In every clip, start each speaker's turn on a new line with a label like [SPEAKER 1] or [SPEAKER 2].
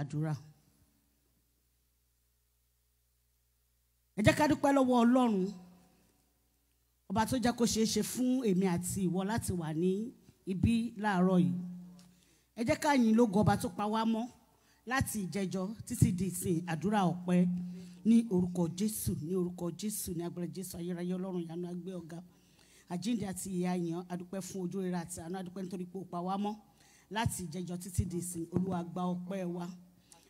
[SPEAKER 1] àdúrà. ẹ jẹ́ ká dúpẹ́ lọ́wọ́ ọlọ́run ọba tó jẹ́ kó ṣeé ṣe fún èmi àti ìwọ láti wà ní ibí láàárọ̀ yìí ẹ jẹ́ ká yìn lógo ọba tó pa wá mọ́ láti ìjẹjọ títí di ìsìn àdúrà ọpẹ́ ní orúkọ jésù ní orúkọ jésù ní agbára jésù ayérayé ọlọ́run ìyanu agbé ọ̀gá àjíǹde àti ìyá yan adúpẹ́ fún ojú rere àti àánú adúpẹ́ nítorí pé ó pa wá mọ́ láti ìjẹjọ títí di ìsìn olúwa gba ọpẹ́ wa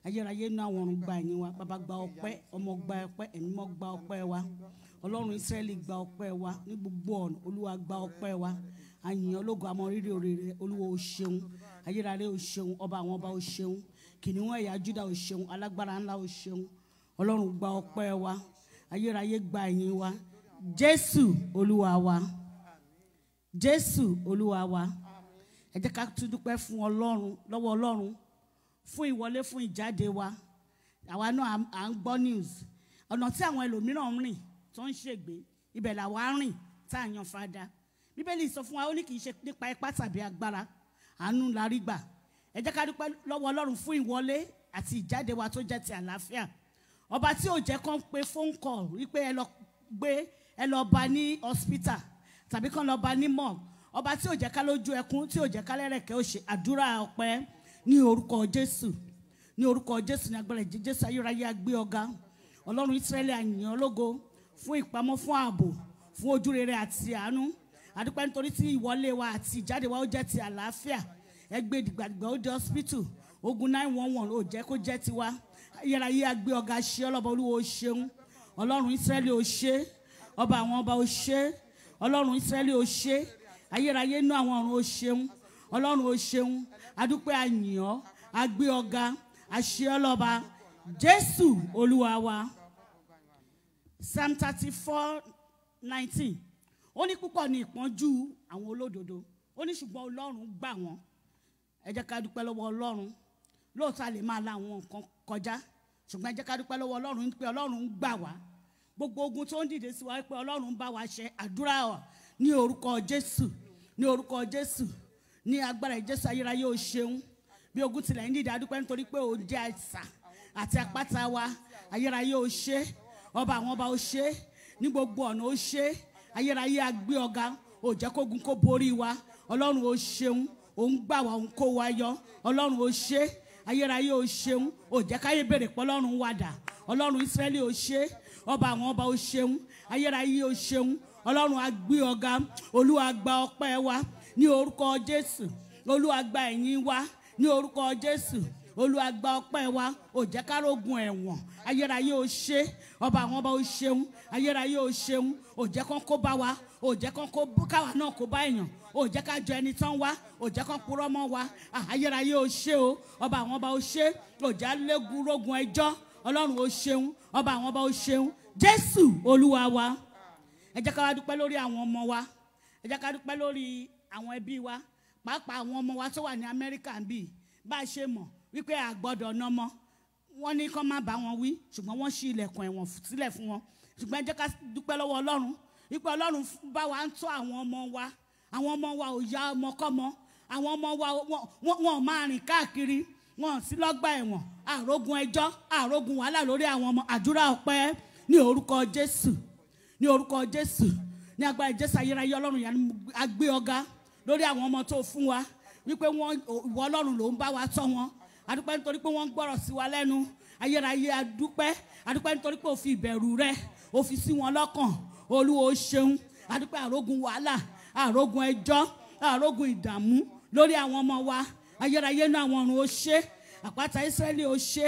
[SPEAKER 1] ayérayé nú àwọn ọ̀run gba wa bàbá gba ọpẹ́ ọmọ gba ọpẹ́ ẹ̀mí mọ́ gba ọpẹ́ wa ọlọ́run ìsírẹ́lì gba ọpẹ́ wa ní gbogbo ọ̀nà olúwa gba ọpẹ́ wa àyìn ológo àmọ́ òrèrè olúwa o ṣeun ayérayé o ṣeun ọba àwọn ọba o ṣeun kìnìún ẹ̀yà júdà o ṣeun alágbára ńlá o ṣeun ọlọ́run gba ọpẹ́ wa ayérayé gba ẹ̀yìn wa jésù olúwa wa jésù olúwa wa ẹ jẹ́ ká tún dúpẹ́ fún ọlọ́run lọ́wọ́ ọlọ́run fún ìwọlé fún ìjáde wa àwa náà à ń gbọ́ news ọ̀nà tí àwọn ẹlòmíràn ń rìn tó ń ṣègbè ibẹ̀ làwa ń rìn tá à yan fada bíbélì sọ fún wa ó ní kì í ṣe nípa ipá tàbí agbára àánú la rí gbà ẹ jẹ́ ká dúpẹ́ lọ́wọ́ ọlọ́run fún ìwọlé àti ìjáde wa tó jẹ́ ti àlàáfíà ọba tí ò jẹ́ kán pé phone call wípé ẹ lọ gbé ẹ lọ bá ní hospital tàbí kán lọ bá ní morgue ọba tí ò jẹ́ ká lójú ẹkún tí ò ká lẹ́rẹ̀kẹ́ ó àdúrà ọpẹ́ ní orúkọ jésù ní orúkọ jésù ní agbára ìjẹ jésù ayérayé agbé ọ̀gá ọlọ́run ìsírẹ́lì àyàn ológo fún ìpamọ́ fún ààbò fún ojú rere àti àánú àdúpẹ́ nítorí tí ìwọlé wa àti ìjáde wa ó jẹ́ ti àlàáfíà ẹgbẹ́ ìdìgbàdìgbà ó dé hospital ogun nine one one ò jẹ́ kó jẹ́ tiwa ayérayé agbé ọ̀gá ṣe ọlọ́ba olúwo ṣeun ọlọ́run ìsírẹ́lì ò ṣe ọba àwọn ọba ò ṣe ọlọ́run ìsírẹ́lì ò ṣe ayérayé inú àwọn ọ̀run ò ṣeun ọlọ́run ò ṣeun adúpẹ́ àyàn agbé ọ̀gá àṣẹ ọlọ́ba jésù olúwa wa psalm thirty four nineteen ó ní púpọ̀ ní ìpọ́njú àwọn olódodo ó ní ṣùgbọ́n ọlọ́run gbà wọ́n ẹ jẹ́ ká dúpẹ́ lọ́wọ́ ọlọ́run lóòótọ́ a lè máa la àwọn nǹkan kọjá ṣùgbọ́n ẹ jẹ́ ká dúpẹ́ lọ́wọ́ ọlọ́run pé ọlọ́run gbà wá gbogbo ogun tó ń dìde sí wa pé ọlọ́run bá wa ṣe àdúrà ní orúkọ jésù ní orúkọ jésù ní agbára ìjẹ́sí ayérayé o ṣeun bí ogun tilẹ̀ ń dìde adúpẹ́ nítorí pé o jẹ́ àṣà àti àpáta wa ayérayé o ṣe ọba àwọn ọba o ṣe ní gbogbo ọ̀nà o ṣe ayérayé agbé ọ̀gá o jẹ́ kógun kó borí wa ọlọ́run o ṣeun o ń gbà wá o ń kó wa yọ ọlọ́run o ṣe ayérayé o ṣeun o jẹ́ káyé bèrè pé ọlọ́run wà dà ọlọ́run ìsírẹ́lì o ṣe ọba àwọn ọba o ṣeun ayérayé o ṣeun ọlọ́run agbé ọ̀gá olúwa gba ọpẹ́ wa ní orúkọ jésù olúwa gba ẹ̀yìn wa ní orúkọ jésù olúwa gba ọpẹ́ wa ò jẹ́ ká rógun ẹ̀wọ̀n ayérayé o ṣe ọba àwọn ọba o ṣeun ayérayé o ṣeun ò jẹ́ kán kó bá wa ò jẹ́ kán kó káwa náà kó bá èèyàn ò jẹ́ ká jọ ẹni tán wá ò mọ́ wa ah, ayérayé o ṣe o ọba àwọn ọba o ṣe ò jẹ́ alégún rógun ẹjọ́ ọlọ́run o ṣeun ọba àwọn ọba o ṣeun jésù olúwa wa ẹ jẹ́ ká wá dúpẹ́ lórí àwọn ọmọ wa ẹ ká dúpẹ́ lórí àwọn ẹbí wa pàápàá àwọn ọmọ wa tó wà ní Amẹ́ríkà ń bì bá a ṣe mọ̀ wípé a gbọ́dọ̀ nọmọ wọ́n ní kán má bá wọn wí ṣùgbọ́n wọ́n ṣí ilẹ̀kùn ẹ̀wọ̀n sílẹ̀ fún wọn ṣùgbọ́n ẹ jẹ́ ká dúpẹ́ lọ́wọ́ Ọlọ́run wípé Ọlọ́run bá wa ń tọ́ àwọn ọmọ wa àwọn ọmọ wa ò ya ọmọkọ́mọ àwọn ọmọ wa wọn ò máa rìn káàkiri wọn ò sí lọ́gbà ẹ̀wọ̀n àrógun ẹjọ́ àrógun wàhálà lórí àwọn ọmọ àdúrà ọpẹ́ ní orúkọ Jésù ní orúkọ Jésù ní agbára Jésù ayérayé Ọlọ́run yẹn agbé ọ̀gá lórí àwọn ọmọ tó fún wa wípé wọ́n ìwọ ọlọ́run ló ń bá wa tọ́ wọn adúpẹ́ nítorí pé wọ́n ń gbọ́rọ̀ sí wa lẹ́nu ayérayé adúpẹ́ adúpẹ́ nítorí pé o fi ìbẹ̀rù rẹ o fi sí wọn lọ́kàn olúwa o ṣeun adúpẹ́ àrógun wàhálà àrógun ẹjọ́ àrógun ìdààmú lórí àwọn ọmọ wa ayérayé náà àwọn ọ̀run o ṣe àpáta Ísírẹ́lì o ṣe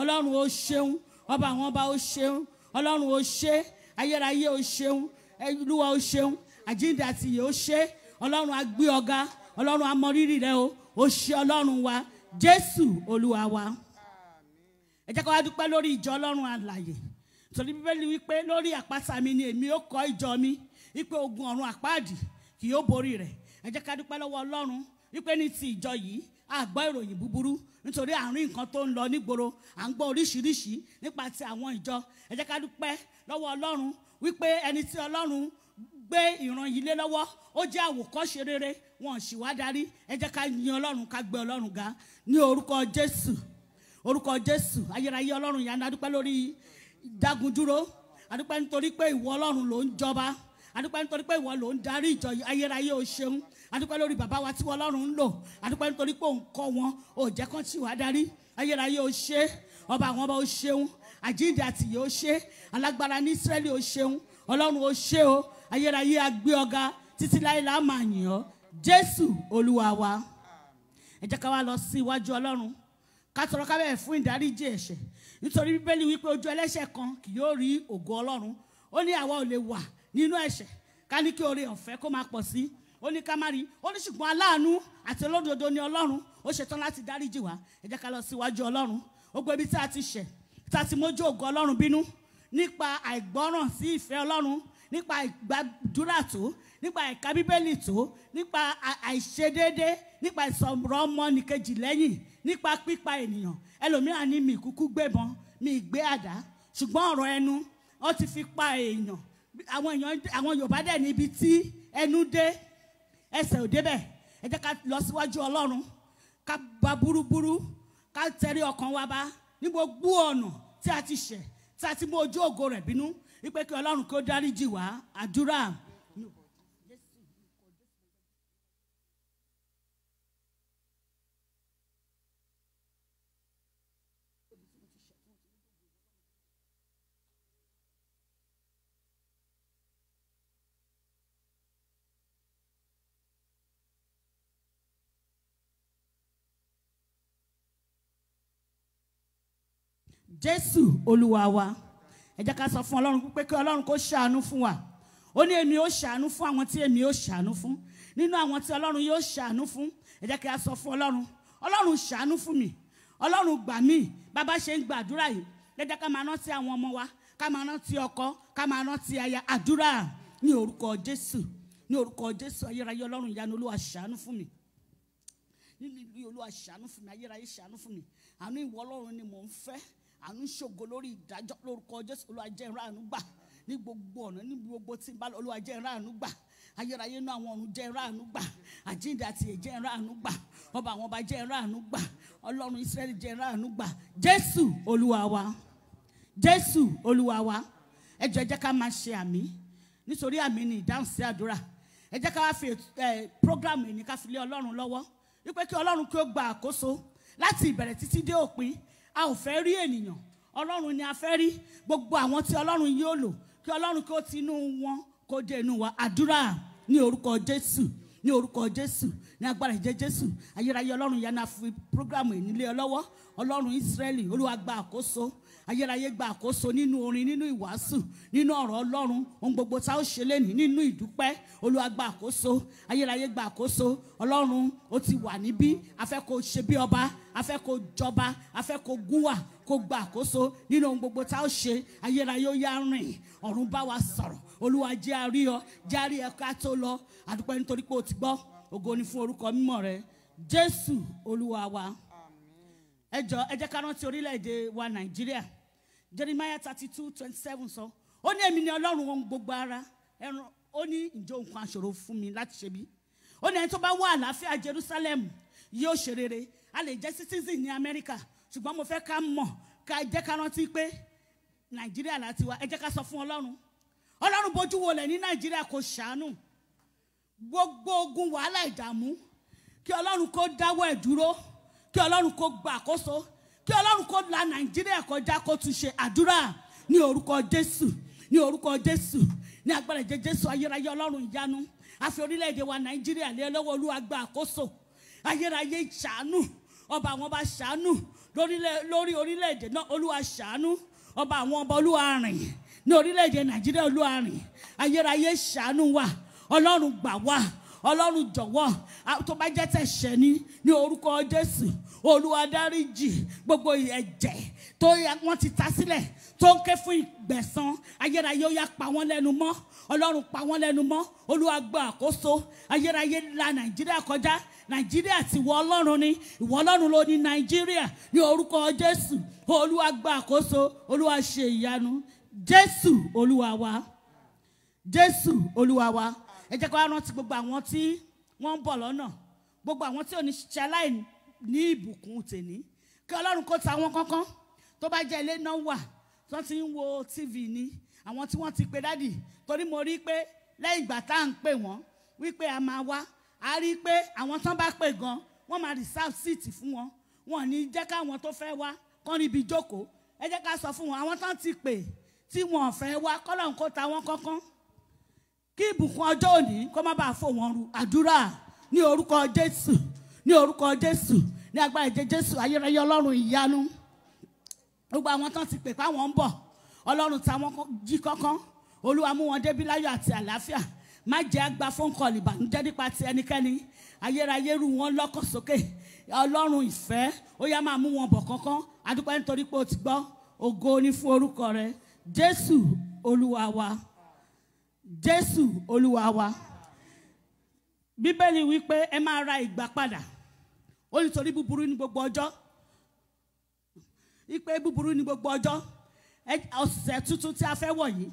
[SPEAKER 1] ọlọ́run o ṣeun ọba àwọn ọba o ṣeun ọlọ́run o ṣe ayérayé o ṣeun olúwa o ṣeun àjíǹde àtìyè o ṣe ọlọ́run á gbé ọ̀gá ọlọ́run á rẹ o ó ṣe ọlọ́run wa jésù olúwa wa ẹ jẹ́ ká wá dúpẹ́ lórí ìjọ ọlọ́run àlàyé torí bíbélì wípé lórí àpáta mi ni èmi ó kọ́ ìjọ mi wípé ogun ọ̀run àpáàdì kì yóò borí rẹ̀ ẹ jẹ́ ká dúpẹ́ lọ́wọ́ ọlọ́run wípé ní ti ìjọ yìí a gbọ́ ìròyìn búburú nítorí àárín nǹkan tó ń lọ nígboro à ń gbọ́ oríṣiríṣi nípa ti àwọn ìjọ ẹ jẹ́ ká dúpẹ́ lọ́wọ́ ọlọ́run wípé ẹni tí ọlọ́run gbé ìran yìí lé lọ́wọ́ ó jẹ́ àwòkọ́ṣe rere wọn sì wá darí ẹ jẹ́ ká yin ọlọ́run ká gbé ọlọ́run ga ní orúkọ jésù orúkọ jésù ayérayé ọlọ́run yàrá adúpẹ́ lórí dágundúró adúpẹ́ nítorí pé ìwọ ọlọ́run ló ń jọba adúpẹ́ nítorí pé ìwọ ló ń darí ìjọ ayérayé o ṣeun adúpẹ́ lórí bàbá wa tí ọlọ́run ń lò adúpẹ́ nítorí pé òun kọ́ wọn ò jẹ́ kán tí wàá darí ayérayé o ṣe ọba àwọn ọba o ṣeun àjíǹde àtìyẹ o ṣe alágbára ní Ísírẹ́lì o ṣeun ọlọ́run o ṣe o ayérayé agbé ọ̀gá títí láìláà máa yìn ọ́ jésù olúwa wa ẹ jẹ́ ká wá lọ sí iwájú ọlọ́run ká tọrọ ká bẹ̀rẹ̀ fún ìdáríjì ẹ̀ṣẹ̀ nítorí bíbélì wípé ojú ẹlẹ́ṣẹ̀ kan kì yóò rí ògo ọlọ́run ó ní àwa ò lè wà nínú ẹ̀ṣẹ̀ ká ní kí oore ọ̀fẹ́ kó máa pọ̀ sí ó ní ká má rí ó ní ṣùgbọ́n aláàánú àti olódodo ni ọlọ́run ó ṣetán láti dáríjì wá ẹ jẹ́ ká lọ sí iwájú ọlọ́run gbogbo ibi tí a ti ṣẹ̀ tí a ti mójú ògo ọlọ́run bínú nípa àìgbọ́ràn sí ìfẹ́ ọlọ́run nípa ìgbàdúrà tó nípa ìka bíbélì tó nípa àìṣedéédé nípa ìsọ̀rọ̀ ọmọnìkejì lẹ́yìn nípa pípa ènìyàn ẹlòmíràn ní mi kúkú gbébọn mi gbé àdá ṣùgbọ́n ọ̀rọ̀ ẹnu wọ́n ti fi pa èèyàn àwọn èèyàn àwọn Yorùbá dẹ̀ níbi tí ẹnu dé ẹsẹ̀ ò débẹ̀ ẹ jẹ́ ká lọ síwájú Ọlọ́run ká ba burúburú ká tẹrí ọkàn wa bá ní gbogbo ọ̀nà tí a ti ṣẹ̀ tí a ti mú ojú ògo rẹ̀ bínú wípé kí ọlọ́run kó dáríjì wá àdúrà. jésù olúwa wa ẹ jẹ́ ká sọ fún ọlọ́run pé kí ọlọ́run kó ṣàánú fún wa ó ní èmi ó ṣàánú fún àwọn tí èmi ó ṣàánú fún nínú àwọn tí ọlọ́run yóò ṣàánú fún ẹ ká sọ fún ọlọ́run ọlọ́run ṣàánú fún mi ọlọ́run gbà mí bàbá ṣe ń gbàdúrà yìí lẹ́jẹ́ ká máa rántí àwọn ọmọ wa ká máa rántí ọkọ ká máa rántí aya àdúrà ní orúkọ jésù ní orúkọ jésù ayérayé ọlọ́run ìyanu olúwa ṣàánú fún mi nínú ìlú olúwa ṣàánú fún mi ayérayé ṣàánú fún mi àánú ìwọ ọlọ́run ni mò ń fẹ́ àánú ṣògo lórí ìdájọ́ lórúkọ Jésù Olúwa jẹ́ n rí àánú gbà ní gbogbo ọ̀nà níbi gbogbo tí n bá lọ Olúwa jẹ́ n rí àánú gbà ayérayé inú àwọn ọ̀run jẹ́ n rí àánú gbà àjíǹde àti èjì jẹ́ n rí àánú gbà ọba àwọn ọba jẹ́ n rí àánú gbà ọlọ́run Ísírẹ́lì jẹ́ n rí àánú gbà Jésù Olúwa Jésù Olúwa wa ẹ ká máa ṣe àmì nítorí àmì ni ìdáhùn sí àdúrà ẹ ká fi prógrámù yìí ká fi lé ọlọ́run lọ́wọ́ wípé kí ọlọ́run kí ó gba àkóso láti ìbẹ̀rẹ̀ títí dé òpin a ò fẹ́ rí ènìyàn ọlọ́run ni a fẹ́ rí gbogbo àwọn tí ọlọ́run yóò lò kí ọlọ́run kó ti inú wọn kó dé inú wa àdúrà ní orúkọ jésù ní orúkọ jésù ní agbára ìjẹ jésù ayérayé ọlọ́run yẹn náà fi prógrámù ìnílé ọlọ́wọ́ ọlọ́run ìsírẹ́lì olúwa gba àkóso ayérayé gba àkóso nínú orin nínú ìwàásù nínú ọ̀rọ̀ ọlọ́run ohun gbogbo tá ó ṣe lénìí nínú ìdúpẹ́ olúwa àkóso ayérayé gba àkóso ọlọ́run ó ti wà níbí a fẹ́ kó ṣe bí ọba a fẹ́ kó jọba a fẹ́ kó gúnwà kó gba àkóso nínú ohun gbogbo tá ó ṣe ayérayé ó yá rìn ọ̀run bá wa sọ̀rọ̀ olúwa jẹ́ a rí ọ jẹ́ a rí ẹ ká tó lọ àdúpẹ́ nítorí pé o ti gbọ́ ògo ni fún orúkọ mímọ́ rẹ jésù olúwa wa ẹ jọ ẹ jẹ́ ká rántí orílẹ̀-èdè wa nàìjíríà jeremiah thirty two twenty seven sọ ó ní èmi ni ọlọ́run ohun gbogbo ara ẹran ó ní ǹjẹ́ nǹkan àṣòro fún mi láti ṣe bí ó ní ẹni tó bá wá àlàáfíà jerusalem yóò ṣe rere a lè jẹ́ citizen ní amẹ́ríkà ṣùgbọ́n mo fẹ́ ká mọ̀ ká jẹ́ ká rántí pé nàìjíríà láti wá ẹ jẹ́ ká sọ fún ọlọ́run ọlọ́run bójú wọlé ní nàìjíríà kò ṣàánú gbogbo ogun wàhálà ìdààmú kí ọlọ́run kó dáwọ́ ẹ̀ dúró kí ọlọ́run kó gba àkóso kí ọlọ́run kó la nàìjíríà kọjá kó tún ṣe àdúrà ní orúkọ jésù ní orúkọ jésù ní agbára ìjẹ jésù ayérayé ọlọ́run ìyanu àfi orílẹ̀-èdè wa nàìjíríà lé lọ́wọ́ olúwa gba àkóso ayérayé ìṣàánú ọba àwọn ọba ṣàánú lórí orílẹ̀-èdè náà olúwa ṣàánú ọba àwọn ọba olúwa rìn ní orílẹ̀-èdè nàìjíríà olúwa rìn ayérayé ṣàánú wa ọlọ́run gbà wá ọlọ́run jọ̀wọ́ tó bá jẹ́ tẹ̀ṣẹ̀ ni ní orúkọ jésù olúwa dáríjì gbogbo ẹ̀jẹ̀ tó wọ́n ti ta sílẹ̀ tó ń ké fún ìgbẹ̀san ayérayé ó yá pa wọ́n lẹ́nu mọ́ ọlọ́run pa wọ́n lẹ́nu mọ́ olúwa gba àkóso ayérayé la nàìjíríà kọjá nàìjíríà ti wọ ọlọ́run ni ìwọ ọlọ́run ló ní nàìjíríà ní orúkọ jésù olúwa gba àkóso olúwa ṣe ìyanu jésù olúwa jésù olúwa ẹ jẹ́ ká rántí gbogbo àwọn tí wọ́n ń bọ̀ lọ́nà gbogbo àwọn tí ò ní ṣe aláìní ìbùkún tèní kí ọlọ́run kó ta wọ́n kánkán tó bá jẹ́ ilé náà wà tó ti ń wo tv ni àwọn tí wọ́n ti pe dádì torí mo rí pé lẹ́yìn ìgbà tá à ń pè wọ́n wípé a máa wá a rí i pé àwọn tán bá pè gan wọ́n máa reserve seat fún wọn wọn ò ní jẹ́ káwọn tó fẹ́ wá kán níbi jókòó ẹ jẹ́ ká sọ fún wọn àwọn tán ti pè tí wọn ò fẹ́ wá kọ́lọ́run kó ta wọ́n kánkán kí ìbùkún ọjọ́ òní kó má bàa fò wọ́n ru àdúrà ní orúkọ Jésù ní orúkọ Jésù ní agbára ìjẹ Jésù ayérayé Ọlọ́run ìyanu gbogbo àwọn tán ti pè páwọn ń bọ̀ Ọlọ́run táwọn jí kọ́kọ́ Olúwa mú wọn débi láyọ̀ àti àlàáfíà má jẹ́ àgbà fóun kọlì ìbànújẹ́ nípa ti ẹnikẹ́ni ayérayé rú wọn lọ́kọ̀ sókè Ọlọ́run ìfẹ́ ó yá máa mú wọn bọ̀ kankan adúpẹ́ nítorí pé o ti gbọ́ ògo ni fún orúkọ rẹ Jésù Olúwa wa jésù olúwa wa bíbélì wípé ẹ máa ra ìgbà padà ó ní torí búburú ní gbogbo ọjọ́ wípé búburú ní gbogbo ọjọ́ ọ̀sẹ̀ tuntun tí a fẹ́ wọ̀ yìí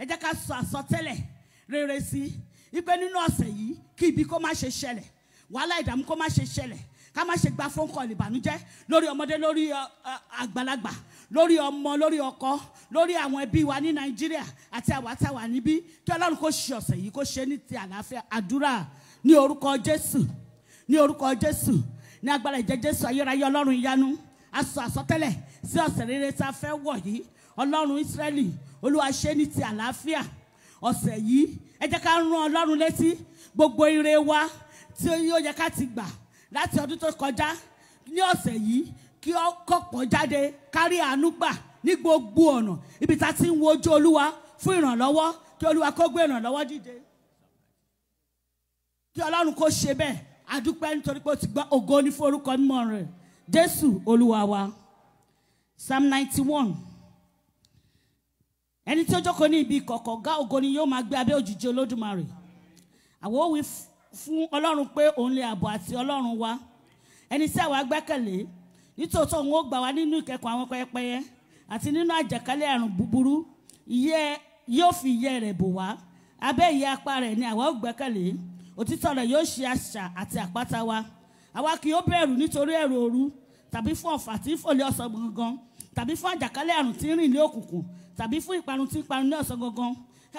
[SPEAKER 1] ẹ jẹ́ ká sọ àsọtẹ́lẹ̀ rere sí i wípé nínú ọ̀sẹ̀ yìí kí ibi kó má ṣe ṣẹlẹ̀ wàhálà ìdààmú kó má ṣe ṣẹlẹ̀ ká má ṣe gba phone call ìbànújẹ́ lórí ọmọdé lórí uh, uh, àgbàlagbà lórí ọmọ lórí ọkọ lórí àwọn ẹbí wa ní nàìjíríà àti àwa tá wà níbí kí ọlọ́run kó ṣe ọ̀sẹ̀ yìí kó ṣe ní ti àlàáfíà àdúrà ní orúkọ jésù ní orúkọ jésù ní agbára ìjẹ jésù ayérayé ọlọ́run ìyanu aṣọ àsọtẹ́lẹ̀ sí ọ̀sẹ̀ rere tá a fẹ́ wọ̀ yìí ọlọ́run ísírẹ́lì olúwa ṣe ní ti àlàáfíà ọ̀sẹ̀ yìí ẹ jẹ́ ká rán ọlọ́run létí gbogbo ire wa tí ó yẹ ká ti gbà láti ọdún tó kọjá ní ọ̀sẹ̀ yìí kí ọkọ̀ jáde kárí àánú gbà ní gbogbo ọ̀nà ibi tá a ti ń wo ojú olúwa fún ìrànlọ́wọ́ kí olúwa kó gbé ìrànlọ́wọ́ dìde kí ọlọ́run kó ṣe bẹ́ẹ̀ adúpẹ́ nítorí pé ó ti gba ògo ní forúkọ mímọ́ rẹ̀ jésù olúwa wa psalm ninety one ẹni tí ó jókòó ní ibi ìkọ̀kọ̀ ọ̀gá ògo ni yóò máa gbé abẹ́ òjìji olódùmarè àwọn òwe fún ọlọ́run pé òun lè ààbò àti ọlọ́run wa ẹni tí àwa gbẹ́kẹ̀lé nítòótọ́ òun ó gbà wá nínú ìkẹ́kọ̀ọ́ àwọn pẹ́ẹ́pẹ́yẹ àti nínú àjàkálẹ̀ àrùn búburú ìyẹ́ yóò fi ìyẹ́ rẹ̀ bò wá abẹ́ ìyẹ́ apá rẹ̀ ni àwa ó gbẹ́kẹ̀lé òtítọ́ rẹ̀ yóò ṣe àṣà àti àpáta wa àwa kì yóò bẹ̀rù nítorí ẹ̀rù òru tàbí fún ọ̀fà tí ń fò lé ọ̀sán gangan tàbí fún àjàkálẹ̀ àrùn tí ń rìn ní òkùnkùn tàbí fún ìparun tí ń parun ní ọ̀sán gangan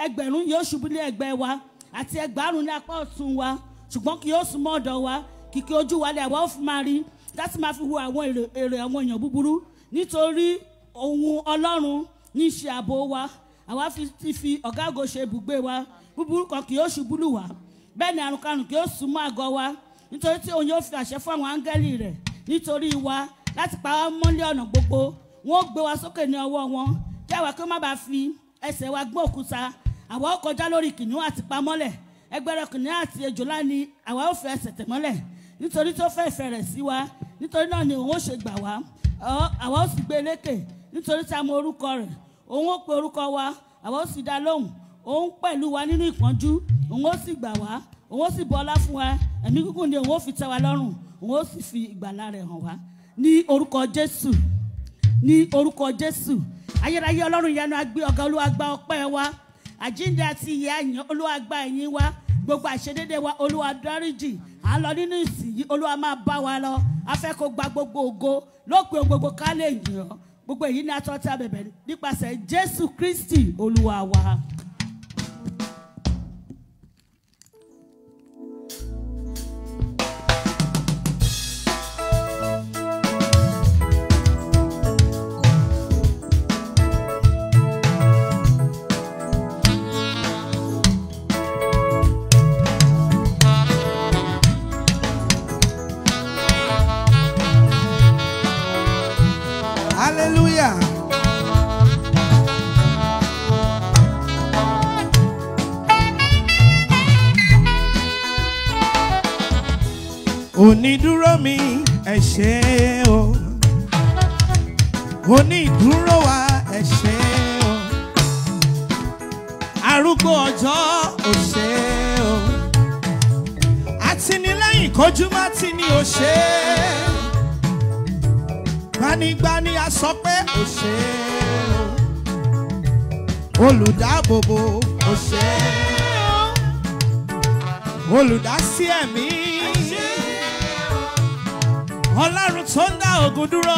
[SPEAKER 1] ẹgbẹ̀rún yóò ṣubú lé ẹgbẹ́ wa àti ẹgbàárùn ní apá ọ̀tún wa ṣùgbọ́n kì yóò súnmọ́ ọ̀dọ̀ wa kìkì ojú wa lè àwa ó fi máa rí láti máa fi wo àwọn èrè àwọn èèyàn búburú nítorí ohun ọlọ́run ní ṣe ààbò wa àwa ti fi ọ̀gáàgò ṣe ibùgbé wa búburú kan kì yóò ṣubú lù wá bẹ́ẹ̀ ni àrùnkarùn kì yóò súnmọ́ àgọ́ wa nítorí tí òun yóò fi àṣẹ fún àwọn áńgẹ́lì rẹ̀ nítorí wa láti pa wá ọ̀nà gbogbo wọn ó gbé wa sókè ní ọwọ́ wọn kí àwa kí ó má bàa fi ẹsẹ̀ wa gbọ́ òkúta àwa ó kọjá lórí kìnìún àti pamọ́lẹ̀ ẹgbẹ́rẹ́ kìnìún àti ejòlá ni àwa ó fẹ́ ẹsẹ̀ tẹ̀mọ́lẹ̀ nítorí tó fẹ́ ìfẹ́ rẹ̀ sí wa nítorí náà ni òun ó ṣe gbà wá àwa ó sì gbé e lékè nítorí tá a mọ orúkọ rẹ̀ òun ó pe orúkọ wa àwa ó sì dá lóhùn òun pẹ̀lú wa nínú ìpọ́njú òun ó sì gbà wá òun ó sì bọlá fún wa ẹ̀mí gígùn ni òun ó fi tẹ́ wa lọ́rùn òun ó sì fi ìgbàlà rẹ̀ hàn wá ní orúkọ Jésù ní orúkọ Jésù ayérayé Ọlọ́run ìyanu agbé ọ̀gá Olúwa gba ọpẹ́ wa àjíǹde àti ìyè àyàn olúwa gba ẹ̀yìn wa gbogbo àṣedédé wa olúwa dáríjì à ń lọ nínú ìsìn yìí olúwa máa bá wa lọ a fẹ́ kó gba gbogbo ògo lópin gbogbo ká lè yàn gbogbo èyí ni a bẹ̀bẹ̀ nípasẹ̀ jésù kristi olúwa wa.
[SPEAKER 2] onídúró mi ẹ ṣé o onídúró wa ẹ o arúgbó ọjọ́ ò o àtinilẹ́yìn kọjúmọ́ tí ni ò ṣé gbanigbani a sọ pé ò o olùdáàbòbò ò ṣé o olùdásí ẹ̀mí ọlọ́run tó ń dá ogun dúró.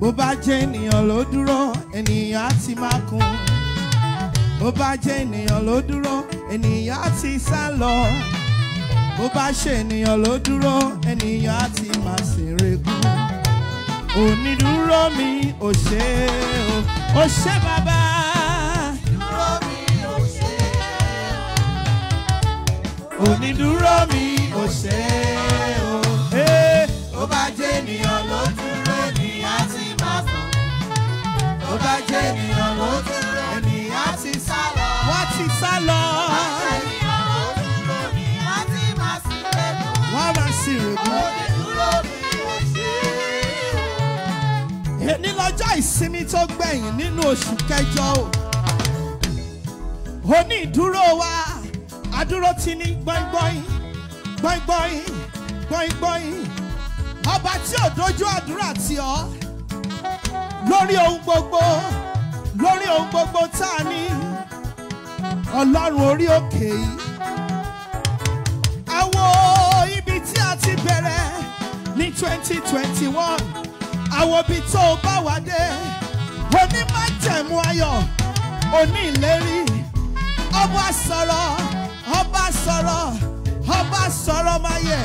[SPEAKER 2] bó bá jẹ́ ènìyàn ló dúró ènìyàn á ti máa kún. bó bá jẹ́ ènìyàn ló dúró ènìyàn á ti sá lọ. bó bá ṣe ènìyàn ló dúró ènìyàn á ti máa ṣeré onídùúró mi ò ṣe o ò ṣe bàbá.
[SPEAKER 3] onídùúró mi. Ose o. ó bá jẹ́ ènìyàn ló dúró ènìyàn ti máa fún. ó bá jẹ́ ènìyàn ló dúró
[SPEAKER 2] ènìyàn ti sá lọ. wọ́n ti sá lọ. wọ́n máa sì rèébú. èní lọ́jọ́ ìsinmi tó gbẹ̀yìn nínú oṣù kẹjọ o. onídùúró wa adúró ti ní gbọ́ngbọ́n yìí gbọ̀ngbọ̀n gbọ̀ngbọ̀n ọba tí ò dojú àdúrà tì ọ́ lórí ohun gbogbo lórí ohun gbogbo tá a ní ọlọ́run orí òkè yìí àwo ibi tí a ti bẹ̀rẹ̀ ní 2021 àwo ibi tó o bá wá dé onímọ̀jẹ̀mú ayọ̀ oní ìlérí ọba sọ̀rọ̀ ọba sọ̀rọ̀ ọba sọ̀rọ̀ máa yẹ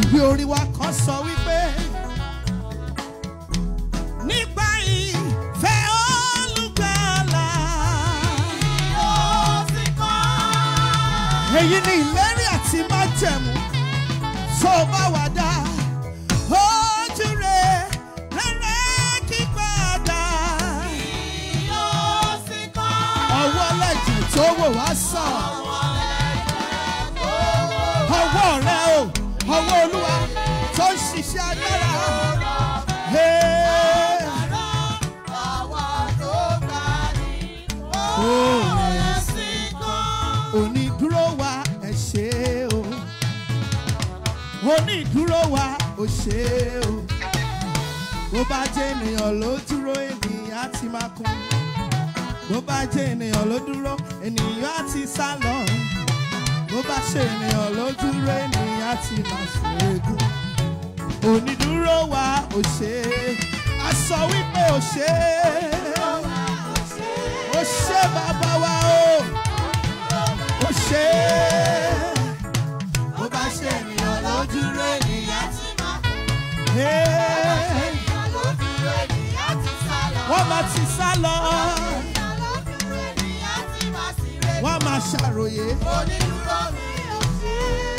[SPEAKER 2] ìwé orin wa kan sọ wípé nípa ìfẹ́ olùgbàlà yóò ti kọ́. èyí ni ìlérí àti májẹ̀mú tó bá wà dá ojú rẹ̀ rẹ̀rẹ̀ kípadà yóò ti kọ́. tó wò wá sàn ọwọ́ rẹ o ọwọ́ olúwa tó ń ṣiṣẹ́ agbára. onídúró wa ẹ ṣé o onídúró wa ò ṣé o bó bá jẹ́ ènìyàn ló dúró ènìyàn á ti máa kún bó bá jẹ́ ènìyàn ló dúró ènìyàn á ti sá lọ bó bá ṣe ènìyàn lójú rẹ ènìyàn ti máa ṣègùn onídùúró wa ò ṣe a sọ wípé ò ṣe ó ṣe bàbá wa o ó ṣe bó bá ṣe ènìyàn lójú rẹ ènìyàn ti máa kú wọ́n máa ti sá lọ wọ́n máa ṣàròyé. onídùúró mi ò sí.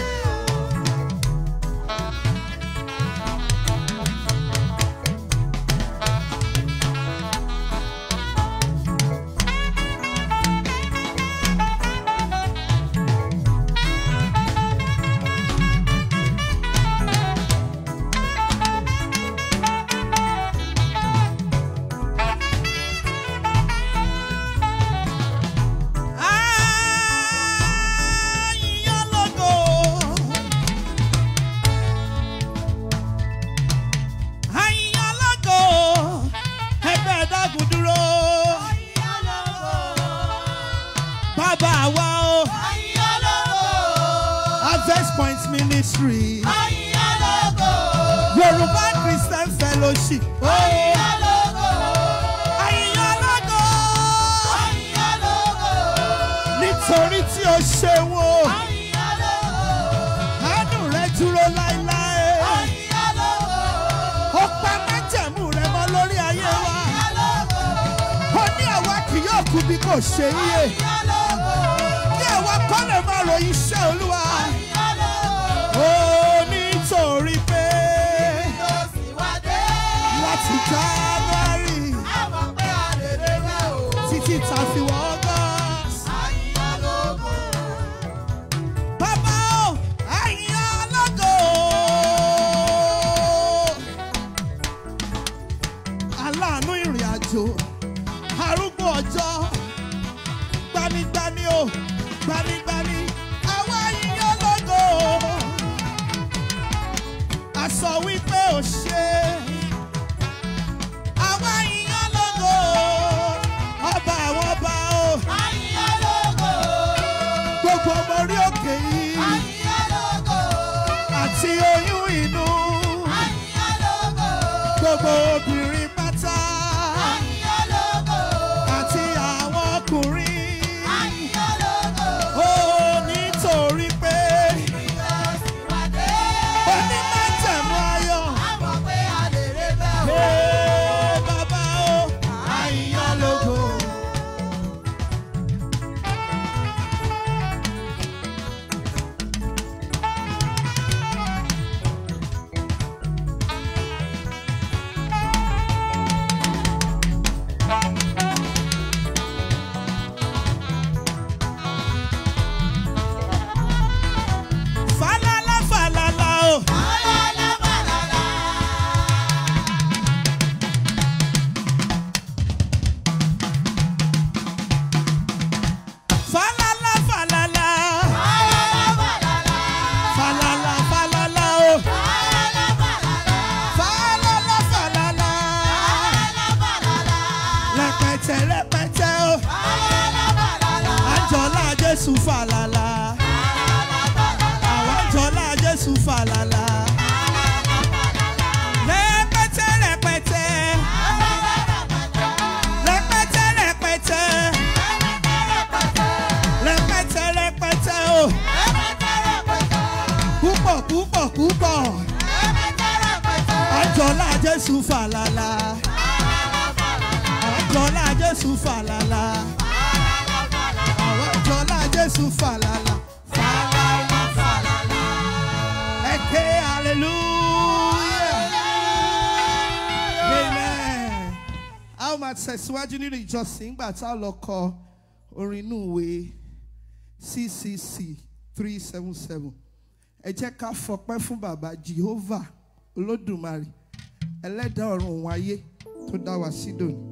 [SPEAKER 2] síwájú nínú ìjọsìn ńgbà tá a lọ kọ orin inú ìwé ccc three seven seven ẹ jẹ́ ká fọpẹ́ fún bàbá Jehovah Olódùmarè ẹlẹ́dàá ọ̀run òun ayé tó dá wa sí dòní.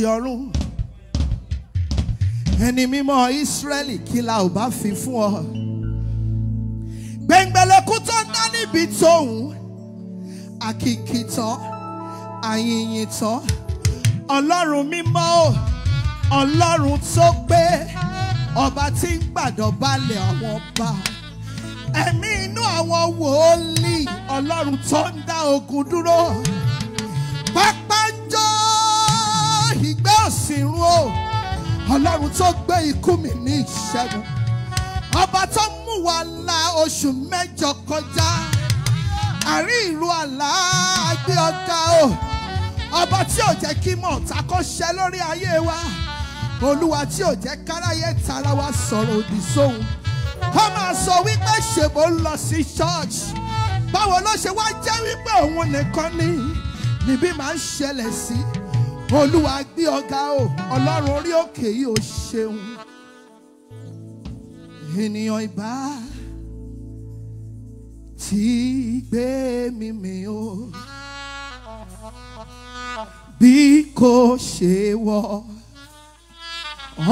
[SPEAKER 2] láti ọ̀run ẹni mímọ́ Ísírẹ́lì kí la ò bá fi fún ọ gbẹngbẹlẹkú tó ń dá níbi tóun àkìkìtàn àyìnyìntàn Ọlọ́run mímọ́ o Ọlọ́run tó gbé ọba tí ń gbàdọ̀balẹ̀ àwọn ọba ẹ̀mí inú àwọn wòólì Ọlọ́run tó ń dá ogun dúró pápá ti rún o ọlọ́run tó gbé ikú mi ní ìṣẹ́gun ọba tó mú wa la oṣù mẹ́jọ kọjá àárín ìlú àlá gbé ọ̀gá o ọba tí ò jẹ́ kí mọ̀ ọ̀tá kó ṣẹ lórí ayé wa olúwa tí ò jẹ́ káráyé tara wa sọ̀rọ̀ òdì sóhun ó máa sọ wípé ṣèbó ń lọ sí ṣọ́ọ̀ṣì báwo ló ṣe wá jẹ́ wípé òun nìkan ni níbí máa ń ṣẹlẹ̀ sí i olúwa gbé ọ̀gá o ọlọ́run orí òkè yìí ó ṣeun ènìyàn ìbá tí gbé mi o bí kò ṣe wọ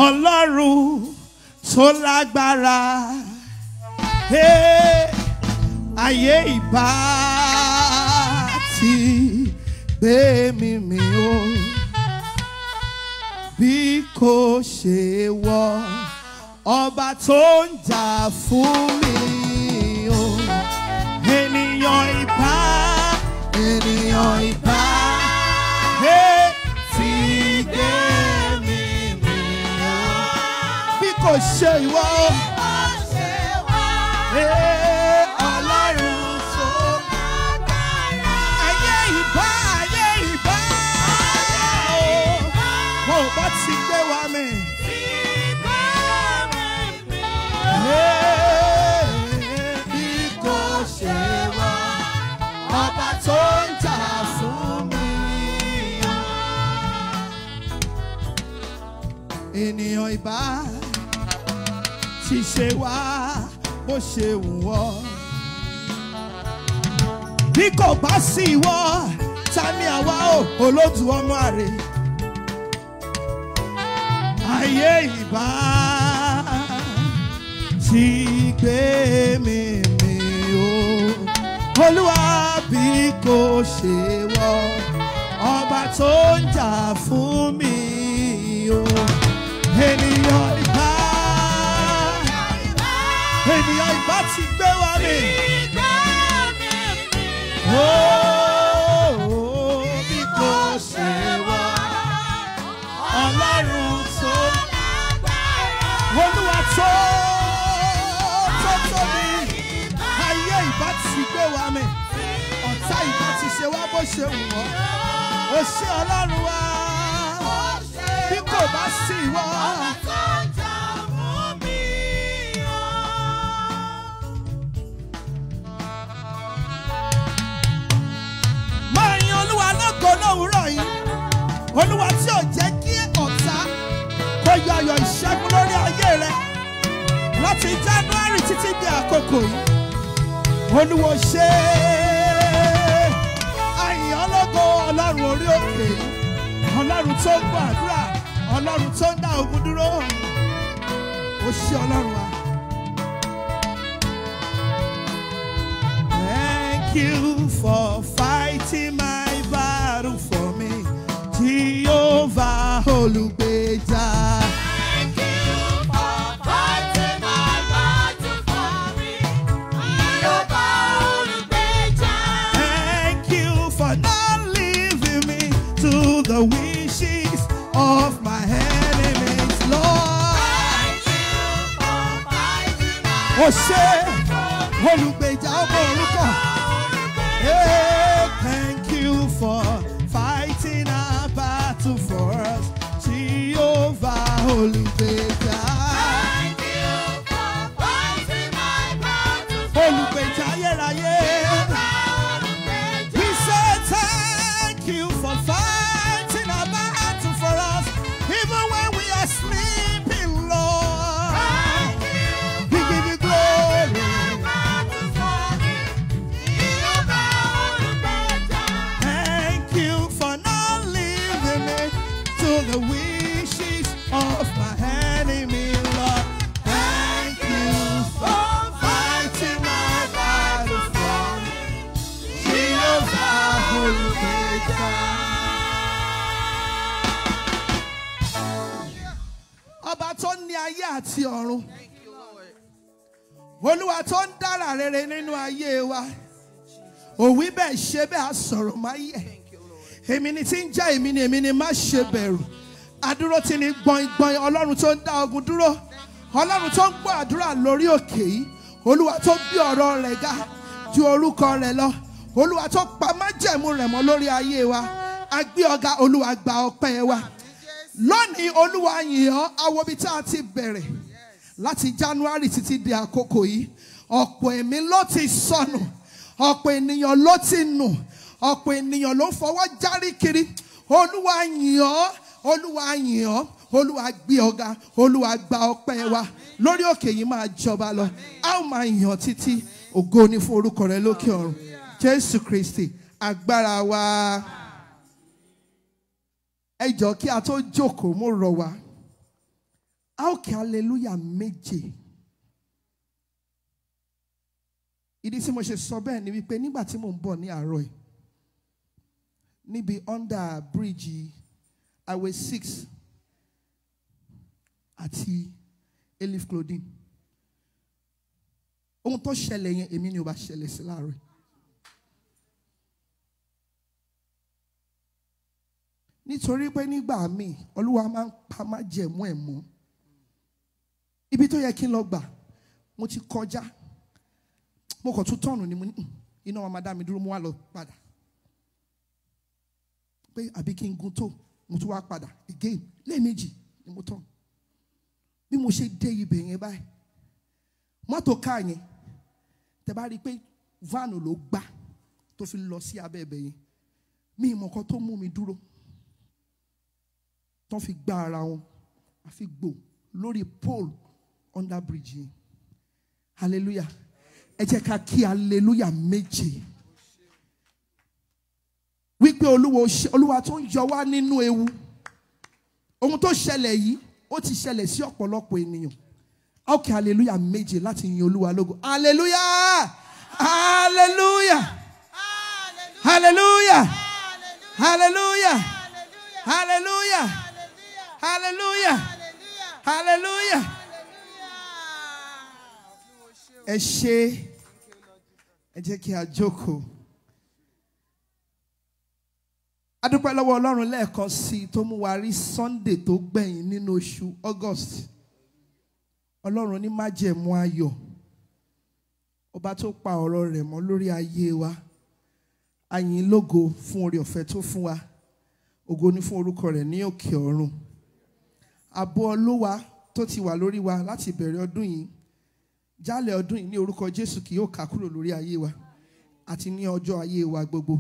[SPEAKER 2] ọlọ́run tó lágbára ayé ìbá tí gbé mi o bí kò ṣe wọ ọba tó ń jà fún mi o ènìyàn ìbá ènìyàn ìbá ti dé mi mi o bí kò ṣe ìwọ. ènìyàn ìbá ti ṣe wá bó ṣe wù wọ́. bí kò bá sí ìwọ ta ni àwa ò olóòtú ọmọ àrè ayé ìbá ti gbé mi mi o olúwa bí kò ṣe wọ ọba tó ń jà fún mi. ti gbé wa mi. Ìgbà mi mi. Ooo bí kò
[SPEAKER 3] ṣe wá Ọlọ́run tó lágbára.
[SPEAKER 2] Olúwa tó tó tóbi. mi. Ọ̀tá Ọlọ́run wa. Bí kò bá sí ìwọ. ògo lówùúrọ̀ yìí olúwa tí ò jẹ́ kí ọ̀tá kó yọ ayọ̀ ìṣẹ́gun lórí ayé rẹ láti January títí di àkókò yìí olúwa ṣe àyàn lógo ọlọ́run orí òkè ọlọ́run tó ń gbọ́ ọlọ́run tó ń dá ogun dúró ó ṣe ọlọ́run wa. Thank you for fighting my. o ṣé olùgbèjà ọmọ orúkọ. Thank you for fighting a battle for us, Jehovah Holy Day. ṣe bẹ́ẹ̀ á sọ̀rọ̀ má yẹ èmi ni tí ń já èmi ni èmi ni má ṣe bẹ̀rù adúró ti ní gbọ̀ngbọ̀n ọlọ́run tó ń dá ogun dúró ọlọ́run tó ń gbọ́ àdúrà lórí òkè yìí olúwa tó gbé ọ̀rọ̀ rẹ̀ ga ju orúkọ rẹ̀ lọ olúwa tó pa májẹ̀mú rẹ̀ mọ́ lórí ayé wa a ọ̀gá olúwa gba ọpẹ́ wa lónìí olúwa yìn ọ́ tá a ti bẹ̀rẹ̀ láti january títí di àkókò yìí ọ̀pọ̀ ẹ̀mí ló ti sọnù. So ọ̀pọ̀ ènìyàn ló ti nù ọ̀pọ̀ ènìyàn ló fọwọ́ járí kiri olúwa yìn ọ́ olúwa yìn ọ́ olúwa gbé ọ̀gá olúwa gba ọpẹ́ wa lórí òkè yìí máa jọba lọ a ó máa yàn títí ògo ni fún orúkọ rẹ lókè ọ̀run jésù kristi agbára wa ẹ jọ kí a tó jókòó mo rọ̀ wá a ó kí hallelujah méje. ìdí tí mo ṣe sọ bẹ́ẹ̀ ni wípé nígbà tí mò ń bọ̀ ní àárọ̀ yìí níbi under bridge highway six àti elif clothing ohun tó ṣẹlẹ̀ yẹn èmi ni ò bá ṣẹlẹ̀ sí láàárọ̀ yìí. nítorí pé nígbà míì olúwa máa ń pa májẹ̀mú ẹ̀ mọ́ ibi tó yẹ kí n lọ gbà mo ti kọjá mo kàn tún tọ̀nù ni mo ní hmm, iná máa dá mi dúró mo wá lọ padà pé àbí kí n gun tó mo tún wá padà again lẹ́ẹ̀mejì ni mo tọ̀nù bí mo ṣe dé ibẹ̀ yẹn báyìí mọ́tò káà yẹn tẹ bá rí i pé van ló gbá tó fi lọ sí abẹ́ ibẹ̀ yẹn mi ìmọ̀ kan tó mú mi dúró tán fi gbá ara wọn àfi gbò lórí pole under bridge yẹn hallelujah ẹ jẹ́ ká kí hallelujah méje wípé olúwa tó ń yọ wá nínú ewu ohun tó ṣẹlẹ̀ yìí ó ti ṣẹlẹ̀ sí ọ̀pọ̀lọpọ̀ ènìyàn ó kí hallelujah méje láti yin olúwa lógo hallelujah hallelujah hallelujah hallelujah hallelujah hallelujah hallelujah ẹ ṣé ẹ jẹ́ kí a jókòó. adúpẹ́ lọ́wọ́ ọlọ́run lẹ́ẹ̀kan sí i tó mú wa rí sunday tó gbẹ̀yìn nínú oṣù august ọlọ́run ní májẹ̀mú ayọ̀ ọba tó pa ọ̀rọ̀ rẹ̀ mọ́ lórí ayé wa àyìn lógo fún oore ọ̀fẹ́ tó fún wa ògo ni fún orúkọ rẹ̀ ní òkè ọ̀run ààbò ọlọ́wà tó ti wà lórí wa láti bẹ̀rẹ̀ ọdún yìí jálẹ̀ ọdún yìí ní orúkọ Jésù kì yóò ká kúrò lórí ayé wa àti ní ọjọ́ ayé wa gbogbo.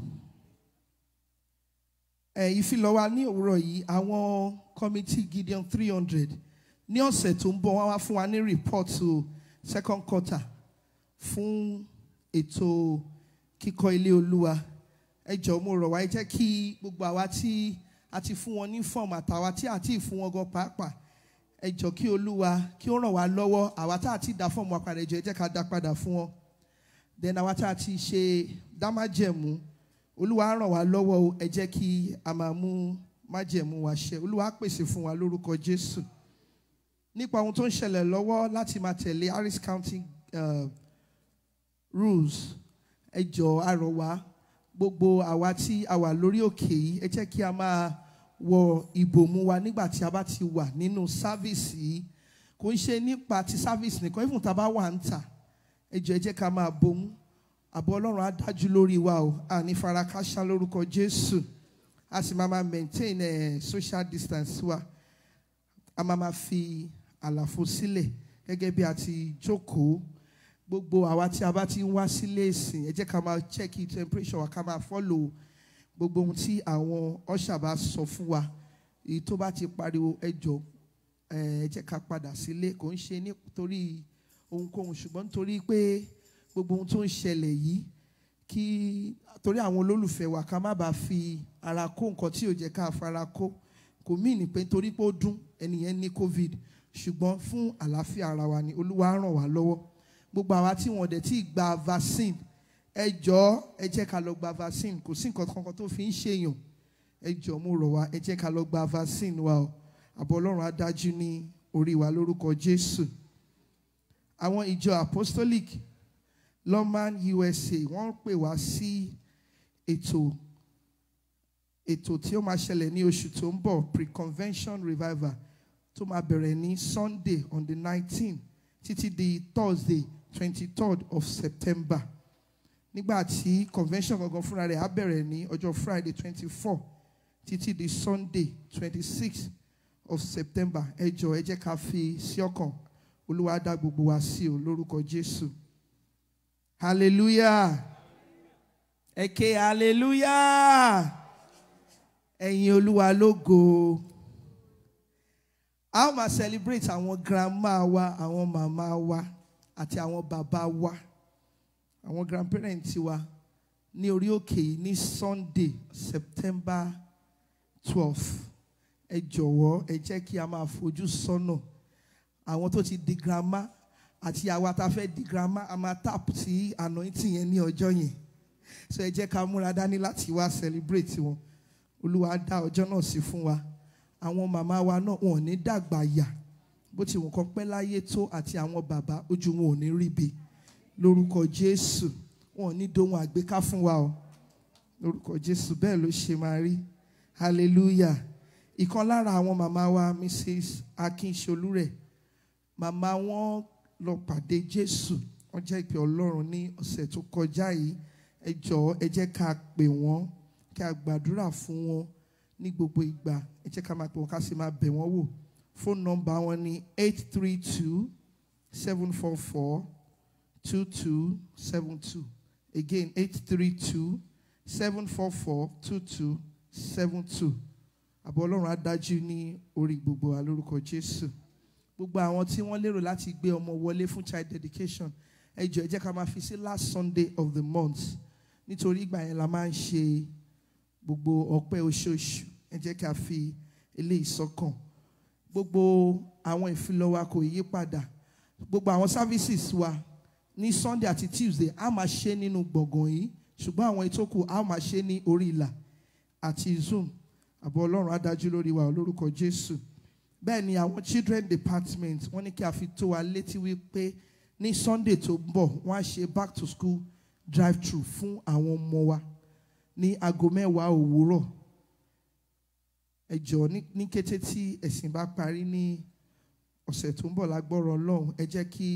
[SPEAKER 2] ẹ ìfilọ̀ wa ní òwúrọ̀ yìí àwọn committee Gideon three hundred ní ọ̀sẹ̀ tó ń bọ̀ wá fún wa ní report second quarter fún ètò kíkọ́ ilé olúwa ẹ jọ̀ọ́ mo rọ̀ wá ẹ jẹ́ kí gbogbo àwa tí a ti fún wọn ní fọ́ọ̀mù àtàwa tí a ti fún wọn gan pàápàá ẹ jọ kí olúwa kí ó ràn wá lọ́wọ́ àwa tá a ti dá fọ́ọ̀mù apàdé jọ jẹ́ ká dá padà fún wọn then àwa tá a ti ṣe dá olúwa ràn wá lọ́wọ́ o ẹ jẹ́ kí a máa mú májẹ̀mú wa ṣẹ olúwa pèsè fún wa lórúkọ jésù nípa ohun tó ń ṣẹlẹ̀ lọ́wọ́ láti máa tẹ̀lé harris county uh, rules ẹ jọ àrọ̀ wá gbogbo àwa tí a wà lórí òkè yìí ẹ jẹ́ kí a máa wọ ìbòmú wa nígbà tí a bá ti wà nínú sáfíìsì yìí kò ń ṣe nípa ti sáfíìsì nìkan even tá a bá wà ń tà ẹ jọ̀ọ́ ká máa bomú àbọ̀ ọlọ́run á dájú lórí wa o àní farakásá lórúkọ jésù a sì máa máa maintain ẹ̀ eh, social distance wa a máa máa fi àlàfo sílẹ̀ gẹ́gẹ́ bí a ti jókòó gbogbo àwa tí a bá ti ń wá sílé ìsìn ẹ ká máa check temperature wa ká máa follow gbogbo ohun tí àwọn ọ̀ṣà bá sọ fún wa èyí tó bá ti pariwo ẹjọ́ ẹ jẹ́ ká padà sílé kò ń ṣe nítorí ohunkóhun ṣùgbọ́n nítorí pé gbogbo ohun tó ń ṣẹlẹ̀ yìí kí torí àwọn olólùfẹ́ wa ká má bàa fi ara kó nǹkan tí ò jẹ́ ká fara kó kò mí ní pé nítorí pé ó dún ẹnìyẹn ní covid ṣùgbọ́n fún àlàáfíà ara wa ni olúwa ràn wá lọ́wọ́ gbogbo àwa tí wọ́n dẹ̀ ti gba vaccine ẹ jọ̀ọ́ ẹ jẹ́ ká lọ gba vaccine kò sí nǹkan kankan tó fi ń ṣèyàn ẹ jọ̀ọ́ mo rọ̀ wá ẹ jẹ́ ká lọ gba vaccine wa o àbọ̀ ọlọ́run á dájú ní orí wa lórúkọ jésù àwọn ìjọ apostolic lọ́mán usa wọ́n pè wá sí ètò ètò tí ó máa ṣẹlẹ̀ ní oṣù tó ń bọ̀ pre-convention revival tó máa bẹ̀rẹ̀ ní sunday on the nineteen títí di thursday twenty-third of september nígbà tí convention gangan fúnra rẹ̀ á bẹ̀rẹ̀ ní ọjọ́ Friday twenty four títí di Sunday twenty six of September ẹ jọ̀ọ́ ẹ jẹ́ ká fi sí ọkàn Olúwa dá gbogbo wa sí o lórúkọ Jésù hallelujah ẹ hallelujah ẹ̀yin Olúwa lógo a ó máa celebrate àwọn grandma wa àwọn màmá wa àti àwọn bàbá wa àwọn grandparents wa ní orí òkè yìí ní Sunday September twelve ẹ jọ̀wọ́ ẹ jẹ́ kí a máa fojú sọ́nà àwọn tó ti di grandma àti àwa tá fẹ́ di grandma a máa tap sí anointing yẹn ní ọjọ́ yẹn so ẹ jẹ́ ká múra dání láti wá celebrate wọn olúwa dá ọjọ́ náà sí fún wa àwọn màmá wa náà wọn ò ní dàgbà yà bó ti wọn kàn pẹ́ láyé tó àti àwọn bàbá ojú wọn ò ní ríbi lórúkọ Jésù wọn ò ní dohun àgbéká fún wa o lórúkọ Jésù bẹ́ẹ̀ ló ṣe máa rí hallelujah ìkan lára àwọn màmá wa Mrs Akínṣolúrẹ màmá wọn lọ pàdé Jésù wọn jẹ́ ìpè Ọlọ́run ní ọ̀sẹ̀ tó kọjá yìí ẹ jọ̀ọ́ ẹ jẹ́ ká pè wọ́n kí a gbàdúrà fún wọn ní gbogbo ìgbà ẹ jẹ́ ká máa pè wọ́n ká sì máa bẹ̀ wọ́n wò fóònù nọ́mbà wọn ni eight three two seven four four. 2272. Again, 832 744 2272. Àbọ̀ Ọlọ́run á dájú ní orí gbogbo wa lórúkọ Jésù. Gbogbo àwọn tí wọ́n lérò láti gbé ọmọ wọlé fún child dedication. Ẹ jọ̀ọ́ ẹ jẹ́ ká máa fi sí last Sunday of the month. Nítorí ìgbà yẹn la máa ń ṣe gbogbo ọpẹ́ oṣooṣù. Ẹ jẹ́ ká fi eléyìí sọ́kàn. Gbogbo àwọn ìfilọ̀ kò yí padà. Gbogbo àwọn services wa ní Sunday àti Tuesday a máa ṣe nínú gbọ̀ngàn yìí ṣùgbọ́n àwọn ìtókù a máa ṣe ní orí ìlà àti Zoom àbọ̀ Ọlọ́run á lórí wa lórúkọ Jésù bẹ́ẹ̀ ni àwọn children department wọ́n ní kí a fi tó wa létí wípé ní Sunday tó ń bọ̀ wọ́n á ṣe back to school drive through fún àwọn ọmọ wa ní aago mẹ́wàá òwúrọ̀ ẹ jọ̀ọ́ ní kété tí ẹ̀sìn bá parí ní ọ̀sẹ̀ tó ń bọ̀ lágbọ́rọ̀ Ọlọ́run ẹ jẹ́ kí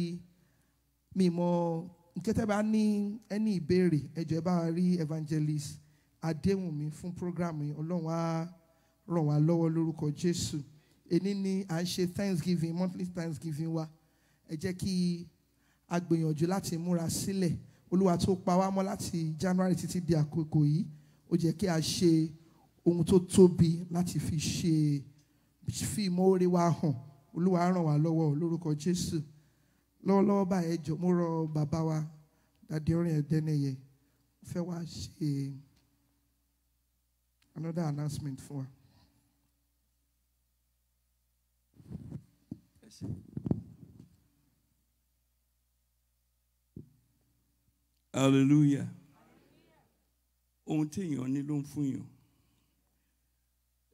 [SPEAKER 2] mi mọ nkẹtẹ bá ní ẹni ìbéèrè ẹjọ ẹ bá rí evangelist adéwùnmí fún program yìí ọlọ́run á ràn wá lọ́wọ́ lórúkọ jésù èní ni à ń ṣe thanksgiving monthly thanksgiving wa ẹ jẹ́ kí a gbìyànjú láti múra sílẹ̀ olúwa tó pa wá mọ́ láti january títí di àkókò yìí ó jẹ́ kí a ṣe ohun tó tóbi láti fi ṣe fi ìmọ̀ oore wa hàn olúwa ràn wá lọ́wọ́ lórúkọ jésù. Lo báyìí jọ mo rọ bàbá wa dàdí orin ẹ̀dẹ́nìyẹ mo fẹ́ wá ṣe another announcement fún wa.
[SPEAKER 4] hallelujah ohun téèyàn ní ló ń fún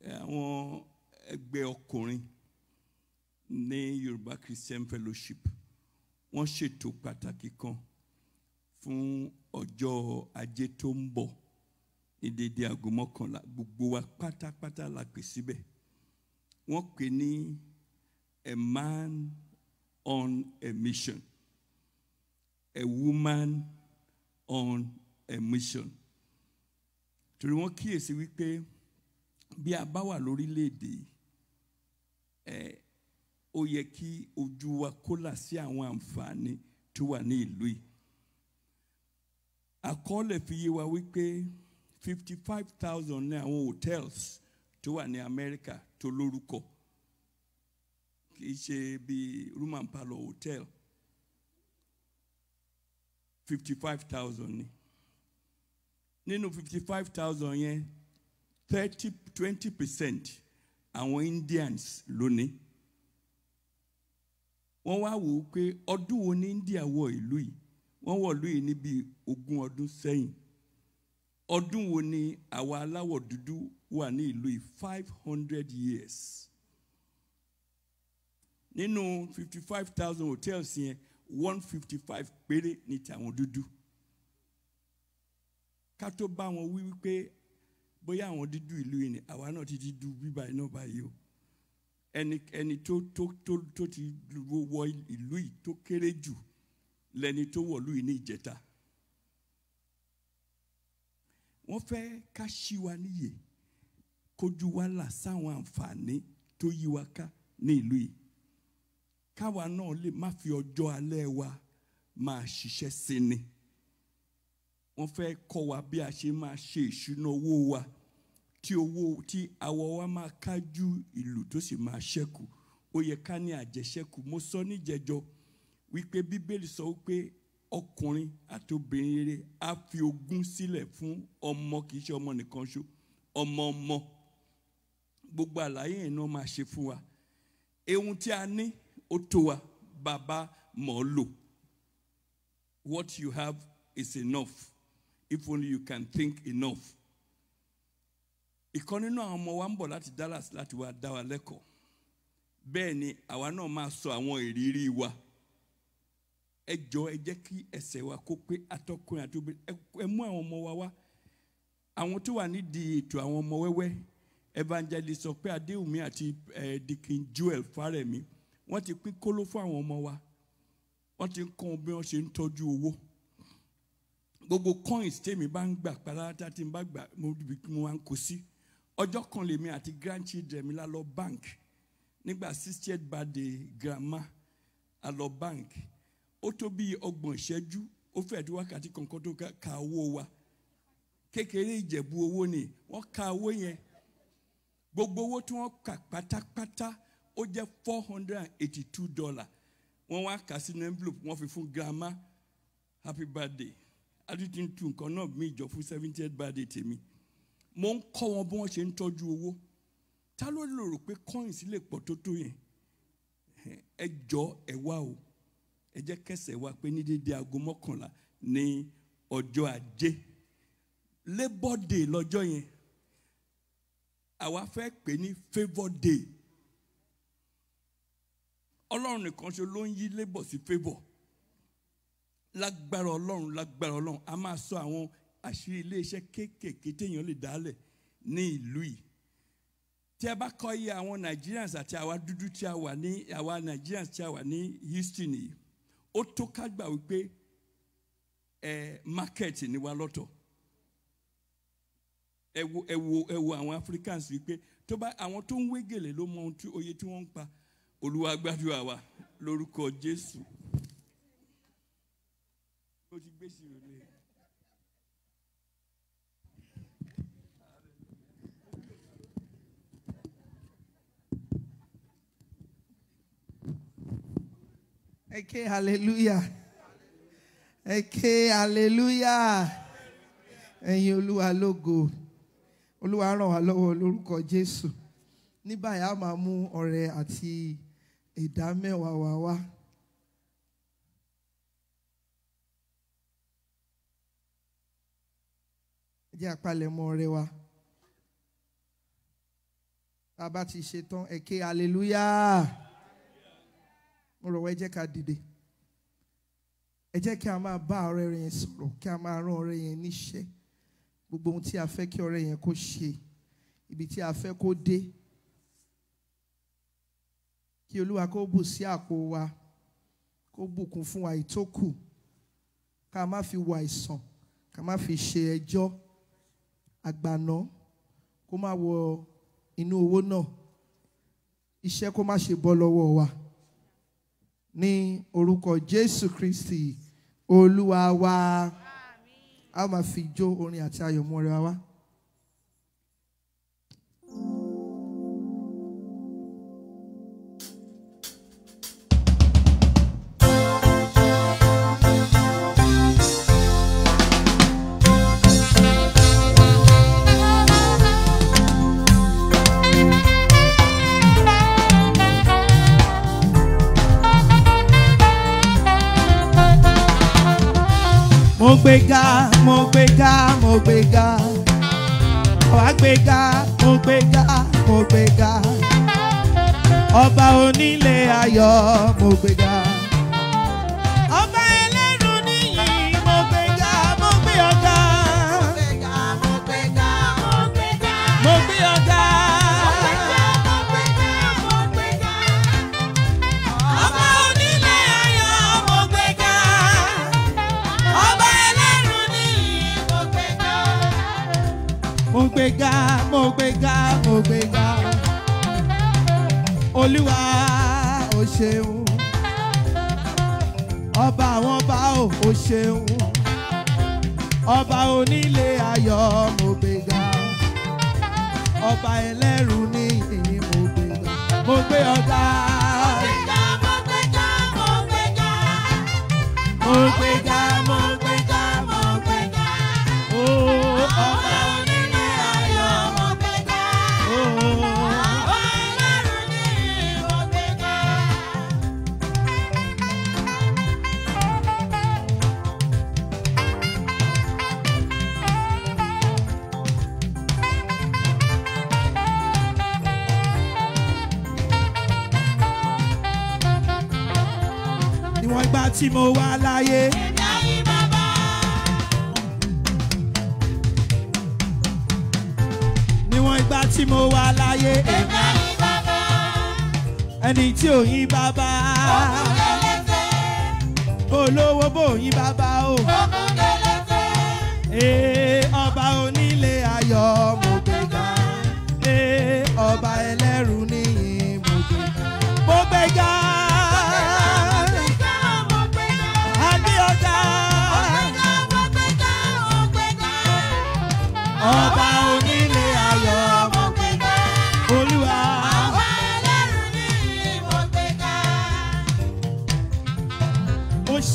[SPEAKER 4] yàn àwọn ẹgbẹ́ ọkùnrin ní Yorùbá Christian Fellowship wọ́n ṣètò pàtàkì kan fún ọjọ́ ajé tó ń bọ̀ ní dédé aago mọ́kànlá gbogbo wa pátápátá la pè síbẹ̀ wọ́n pè ní a man on a mission a woman on a mission torí wọ́n kíyèsí wípé bí a bá wà lórílẹ̀‐èdè ẹ̀. Eh, ó yẹ kí ojú wa kó là sí àwọn àǹfààní tó wà ní ìlú yìí àkọọ́lẹ̀ fi yé wa wípé fifty five thousand ní àwọn hotels tó wà ní Amẹ́ríkà tó lórúkọ kì í ṣe bíi room parlour hotel fifty five thousand ni nínú fifty five thousand yẹn thirty twenty percent àwọn Indians lónìí wọ́n wá wò ó pé ọdún wo ní India wọ ìlú yìí wọ́n wọ̀ ìlú yìí ní bíi ogún ọdún sẹ́yìn ọdún wo ni àwa aláwọ̀ dúdú wà ní ìlú yìí five hundred years nínú fifty five thousand hotels yẹn one fifty five péré ní tàwọn dúdú ká tó bá wọn wí wípé bóyá àwọn dúdú ìlú yìí ni àwa náà ti di dú bíbá iná báyìí o ẹni ẹni tó tó tó tó ti wọ ìlú yìí tó kéré jù lẹni tó wọ ìlú yìí ní ìjẹta wọ́n fẹ́ ká ṣí wa níyè kójú wa là sáwọn àǹfààní tó yí wa ká ní ìlú yìí káwa náà lè má fi ọjọ́ alẹ́ wa máa ṣiṣẹ́ sí ni wọ́n fẹ́ kọ́ wa bí a ṣe máa ṣe ìṣúná owó wa kí owó tí awọ wa máa kájú ìlú tó sì máa ṣẹ́kù ó yẹ ká ní àjẹṣẹ́kù mo sọ níjẹjọ wípé bíbélì sọ wípé ọkùnrin àti obìnrin rere á fi ogún sílẹ̀ fún ọmọ kìí ṣe ọmọ nìkan ṣo ọmọ ọmọ gbogbo àlàyé yẹn náà máa ṣe fún wa ehun tí a ní ó tó wa bàbá mọ̀ ọ́ lò what you have is enough if only you can think enough ìkan nínú àwọn ọmọ wa ń bọ̀ láti Dallas láti wá dá wa lẹ́kọ̀ọ́ bẹ́ẹ̀ ni àwa náà máa sọ àwọn ìrírí wa ẹ jọ ẹ jẹ́ kí ẹsẹ̀ wa kó pé atọ́kùnrin àti obìnrin ẹ mú àwọn ọmọ wa wá àwọn tó wà nídìí ètò àwọn ọmọ wẹ́wẹ́ evangelist sọ pé adéwùmí àti dikin joel fárẹ̀mí wọ́n ti pín kóló fún àwọn ọmọ wa wọ́n ti ń kọ́ bí wọ́n ṣe ń tọ́jú owó gbogbo coins tèmi bá ń gbà pàrọ̀ àti àti bá gbà mo máa ń kó sí. Si ọjọ́ kan lèmi àti grandchildren mi la lọ bank nígbà sixtieth birthday grandma a lọ bank ó tó bí ọgbọ̀n ìṣẹ́jú ó fẹ́ẹ̀ tó wákàtí kankan tó ka owó wa kékeré ìjẹ̀bú owó ni wọ́n ka owó yẹn gbogbo owó tí wọ́n kà pátápátá ó jẹ́ four hundred and eighty two dollar wọ́n wá kà sínú envelope wọ́n fi fún grandma happy birthday adituntu nǹkan náà mi ìjọ fún seventieth birthday tèmi mo ń kọ́ wọn bí wọ́n ṣe ń tọ́jú owó ta ló lè rò pé coins lè pọ̀ tó tó yẹn ẹ jọ ẹ wá o ẹ jẹ́ kẹsẹ̀ wá pé ní dédé aago mọ́kànlá ní ọjọ́ ajé labour day lọ́jọ́ yẹn àwa fẹ́ pè ní favour day ọlọ́run nìkan ṣe ló ń yí labour sí favour lágbára ọlọ́run lágbára ọlọ́run a máa sọ àwọn àṣírí iléeṣẹ́ kéékèèké téèyàn lè dálẹ̀ ní ìlú yìí tí ẹ bá kọ iye àwọn Nigerians àti àwa dúdú tí a wà ní àwa Nigerians tí a wà ní Houston yìí ó tó ká gbà wípé ẹ market ni wa lọ́tọ̀ ẹ wo ẹ wo ẹ wo àwọn Africans wípé tó bá àwọn tó ń wé gèlè ló mọ oye tí wọ́n ń pa Olúwa gbàdúrà wa lórúkọ Jésù. mo ti gbé sí i
[SPEAKER 2] Ẹ hallelujah. Ẹ hallelujah. Ẹyin Olúwa lógo. Olúwa ràn wá lọ́wọ́ lórúkọ Jésù. Ní báyìí a máa mú ọrẹ àti ìdá mẹ́wàá wá wá. Jẹ́ àpalẹ̀mọ́ ọrẹ wa. Tá a bá ti ṣe tán, ẹ hallelujah mo rọ̀ wá ẹ jẹ́ ká dìde ẹ jẹ́ kí a máa bá ọ̀rẹ́ rẹ yẹn sọ̀rọ̀ kí a máa rán ọ̀rẹ́ yẹn níṣẹ́ gbogbo ohun tí a fẹ́ kí ọ̀rẹ́ yẹn kó ṣe ibi tí a fẹ́ kó dé kí olúwa kó bù sí àpò wa kó bùkún fún wa ìtókù ká má fi wà àìsàn ká má fi ṣe ẹjọ́ àgbàná kó má wọ inú owó náà iṣẹ́ kó má ṣe bọ́ lọ́wọ́ wa ní orúkọ Jésù Kristi olúwa wa a máa fi jó orin àti ayọ̀ mú wa wá. gbéga mo gbéga mo gbéga àwa gbéga mo gbéga mo gbéga ọba onílé ayọ̀ mo gbéga. mo gbé ga mo gbé ga olúwa o ṣeun ọba àwọn ọba o o ṣeun ọba onílé ayọ̀ mo ọba ẹlẹ́rù ní ìyìn mo gbé ga mo mo gbé mo gbé mo gbé tí mo wà láyé. èmi ayé bàbá. níwọ̀n ìgbà tí mo wà láyé. èmi ayé bàbá. ẹni tí ò yín bàbá. òkú kẹlẹ́fẹ́. olówó bò yín bàbá o. òkú kẹlẹ́fẹ́. ee ọba oní.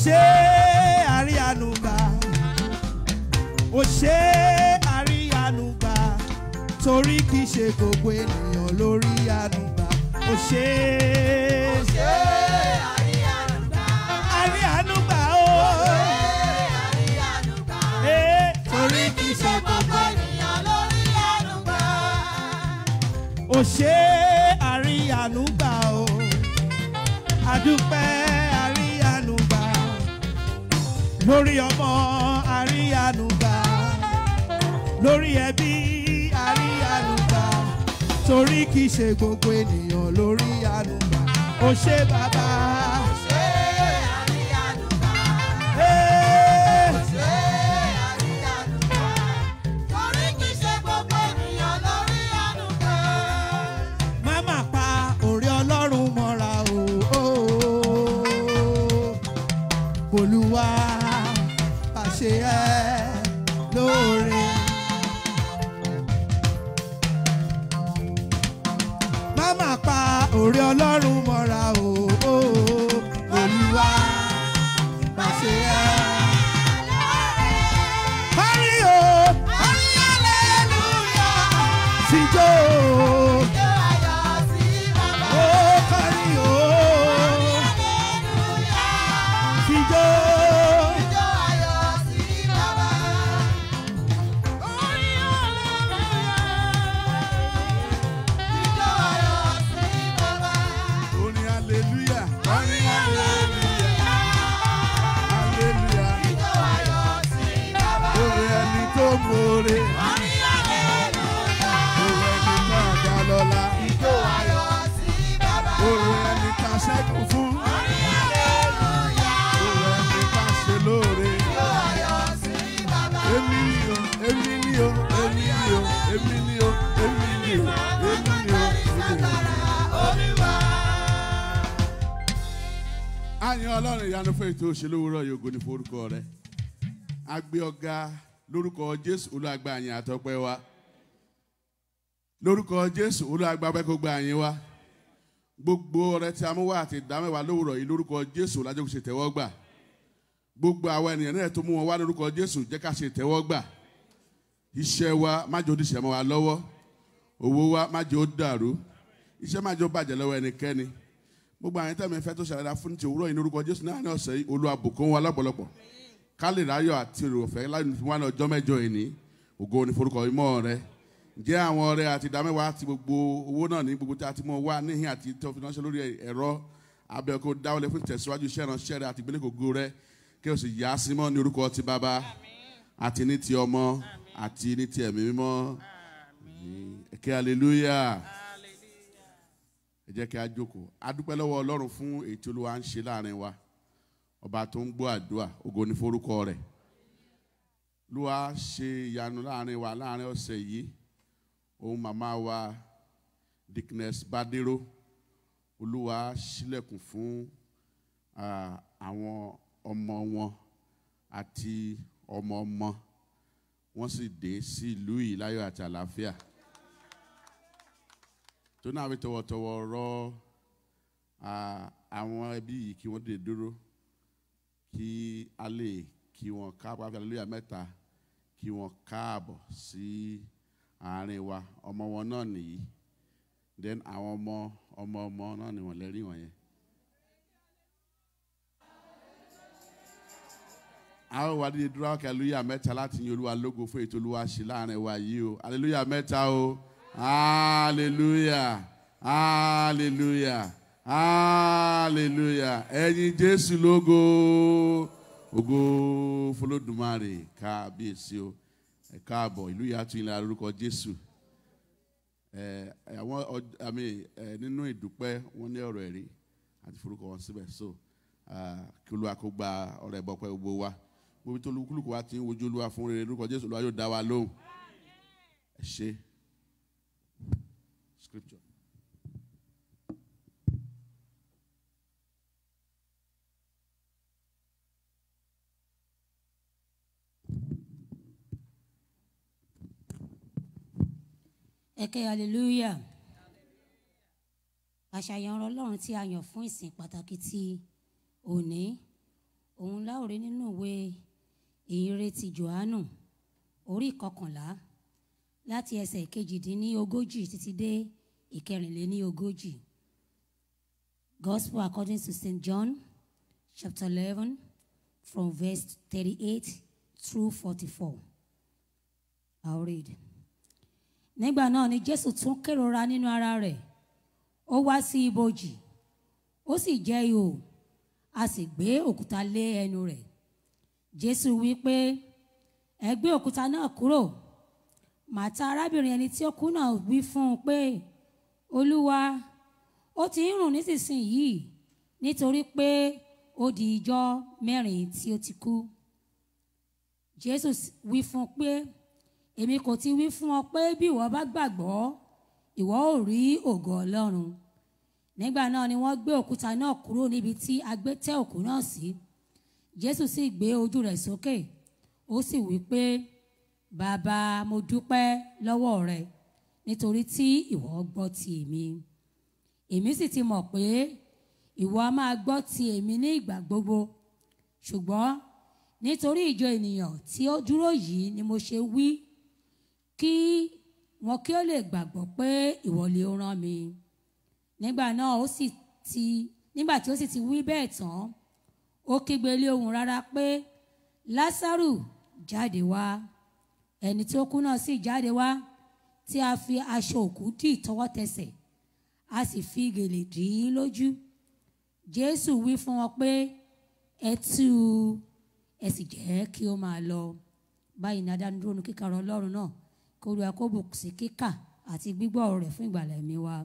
[SPEAKER 2] ṣe àrí àánú gbà ó ṣe àrí àánú gbà torí kì í ṣe gbogbo ènìyàn lórí àánú gbà ó ṣe àrí àánú gbà àrí àánú gbà ó torí kì í ṣe gbogbo ènìyàn lórí lórí ọmọ àríyànúgbà lórí ẹbí àríyànúgbà torí kìí ṣe gbogbo ènìyàn lórí ànúgbà ó ṣe bàbá. torí ọlọ́run mọ́ra o.
[SPEAKER 5] ọlọ́run ìyanu fún ètò òṣèlú òwúrọ̀ yòókù ní forúkọ rẹ a gbé ọ̀gá lórúkọ jésù olúwàgbà àyìn àtọ́pẹ́ wa lórúkọ jésù olúwàgbà pẹ́ kó wa gbogbo ọrẹ tí a mú wá àti ìdámẹ́wàá lówùrọ̀ yìí lórúkọ jésù lájọ́ kò ṣe tẹ́wọ́ gbà gbogbo àwọn ènìyàn náà tó mú wọn wá lórúkọ jésù jẹ́ ká ṣe tẹ́wọ́ gbà iṣẹ́ wa májò oníṣẹ́ mọ́ wa lọ́wọ́ owó wa májò dàrú iṣẹ́ májò bàjẹ́ lọ́wọ́ ẹnikẹ́ni gbogbo àwọn tẹ̀mí fẹ́ tó ṣàlàyé fún ti òwúrọ̀ yìí lórúkọ jésù náà ní ọ̀sẹ̀ yìí olú àbùkún wa lápọ̀lọpọ̀ kálí ráyọ̀ àti òròfẹ́ wà ní ọjọ́ mẹ́jọ yìí ní ògo ní forúkọ ìmọ̀ rẹ jẹ́ àwọn ọrẹ àti ìdámẹ́wàá àti gbogbo owó náà ní gbogbo tí a ti mọ̀ wá níhìn àti tó fi ránṣẹ́ lórí ẹ̀rọ abẹ́ọ̀kọ́ dáwọlé fún tẹ̀síwájú iṣẹ́ hallelujah ẹ jẹ́ kí a jókòó a dúpẹ́ lọ́wọ́ ọlọ́run fún èyí tí olúwa ń ṣe láàrin wa ọba tó ń gbọ́ àdúrà ògo ni forúkọ rẹ̀ olúwa ṣe ìyanu láàrin wa láàrin ọ̀sẹ̀ yìí òun màmá wa Dickness Badero olúwa ṣílẹ̀kùn fún àwọn ọmọ wọn àti ọmọ ọmọ wọn sì dé sí ìlú yìí láyọ̀ àti àlàáfíà tó náà fi tọ̀wọ̀tọ̀wọ̀ rọ àwọn ẹbí yìí kí wọ́n dè dúró kí a lè kí wọ́n káàbọ̀ àfi hallelujah mẹ́ta kí wọ́n káàbọ̀ sí àárín wa ọmọ wọn náà nìyí then àwọn ọmọ ọmọ ọmọ náà ni wọ́n lẹ́rìí wọ̀nyẹn. àwọn ìwà dúró hallelujah mẹ́ta láti yin olúwa lógo fún ètò olúwa ṣe láàrin wa yìí o hallelujah mẹ́ta o hallelujah hallelujah hallelujah ẹ̀yin jésù lógo ògo fọlọ́dúnmáre kábíyèsí o ẹ káàbọ̀ ìlú yìí àtúnyìnlá lórúkọ jésù ẹ àwọn àmì ẹ nínú ìdúpẹ́ wọn ní ọ̀rọ̀ ẹ̀rí àti forúkọ wọn síbẹ̀ so kí olúwa kó gba ọ̀rọ̀ ẹ̀bọ pẹ́ gbogbo wa gbogbo tó lukúlùkù wa ti ń wojú olúwa fún rere lórúkọ jésù olúwa yóò dá wa lóhùn ẹ ṣé scripture.
[SPEAKER 6] ẹ̀kẹ́ hallelujah àṣàyàn ọ̀rọ̀ ọlọ́run tí a yàn fún ìsìn pàtàkì ti òní òun láòrè nínú ìwé ìyìnrere ti johannu orí kọkànlá láti ẹsẹ̀ kejìdínlógójì títí dé ìkẹrìnléní ogójì Gospel according to St. John chapter eleven from verse thirty-eight through forty-four I'll read. Nígbà náà ni Jésù tún kérora nínú ara rẹ̀ ó wá sí ibojì ó sì jẹ́ ihò a sì gbé òkúta lé ẹnu rẹ̀ Jésù wí pé ẹ gbé òkúta náà kúrò màtá arábìnrin ẹni tí ó kú náà wí fún un pé olúwa ó ti ń rùn nísinsìnyí nítorí pé ó di ijọ́ mẹ́rin tí ó ti kú jésù wí fún pé èmi kò ti wí fún ọ pé bí ìwọ bá gbàgbọ́ ìwọ ó rí ògo ọlọ́run nígbà náà ni wọ́n gbé òkúta náà kúrò níbi tí a gbé tẹ́ òkú náà sí jésù sì gbé ojú rẹ̀ sókè ó sì wí pé bàbá mo dúpẹ́ lọ́wọ́ rẹ nítorí tí ìwọ gbọ́ ti èmi èmi sì ti mọ̀ pé ìwọ a máa gbọ́ ti èmi ní ìgbà gbogbo ṣùgbọ́n nítorí ìjọ ènìyàn tí ó dúró yìí ni mo ṣe wí kí wọn kí ó lè gbàgbọ́ pé ìwọ lè rán mi nígbà náà ó sì ti nígbà tí ó sì ti wí bẹ́ẹ̀ tán ó kígbe lé ohùn rárá pé Lásárù jáde wá ẹni tó kú náà sì jáde wá. Si tí a fi aṣọ òkú dì tọwọ́tẹsẹ̀ a sì fi gèlè dì í lójú jésù wí fún wọn pé ẹ tú u ẹ sì jẹ́ kí ó máa lọ báyìí ní adánudúró nu kíkà ọlọ́run náà kó lu sí kíkà àti gbígbọ́ ọ̀rọ̀ rẹ̀ fún ìgbàlá ẹ̀mí wa.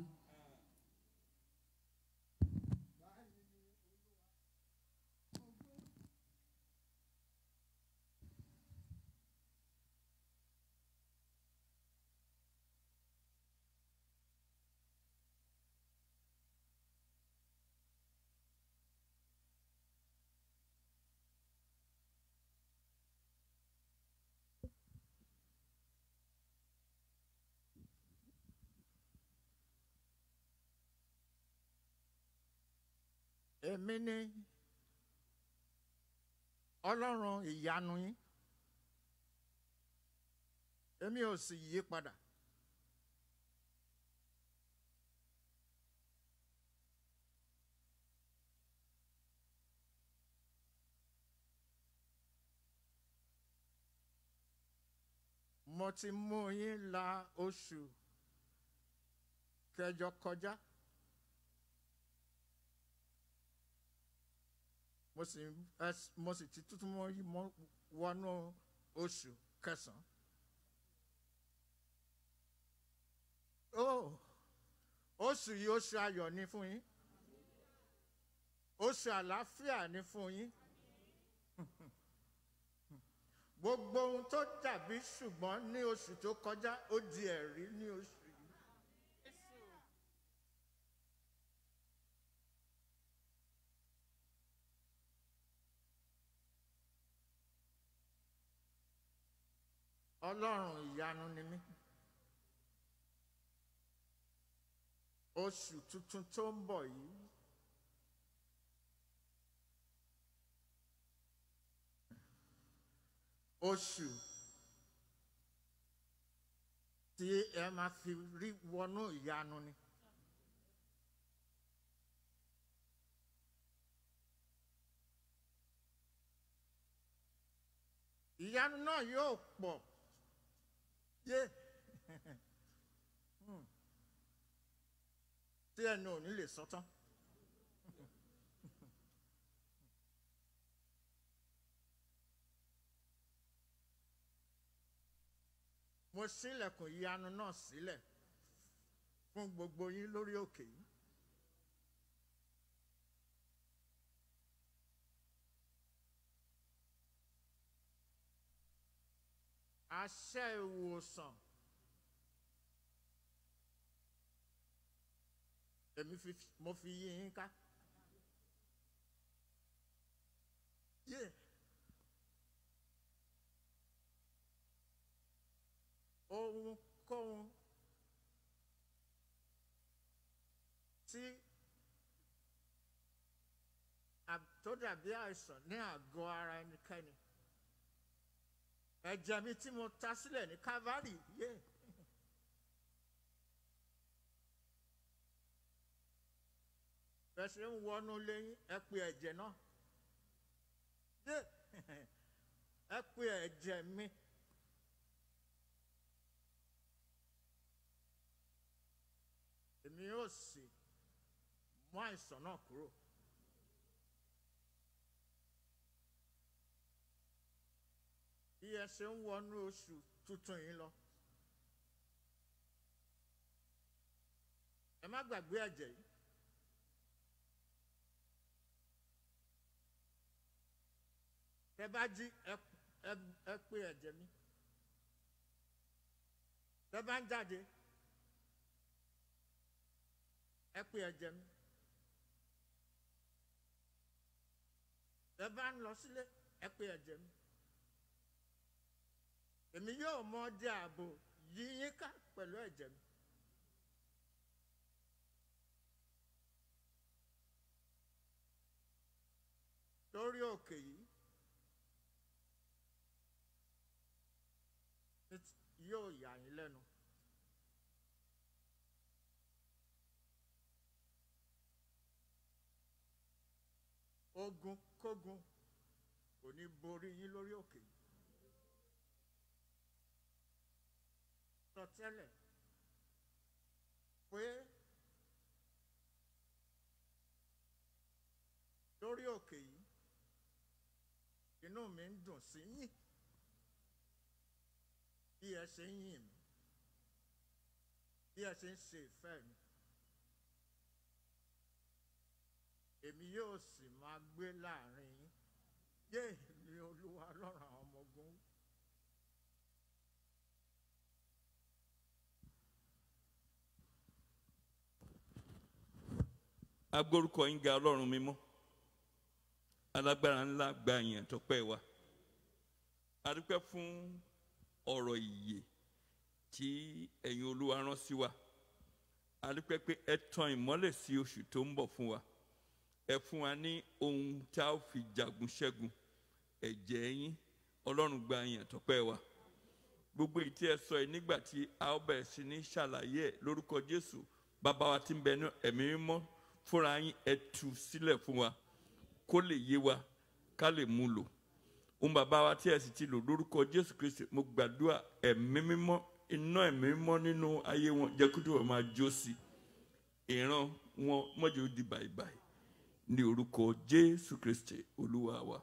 [SPEAKER 7] èmi ni ọlọ́run ìyanu yín èmi ò sì yí padà. mo ti mú yín la oṣù kẹjọ kọjá. mo sì mo sì ti tuntun mọ́ wọnú oṣù kẹsàn-án. ó oh, oṣù yìí oṣù ayọ̀ ni fún yín oṣù àlàáfíà ni fún yín gbogbo ohun tó dàbí ṣùgbọ́n ní oṣù tó kọjá ó di ẹ̀rí ní oṣù ọlọ́run ìyanu ni mí oṣù tuntun tó ń bọ̀ yìí oṣù tí ẹ máa fi rí wọnú ìyanu ni. ìyanu náà yóò pọ̀ yé hmm. tí ẹnu ò ní lè sọ tán. mo ṣílẹ̀kùn ìyanu náà sílẹ̀ fún gbogbo yín lórí òkè yìí I ìwòsàn. èmi fi mo fi yí yín ká. ohunkóhun tí tó àìsàn ní àgọ́ ara ẹnikẹ́ni. ẹ̀jẹ̀ mi tí mo ta sílẹ̀ ní Calvary yé. Yeah. bẹ́sẹ̀ ń wọnú lẹ́yìn ẹ pé ẹ̀jẹ̀ náà dé ẹ pé ẹ̀jẹ̀ mi. èmi yóò sì mú àìsàn náà kúrò. bí ẹ ṣe ń wọnú oṣù tuntun yìí lọ. ẹ má gbàgbé ẹ̀jẹ̀ yìí. tẹ bá jí ẹ pé ẹ̀jẹ̀ mi tẹ bá ń jáde ẹ pé ẹ̀jẹ̀ mi tẹ bá ń lọ sílé ẹ pé ẹ̀jẹ̀ mi èmi yóò mọ ọdẹ ààbò yí yín ká pẹ̀lú ẹ̀jẹ̀ mi. lórí òkè yìí yóò yà yín lẹ́nu. ogun kógun kò ní borí yín lórí òkè yìí. sọ tẹ́lẹ̀ pé lórí òkè yìí inú mi ń dùn sí yín bí ẹ ṣe ń yìn mí bí ẹ ṣe ń ṣe ìfẹ́ mi èmi yóò sì máa gbé láàrin yín yé olúwa lọ́rùn
[SPEAKER 4] agbórúkọ yín ga ọlọ́run mímọ́ alágbára ńlá gba ìyẹn tó pẹ́ wa a dúpẹ́ fún ọ̀rọ̀ ìyè tí ẹ̀yin olúwa rán sí wa a dúpẹ́ pé ẹ tan ìmọ́lẹ̀ sí oṣù tó ń bọ̀ fún wa ẹ fún wa ní ohun tá a fi jagun ṣẹ́gun ẹ̀jẹ̀ yín ọlọ́run gba ìyẹn tó pẹ́ wa gbogbo èyí ẹ sọ yìí nígbà tí a bẹ̀rẹ̀ sí ní ṣàlàyé ẹ̀ lórúkọ jésù bàbá wa tí ń bẹ ẹ̀mí mímọ́ fúnra yín ẹ tú sílẹ̀ fún wa kó lè yé wa ká lè mú lò òun bàbá wa tí ẹ sì ti lò lórúkọ Jésù Kristi mo gbàdúrà ẹ̀mí mímọ́ iná ẹ̀mí mímọ́ nínú ayé wọn jẹ́ kí máa jó sí ìran wọn mọ́jọ́ di bàìbàì ní orúkọ Jésù Kristi olúwa wa.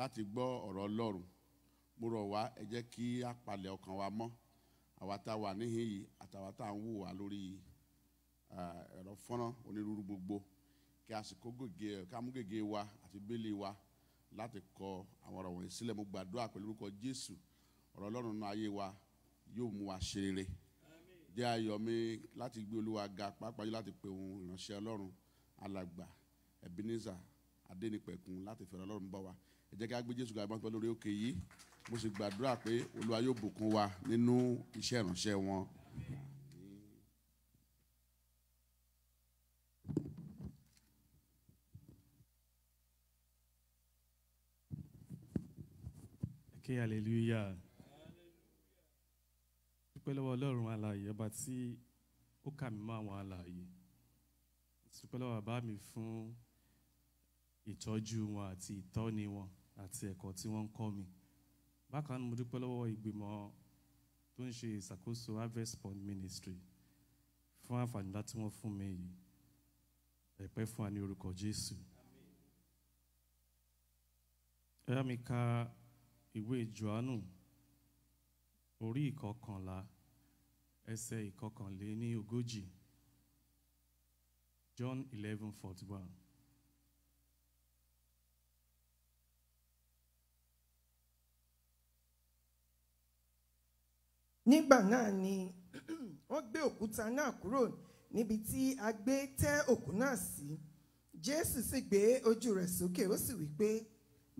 [SPEAKER 5] láti gbọ́ ọ̀rọ̀ Ọlọ́run mo rọ̀ wá ẹ jẹ́ kí a palẹ̀ ọkàn wa mọ́ àwa tá a wà níhìn yìí àtàwa tá a ń wò wá lórí ẹ̀rọ fọ́nrán onírúurú gbogbo kí a sì kó gègé ká mú gègé wa àti bélé wa láti kọ àwọn ọ̀rọ̀ wọ̀nyí sílẹ̀ mo gbàdúrà pẹ̀lú orúkọ Jésù ọ̀rọ̀ Ọlọ́run nínú ayé wa yóò mú wa ṣe rere jẹ́ ayọ̀ mi láti gbé Olúwa ga pàápàá jù láti pe òun ìránṣẹ́ Ọlọ́run alàgbà Ebenezer Adénípẹ̀kun láti fẹ̀rẹ̀ Ọlọ́run bá wa ẹ jẹ́ kí a gbé Jésù ga ìbọn lórí òkè yìí mo sì gbàdúrà pé Olúwa yóò bùkún wa nínú iṣẹ́ ìránṣẹ́ wọn.
[SPEAKER 2] ké hallelujah dúpẹ́ lọ́wọ́ ọlọ́run alààyè ọba tí ó kà mí mọ́ àwọn alààyè dúpẹ́ lọ́wọ́ bàbá mi fún ìtọ́jú wọn àti ìtọ́ni wọn àti ẹ̀kọ́ tí wọ́n ń kọ́ mi bákan náà mo dúpẹ́ lọ́wọ́ ìgbìmọ̀ tó ń ṣe ìṣàkóso harvest fund ministry fún àǹfààní ńlá tí wọ́n fún mi yìí ẹ̀pẹ́ fún wa ní orúkọ Jésù ẹ bá mi ka ìwé Jòhánù orí ìkọkànlá ẹsẹ̀ ìkọkànléní ogójì John eleven forty one. nígbà náà ni wọ́n gbé òkúta náà kúrò níbi tí a gbé tẹ́ òkú náà sí jésù sì gbé ojú rẹ̀ sókè ó sì wí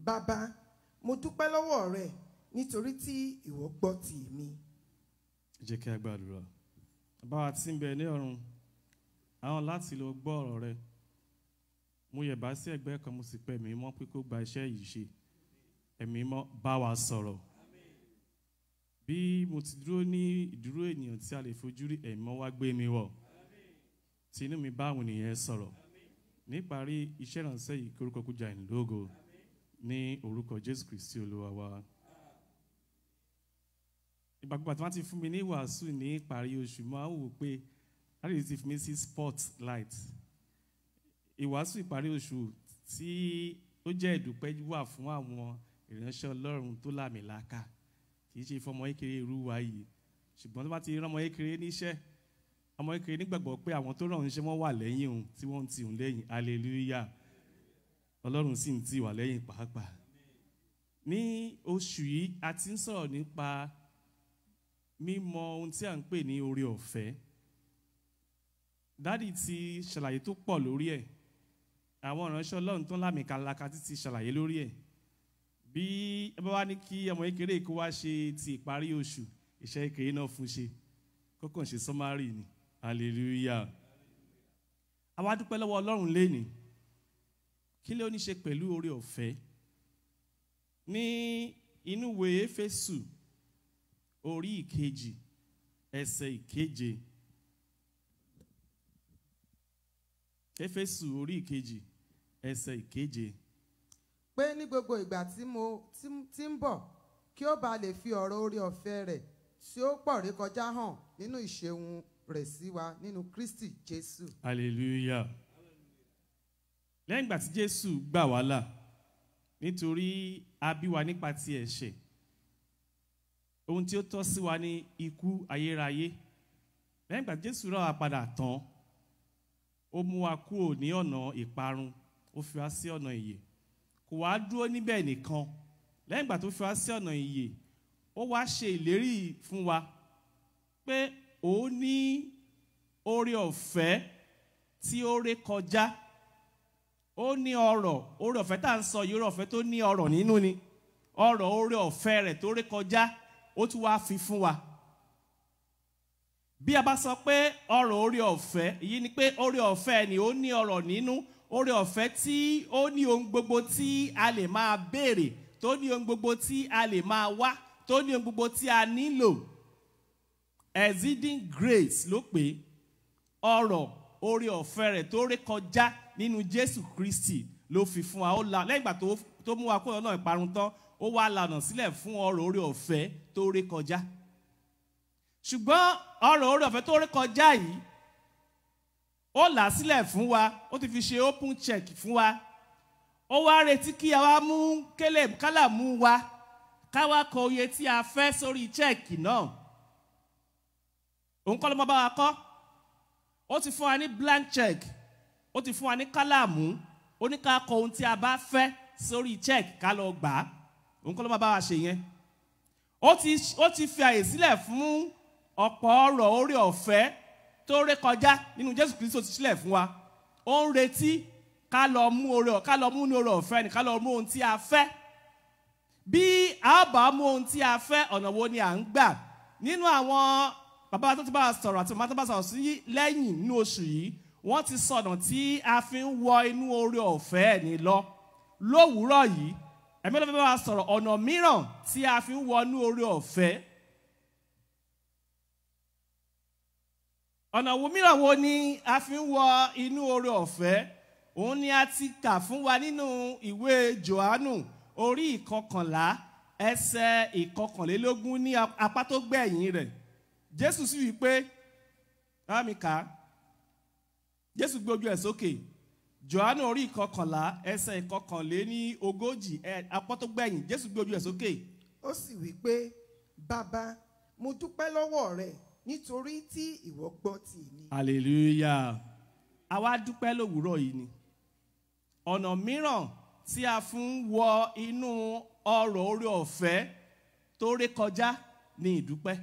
[SPEAKER 2] bàbá mo dúpẹ́ lọ́wọ́ rẹ nítorí tí ìwọ gbọ́ ti mi.
[SPEAKER 8] jẹ́ kí a gbàdúrà
[SPEAKER 2] bàbá wa tí ń bẹ ní ọ̀run àwọn láti lọ gbọ́ ọ̀rọ̀ rẹ mo yẹ̀ bá sí ẹ̀gbẹ́ kan mo sì pẹ́ ẹ̀mí mọ́ pé kó gba iṣẹ́ yìí ṣe ẹ̀mí mọ́ bá wa sọ̀rọ̀ bí mo ti dúró ní ìdúró ènìyàn tí a lè fojú rí ẹ̀mọ́ wá gbé mi wọ̀ tí inú mi bá àwọn ènìyàn sọ̀rọ̀ níparí iṣẹ́ ìrànṣẹ́ yìí kí orúkọ kújà ìlógo ní orúkọ Jésù Kristi Olúwa wa. ìgbàgbọ́ àti wọ́n ti fún mi ní wàásù ní ìparí oṣù máa ń wò pé láti ti fún mi sí spotlight ìwàásù ìparí oṣù tí ó jẹ́ ìdúpẹ́ wà fún àwọn ìránṣẹ́ Ọlọ́run tó lámìlaka kì í ṣe fọmọ kékeré irú wa yìí ṣùgbọ́n tó bá ti rán ọmọ kékeré níṣẹ́ ọmọ kékeré nígbàgbọ́ pé àwọn tó ràn níṣẹ́ wọ́n wà lẹ́yìn òun tí wọ́n ń ti òun lẹ́yìn hallelujah ọlọ́run sì ń ti wà lẹ́yìn pàápàá ní oṣù yìí a ti ń sọ̀rọ̀ nípa mímọ̀ ohun tí a ń pè ní oore ọ̀fẹ́ dádì ti ṣàlàyé tó pọ̀ lórí ẹ̀ àwọn ìránṣẹ́ ọlọ́run tó ń lámìkalaka ti ti ṣàlàyé lórí ẹ̀ bí ẹ bá wá ní kí ọmọ kékeré kó wá ṣe ti ìparí oṣù iṣẹ́ kékeré náà fún ṣe kókàn ṣe sọ́márì ni hallelujah àwa dúpẹ́ lọ́wọ́ ọlọ́run lénìí kí ló ní ṣe pẹ̀lú oore ọ̀fẹ́ ní inú ìwé Éfésù orí ìkejì ẹsẹ̀ ìkeje Éfésù orí ìkejì ẹsẹ̀ ìkeje pé ní gbogbo ìgbà tí ti ń bọ̀ kí ó bàa lè fi ọ̀rọ̀ orí ọ̀fẹ́ rẹ̀ tí ó pọ̀ rékọjá hàn nínú ìṣeun rẹ̀ sí wa nínú Kristi Jésù.
[SPEAKER 6] hallelujah
[SPEAKER 2] lẹ́yìn ìgbà tí Jésù gbà wá là nítorí a bí wa nípa ti ẹ̀ṣẹ̀ ohun tí ó tọ́ sí wa ní ikú ayérayé lẹ́yìn ìgbà tí Jésù rà wá padà tán ó mú wa kúrò ní ọ̀nà ìparun ó fi wá sí ọ̀nà ìyè kò wá dúró níbẹ̀ nìkan lẹ́yìn ìgbà tó fi wá sí ọ̀nà ìyè ó wá ṣe ìlérí fún wa pé òun ní oore ọ̀fẹ́ tí ó ré kọjá ó ní ọrọ̀ oore ọ̀fẹ́ tá à ń sọ yìí oore ọ̀fẹ́ tó ní ọrọ̀ nínú ni ọrọ̀ oore ọ̀fẹ́ rẹ̀ tó ré kọjá ó tún wá fi fún wa bí a bá sọ pé ọrọ̀ oore ọ̀fẹ́ èyí ni pé oore ọ̀fẹ́ ni ó ní ọrọ̀ nínú oore ọ̀fẹ́ tí ó ní ohun gbogbo tí a lè máa béèrè tó ní ohun gbogbo tí a lè máa wá tó ní ohun gbogbo tí a nílò exceeding grace ló pé ọrọ̀ oore ọ̀fẹ́ rẹ̀ tó ré kọjá nínú Jésù Kristi ló fi fún wa ó la lẹ́yìn ìgbà tó mú wa kó ọ̀nà ìparun tán ó wá lànà sílẹ̀ fún ọrọ̀ oore ọ̀fẹ́ tó ré kọjá ṣùgbọ́n ọrọ̀ oore ọ̀fẹ́ tó ré kọjá yìí ó là á sílẹ̀ fún wa ó ti fi ṣe open check fún wa ó wá retí kí a wá mú kélé kálàmú wa ká kọ oye tí a fẹ́ sórí check náà òun kọ́ ló mọ́ bá wa kọ́ ó ti fún wa ní blank check ó ti fún wa ní kálàmú ó ní ká kọ ohun tí a bá fẹ́ sórí check ká lọ gbà á òun kọ́ ló mọ́ bá wa ṣe yẹn ó ti fi àyè sílẹ̀ fún ọ̀pọ̀ ọ̀rọ̀ orí ọ̀fẹ́ tó ré kọjá nínú Jésù Kristo ti sílẹ̀ fún wa ó ń retí ká lọ mú oore ká lọ mú ní oore ọ̀fẹ́ ni ká lọ mú ohun tí a fẹ́ bí a bá mú ohun tí a fẹ́ ọ̀nà wo ni à ń gbà nínú àwọn bàbá tó ti bá a sọ̀rọ̀ àti màmá tó bá a sọ̀rọ̀ sí lẹ́yìn nínú oṣù yìí wọ́n ti sọ̀nà tí a fi ń wọ inú oore ọ̀fẹ́ ni lọ lówùúrọ̀ yìí ẹ̀mí ló fẹ́ bá a sọ̀rọ̀ ọ̀nà mìíràn tí a fi ń wọ inú oore ọ̀fẹ́ ọ̀nà wo mìíràn wo ni a fi ń wọ inú oore ọ̀fẹ́ òun ni a ti kà fún wa nínú ìwé Jòhánù orí ìkọkànlá ẹsẹ̀ ìkọkànlélógún ní apá tó gbẹ̀yìn rẹ̀ Jésù sì wí pé rámi kà á Jésù gbé ojú ẹ̀ sókè Jòhánù orí ìkọkànlá ẹsẹ̀ ìkọkànléní ogójì apá tó gbẹ̀yìn Jésù gbé ojú ẹ̀ sókè. ó sì wí pé bàbá mo dúpẹ́ lọ́wọ́ rẹ̀ nítorí tí ìwọ gbọ́ ti èmi. hallelujah àwa dúpẹ́ lówùúrọ̀ yìí ni ọ̀nà mìíràn tí a fún wọ inú ọrọ̀ orí ọ̀fẹ́ tó ré kọjá ní ìdúpẹ́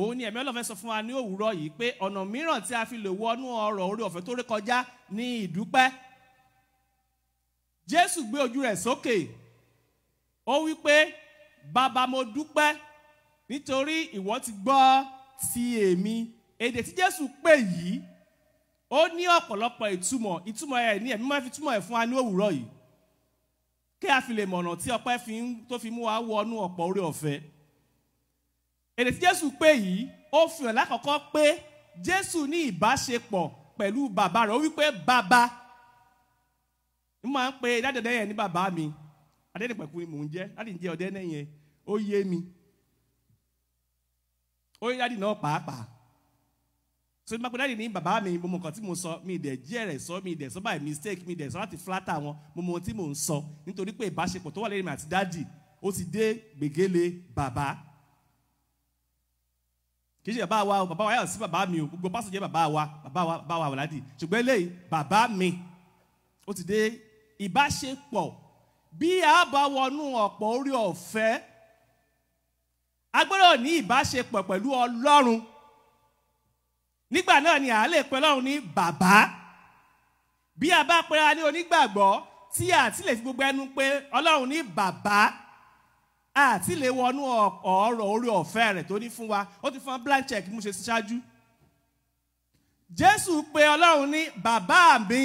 [SPEAKER 2] òun ni ẹ̀mí ọlọ́fẹ́ sọ fún wa ní òwúrọ̀ yìí pé ọ̀nà mìíràn tí a fi lè wọnú ọrọ̀ orí ọ̀fẹ́ tó ré kọjá ní ìdúpẹ́ Jésù gbé ojú rẹ̀ sókè ó wí pé bàbá mo dúpẹ́ nítorí ìwọ ti gbọ́ ti èmi èdè tí Jésù pè yìí ó ní ọ̀pọ̀lọpọ̀ ìtumọ̀ ìtumọ̀ ẹ̀ ní ẹ̀mí máa fi túmọ̀ ẹ̀ fún wa ní òwúrọ̀ yìí kí a fi lè mọ̀nà tí ọpẹ́ tó fi mú wa wọnú ọ̀pọ̀ orí ọ̀fẹ́ èdè tí Jésù pè yìí ó fi hàn lákọ̀ọ́kọ́ pé Jésù ní ìbáṣepọ̀ pẹ̀lú bàbá rẹ̀ ó wí pé bàbá mo máa ń pe dádẹ́dẹ́ yẹn ní bàbá mi adẹ́nìpẹ̀kú ni mò ń jẹ́ láti jẹ́ ọdẹ́ náà yẹn ó yé mi ó rí dáàdì náà pàápàá so ní bákan dáàdì ní bàbá mi mo mọ nǹkan tí mo sọ mi ìdẹ̀ díẹ̀ rẹ̀ sọ mi ìdẹ̀ sọ báyìí mistake mi ìdẹ̀ sọ láti flatter wọn mo mọ ohun tí mò ń sọ nítorí pé ìbáṣepọ̀ tó wà lẹ́yìn mi àti dáàdì ó ti dé gbègéle bàbá kì í ṣe bàbá wa o bàbá wa yàtọ̀ sí bàbá mi o gbogbo pásítọ̀ jẹ́ bàbá wa bàbá wa bàbá wa wàládì ṣùgbọ́n eléyìí bàbá mi ó ti dé ìbáṣepọ̀ bí a bá wọnú ọ̀pọ̀ orí ọ̀fẹ́ a gbọ́dọ̀ ní ìbáṣepọ̀ pẹ̀lú ọlọ́run nígbà náà ni à á lè pe ọlọ́run ní bàbá bí a bá pera ní onígbàgbọ́ tí a ti lè fi gbogbo ẹnu pé ọlọ́run ní bàbá a ti lè wọnú ọ̀rọ̀ orí ọ̀fẹ́ rẹ̀ tó ní fún wa ó ti fún blank check mú ṣe ṣáájú jésù pe ọlọ́run ní bàbá mi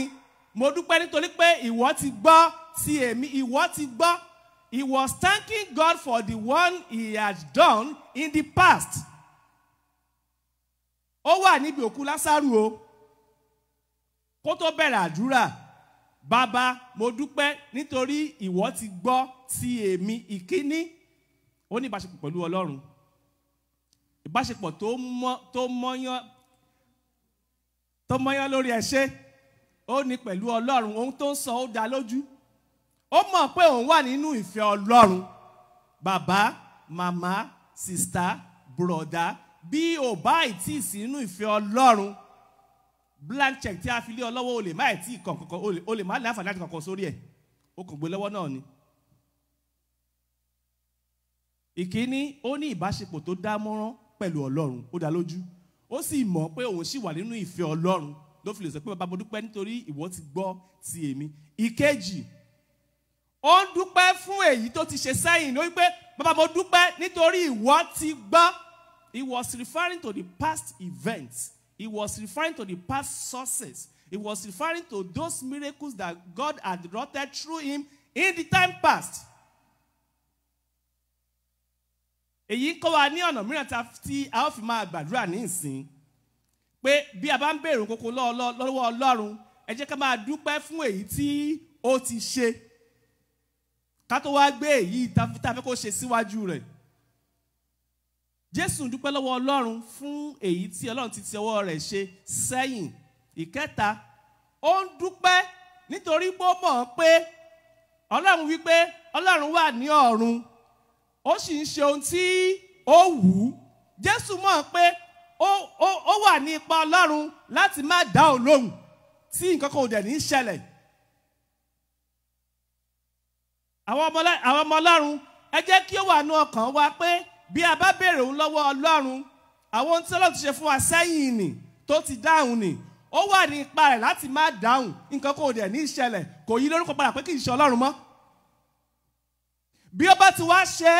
[SPEAKER 2] mo dúpẹ́ nítorí pé ìwọ ti gbọ́ ti èmi ìwọ ti gbọ́ He was thanking God for the one he had done in the past. Ó wà níbi òkú Lásárù o. Kó tó bẹ̀rẹ̀ àdúrà, bàbá mo dúpẹ́ nítorí ìwọ ti gbọ́ ti èmi ìkíní. Ó ní ìbáṣepọ̀ pẹ̀lú Ọlọ́run. Ìbáṣepọ̀ tó mọ́ tó mọ́yán lórí ẹ̀ṣẹ̀. Ó ní pẹ̀lú Ọlọ́run ohun tó ń sọ ó dá lójú ó mọ̀ pé òun wà nínú ìfẹ́ ọlọ́run bàbá màmá sista bùrọ̀dá bí ò bá ìtì sínú ìfẹ́ ọlọ́run blank check tí a fi lé ọlọ́wọ́ o lè má ìtì kọ̀ọ̀kan o lè má láti kọ̀ọ̀kan sórí ẹ̀ o kò gbé lọ́wọ́ náà ni. ìkíní ó ní ìbáṣepọ̀ tó dá mọ́rán pẹ̀lú ọlọ́run ó dá lójú ó sì mọ̀ pé òun sì wà nínú ìfẹ́ ọlọ́run ló fi lè sọ pé bàbá mo dúpẹ́ nítorí ìwọ ti gbọ́ ti èmi ìkejì ó ń dúpẹ́ fún èyí tó ti ṣe sẹ́yìn lórí pé bàbá mo dúpẹ́ nítorí ìwọ ti gbọ́ he was referring to the past events he was referring to the past sources he was referring to those miracles that God had wrought through him in the time past. èyí ń kọ́ wa ní ọ̀nà mìíràn tí a ó fi máa gbàdúrà ní ìsìn pé bí a bá ń bèrè kókó lọ́wọ́ Ọlọ́run ẹ jẹ́ ká máa dúpẹ́ fún èyí tí ó ti ṣe ká tó wá gbé èyí tá a fẹ́ kó ṣe síwájú rẹ̀ jésù dúpẹ́ lọ́wọ́ ọlọ́run fún èyí tí ọlọ́run ti ti ọwọ́ rẹ̀ ṣe sẹ́yìn ìkẹta ó ń dúpẹ́ nítorí pé ó mọ̀ pé ọlọ́run wípé ọlọ́run wà ní ọ̀run ó sì ń ṣe ohun tí ó wù ú jésù mọ̀ pé ó wà ní ipa ọlọ́run láti má dá òun lóhùn tí nǹkan kan ò dẹ̀ ní í ṣẹlẹ̀ àwọn ọmọ ọlọ́run ẹ jẹ́ kí ó wà ní ọkàn wa pé bí a bá béèrè òun lọ́wọ́ ọlọ́run àwọn ohun tí ọlọ́run ti ṣe fún wa sẹ́yìn nì tó ti dáhùn nì ó wà ní ipa rẹ̀ láti má dáhùn nǹkan kò dẹ̀ ní ìṣẹ̀lẹ̀ kò yí lórúkọ padà pé kì í ṣe ọlọ́run mọ́ bí ó bá ti wá ṣe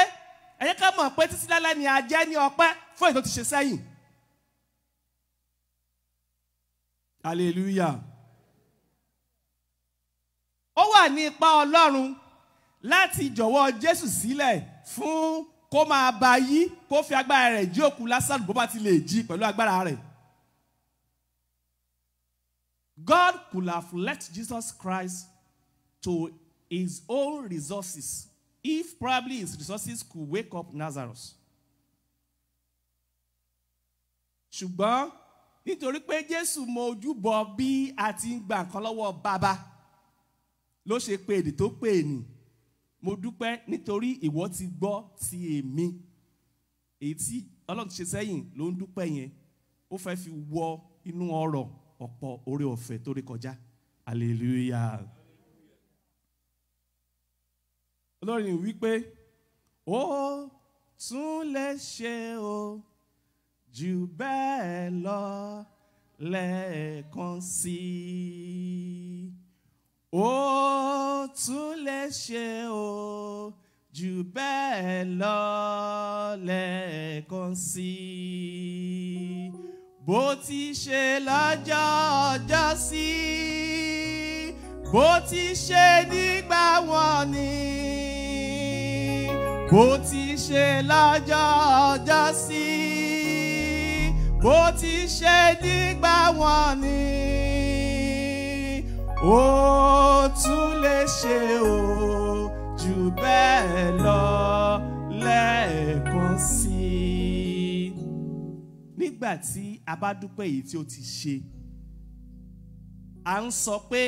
[SPEAKER 2] ẹ jẹ́ ká mọ̀ pé títí lálẹ́ ni a jẹ́ ní ọpẹ́ fún èyí tó ti ṣe sẹ́yìn hallelujah ó wà ní ipa ọlọ́run láti jọ̀wọ́ Jésù sílẹ̀ fún kó máa ba yí kó fi agbára rẹ̀ jí òkú Lásàrù bó bá ti lè jí pẹ̀lú agbára rẹ̀. God could have let Jesus Christ to his own resources if probably his resources could wake up Lazarus. ṣùgbọ́n nítorí pé Jésù mọ ojúbọ bí a ti ń gba nǹkan lọ́wọ́ bàbá ló ṣe pé èdè tó pè ní mo dúpẹ́ nítorí ìwọ ti gbọ́ ti èmi èyí tí ọlọ́run ti ṣe sẹ́yìn ló ń dúpẹ́ yẹn ó fẹ́ fi wọ inú ọrọ̀ ọ̀pọ̀ oore ọ̀fẹ́ tó rí kọjá hallelujah olórin wípé ó tún lè ṣe o jù bẹ́ẹ̀ lọ lẹ́ẹ̀kan sí i ó tún lè ṣe o jù bẹ́ẹ̀ lọ lẹ́ẹ̀kan sí i bó ti ṣe lọ́jọ́ ọjọ́ sí bó ti ṣe nígbà wọn ni bó ti ṣe lọ́jọ́ ọjọ́ sí bó ti ṣe nígbà wọn ni ó tún lè ṣe o jù bẹ́ẹ̀ lọ lẹ́ẹ̀kan sí i. nígbà tí a bá dúpẹ́ èyí tí ó ti ṣe a ń sọ pé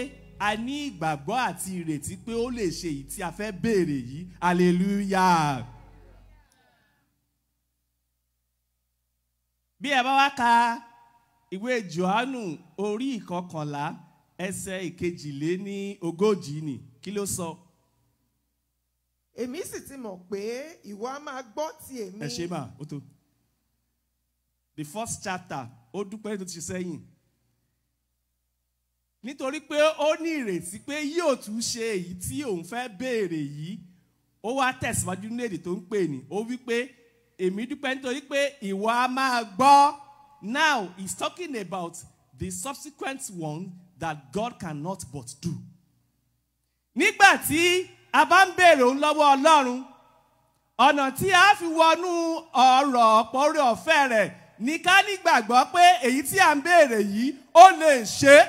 [SPEAKER 2] a ní ìgbàgbọ́ àti ìrètí pé ó lè ṣe èyí tí a fẹ́ béèrè yìí hallelujah. bí ẹ bá wá ka ìwé Jòhánù orí ìkọkànlá ẹsẹ̀ ìkejìléní ogójì ni kí ló sọ. èmi sì ti mọ̀ pé ìwọ a máa gbọ́ ti èmi. ẹ ṣe máa ó tó the first chapter ó dúpẹ́ tó ti sẹ́yìn nítorí pé ó ní ìrètí pé yóò tún ṣe èyí tí òun fẹ́ béèrè yìí ó wá tẹ̀síwájú nínú èdè tó ń pè ní ó wí pé èmi dúpẹ́ nítorí pé ìwọ a máa gbọ́ now he's talking about the subsequent one that God cannot but do. Nígbà tí a bá ń béèrè òun lọ́wọ́ Ọlọ́run, ọ̀nà tí a fi wọnú ọ̀rọ̀ ọ̀pọ̀ orí ọ̀fẹ́ rẹ̀ ní ká nígbàgbọ́ pé èyí tí à ń béèrè yìí ó lè ṣe é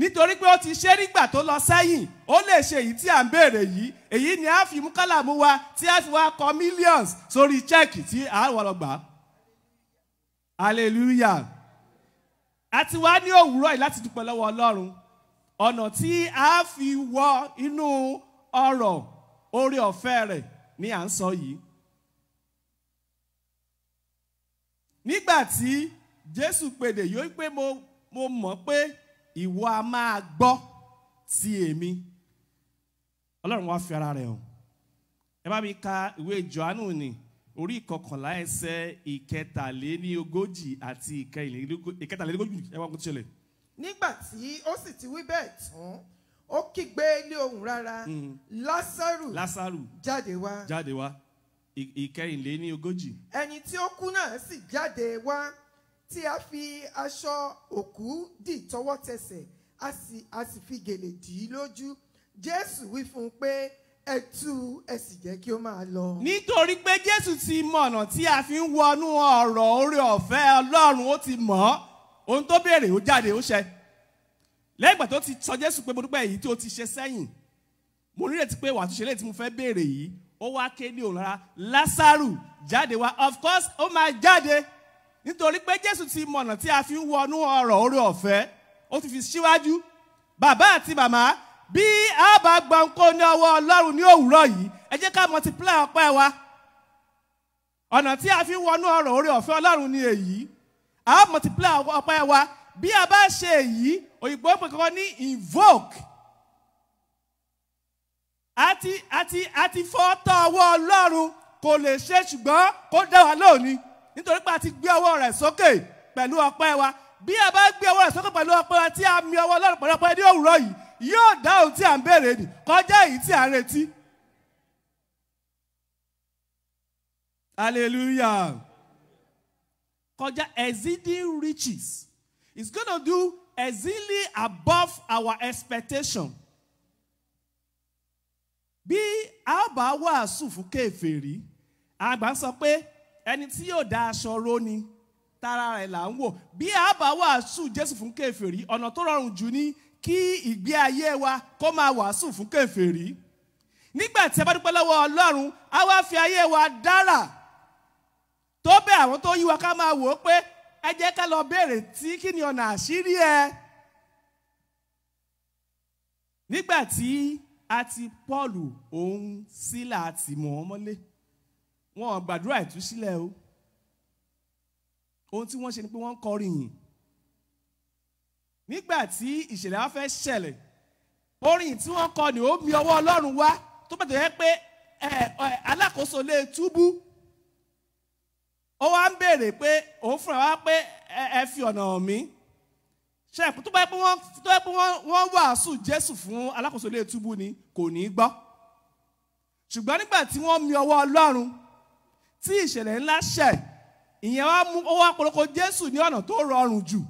[SPEAKER 2] nítorí pé ó ti ṣe nígbà tó lọ sẹ́yìn ó lè ṣe èyí tí à ń béèrè yìí èyí ni a fi mú kálàmú wa tí a fi wá kọ millions sórí chẹ́ẹ̀kì tí a wọ̀ lọ gbà. hallelujah àti wá ní òwúrọ̀ yìí láti dúpẹ́ lọ́wọ́ Ọlọ́run ọ̀nà tí a fi wọ inú ọrọ̀ oore ọ̀fẹ́ rẹ̀ ni à ń sọ yìí. nígbà tí Jésù pèdè yóò pé mo mo mọ̀ pé ìwọ a máa gbọ́ sí èmi Ọlọ́run wá fi ara rẹ̀ hàn ẹ bá mi ka ìwé Jòhánù ni orí ìkọkànlá ẹsẹ̀ ìkẹtàléníogójì àti ìkẹtàléníogójì ẹ wá kó tí ó lè. nígbà tí ó sì ti wí bẹ́ẹ̀ tán ó kígbe ní ohùn rárá hmm. lásàrù lásàrù jáde wá jáde wá ìkẹrìnléníogójì. ẹni tí ó kú náà sì jáde wá tí a fi aṣọ òkú dì tọwọ́ tẹsẹ̀ a sì fi gèlè dì í lójú jésù wí fún un pé ẹ tú ẹ sì jẹ́ kí ó máa lọ. nítorí pé jésù ti mọ ọ̀nà tí a fi ń wọnú ọ̀rọ̀ oore ọ̀fẹ́ ọlọ́run ó ti mọ̀ ọ́ ohun tó béèrè ó jáde ó ṣẹ lẹ́yìn ìgbà tó ti sọ jésù pé mo dúpẹ́ èyí tí o ti ṣe sẹ́yìn mo nírètí pé wàá túnṣe léyìí tí mo fẹ́ béèrè yìí ó wá ké ní òun rárá lásàrù jáde wá of course ó máa jáde nítorí pé jésù ti mọ ọ̀nà tí a fi ń wọnú ọ̀rọ̀ oore ọ̀fẹ́ ó ti fi síwájú bàbá àti màmá bí a bá gba nǹkó ní ọwọ́ ọlọ́run ní òwúrọ̀ yìí ẹ jẹ́ ká multiply ọpẹ́ wa ọ̀nà tí a fi wọnú ọrọ̀ orí ọ̀fẹ́ ọlọ́run ni èyí a multiply ọpẹ́ wa bí a bá ṣe èyí òyìnbó pè kọ́kọ́ ní invoke àti àti àti fọ́tọ̀ ọwọ́ ọlọ́run kò lè ṣe ṣùgbọ́n kó dá wa lónìí nítorí pé a ti gbé ọwọ́ rẹ̀ sókè pẹ̀lú ọpẹ́ wa bí a bá gbé ọwọ́ rẹ̀ sókè pẹ̀lú ọpẹ́ wa tí a mi ọwọ́ ọlọ́run pẹ̀lú ọpẹ́ ní òwúrọ̀ yìí yóò dá ohun tí à ń béèrè nì kọjá èyí tí à ń retí. hallelujah kọjá exceeding riches is gonna do exceedingly above our expectation bí a bá wàásù fún kèfèrí àgbà sọ pé ẹni tí yóò da aṣọ ró ni tara rẹ̀ là ń wò bí a bá wàásù jésù fún kèfèrí ọ̀nà tó rọrùn jù ní kí ìgbé ayé wa kó máa wàásù fún kèfèrí nígbà tí a bá dúpẹ́ lọ́wọ́ Ọlọ́run a wá fi ayé wa dára tó bẹ́ẹ̀ àwọn tó yí wa ká máa wò ó pé ẹ jẹ́ ká lọ béèrè tí kí ni ọ̀nà àṣírí ẹ. nígbà tí a ti Pọ́ọ̀lù òun Sílà àti mọ̀ wọ́n mọ́lé wọn gbàdúrà ìtúsílẹ̀ o ohun tí wọ́n ṣe ni pé wọ́n ń kọrin yìí nígbà tí ìṣẹ̀lẹ̀ wa fẹ́ ṣẹlẹ̀ orin tí wọ́n kọ ni ó mi ọwọ́ ọlọ́run wá tó bẹ̀ tó yẹ pé alákòóso lè túbú ó wá ń béèrè pé òun fúnra wa pé ẹ fi ọ̀nà hàn mí ṣe tó bá yẹ pé wọ́n wàásù Jésù fún alákòóso lè túbú ni kò ní gbọ́ ṣùgbọ́n nígbà tí wọ́n mi ọwọ́ ọlọ́run tí ìṣẹ̀lẹ̀ ńlá ṣẹ̀ ìyẹn wá mú ó wá polówó Jésù ní ọ̀nà tó rọrùn jù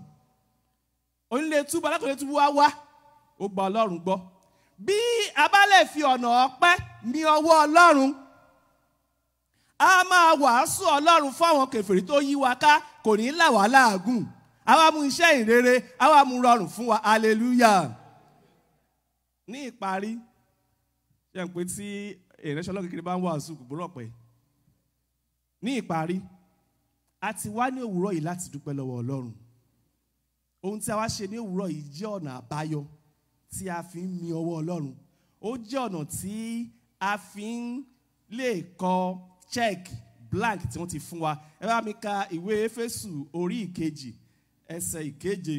[SPEAKER 2] onílé túbú alákòólé túbú wá wá ó gba ọlọ́run gbọ́ bí a bá lè fi ọ̀nà ọpẹ́ ní ọwọ́ ọlọ́run a máa wàásù ọlọ́run fáwọn kèfèrí tó yí wa ká kò ní là wá láàgùn àwa mú iṣẹ́ ìrere àwa mú rọrùn fún wa hallelujah ní ìparí ṣe ń pè tí ìrẹsì ọlọ́run kékeré bá ń wàásù kò gbọ́dọ̀ pẹ́ ní ìparí a ti wá ní òwúrọ̀ yìí láti dúpẹ́ lọ́wọ́ ọlọ́run ohun tí a wá ṣe ní òwúrọ̀ yìí jẹ́ ọ̀nà àbáyọ tí a fi ń mi ọwọ́ Ọlọ́run ó jẹ́ ọ̀nà tí a fi ń lè kọ check blank tí wọ́n ti fún wa ẹ bá mi ka ìwé Éfésù orí ìkejì ẹsẹ̀ ìkeje.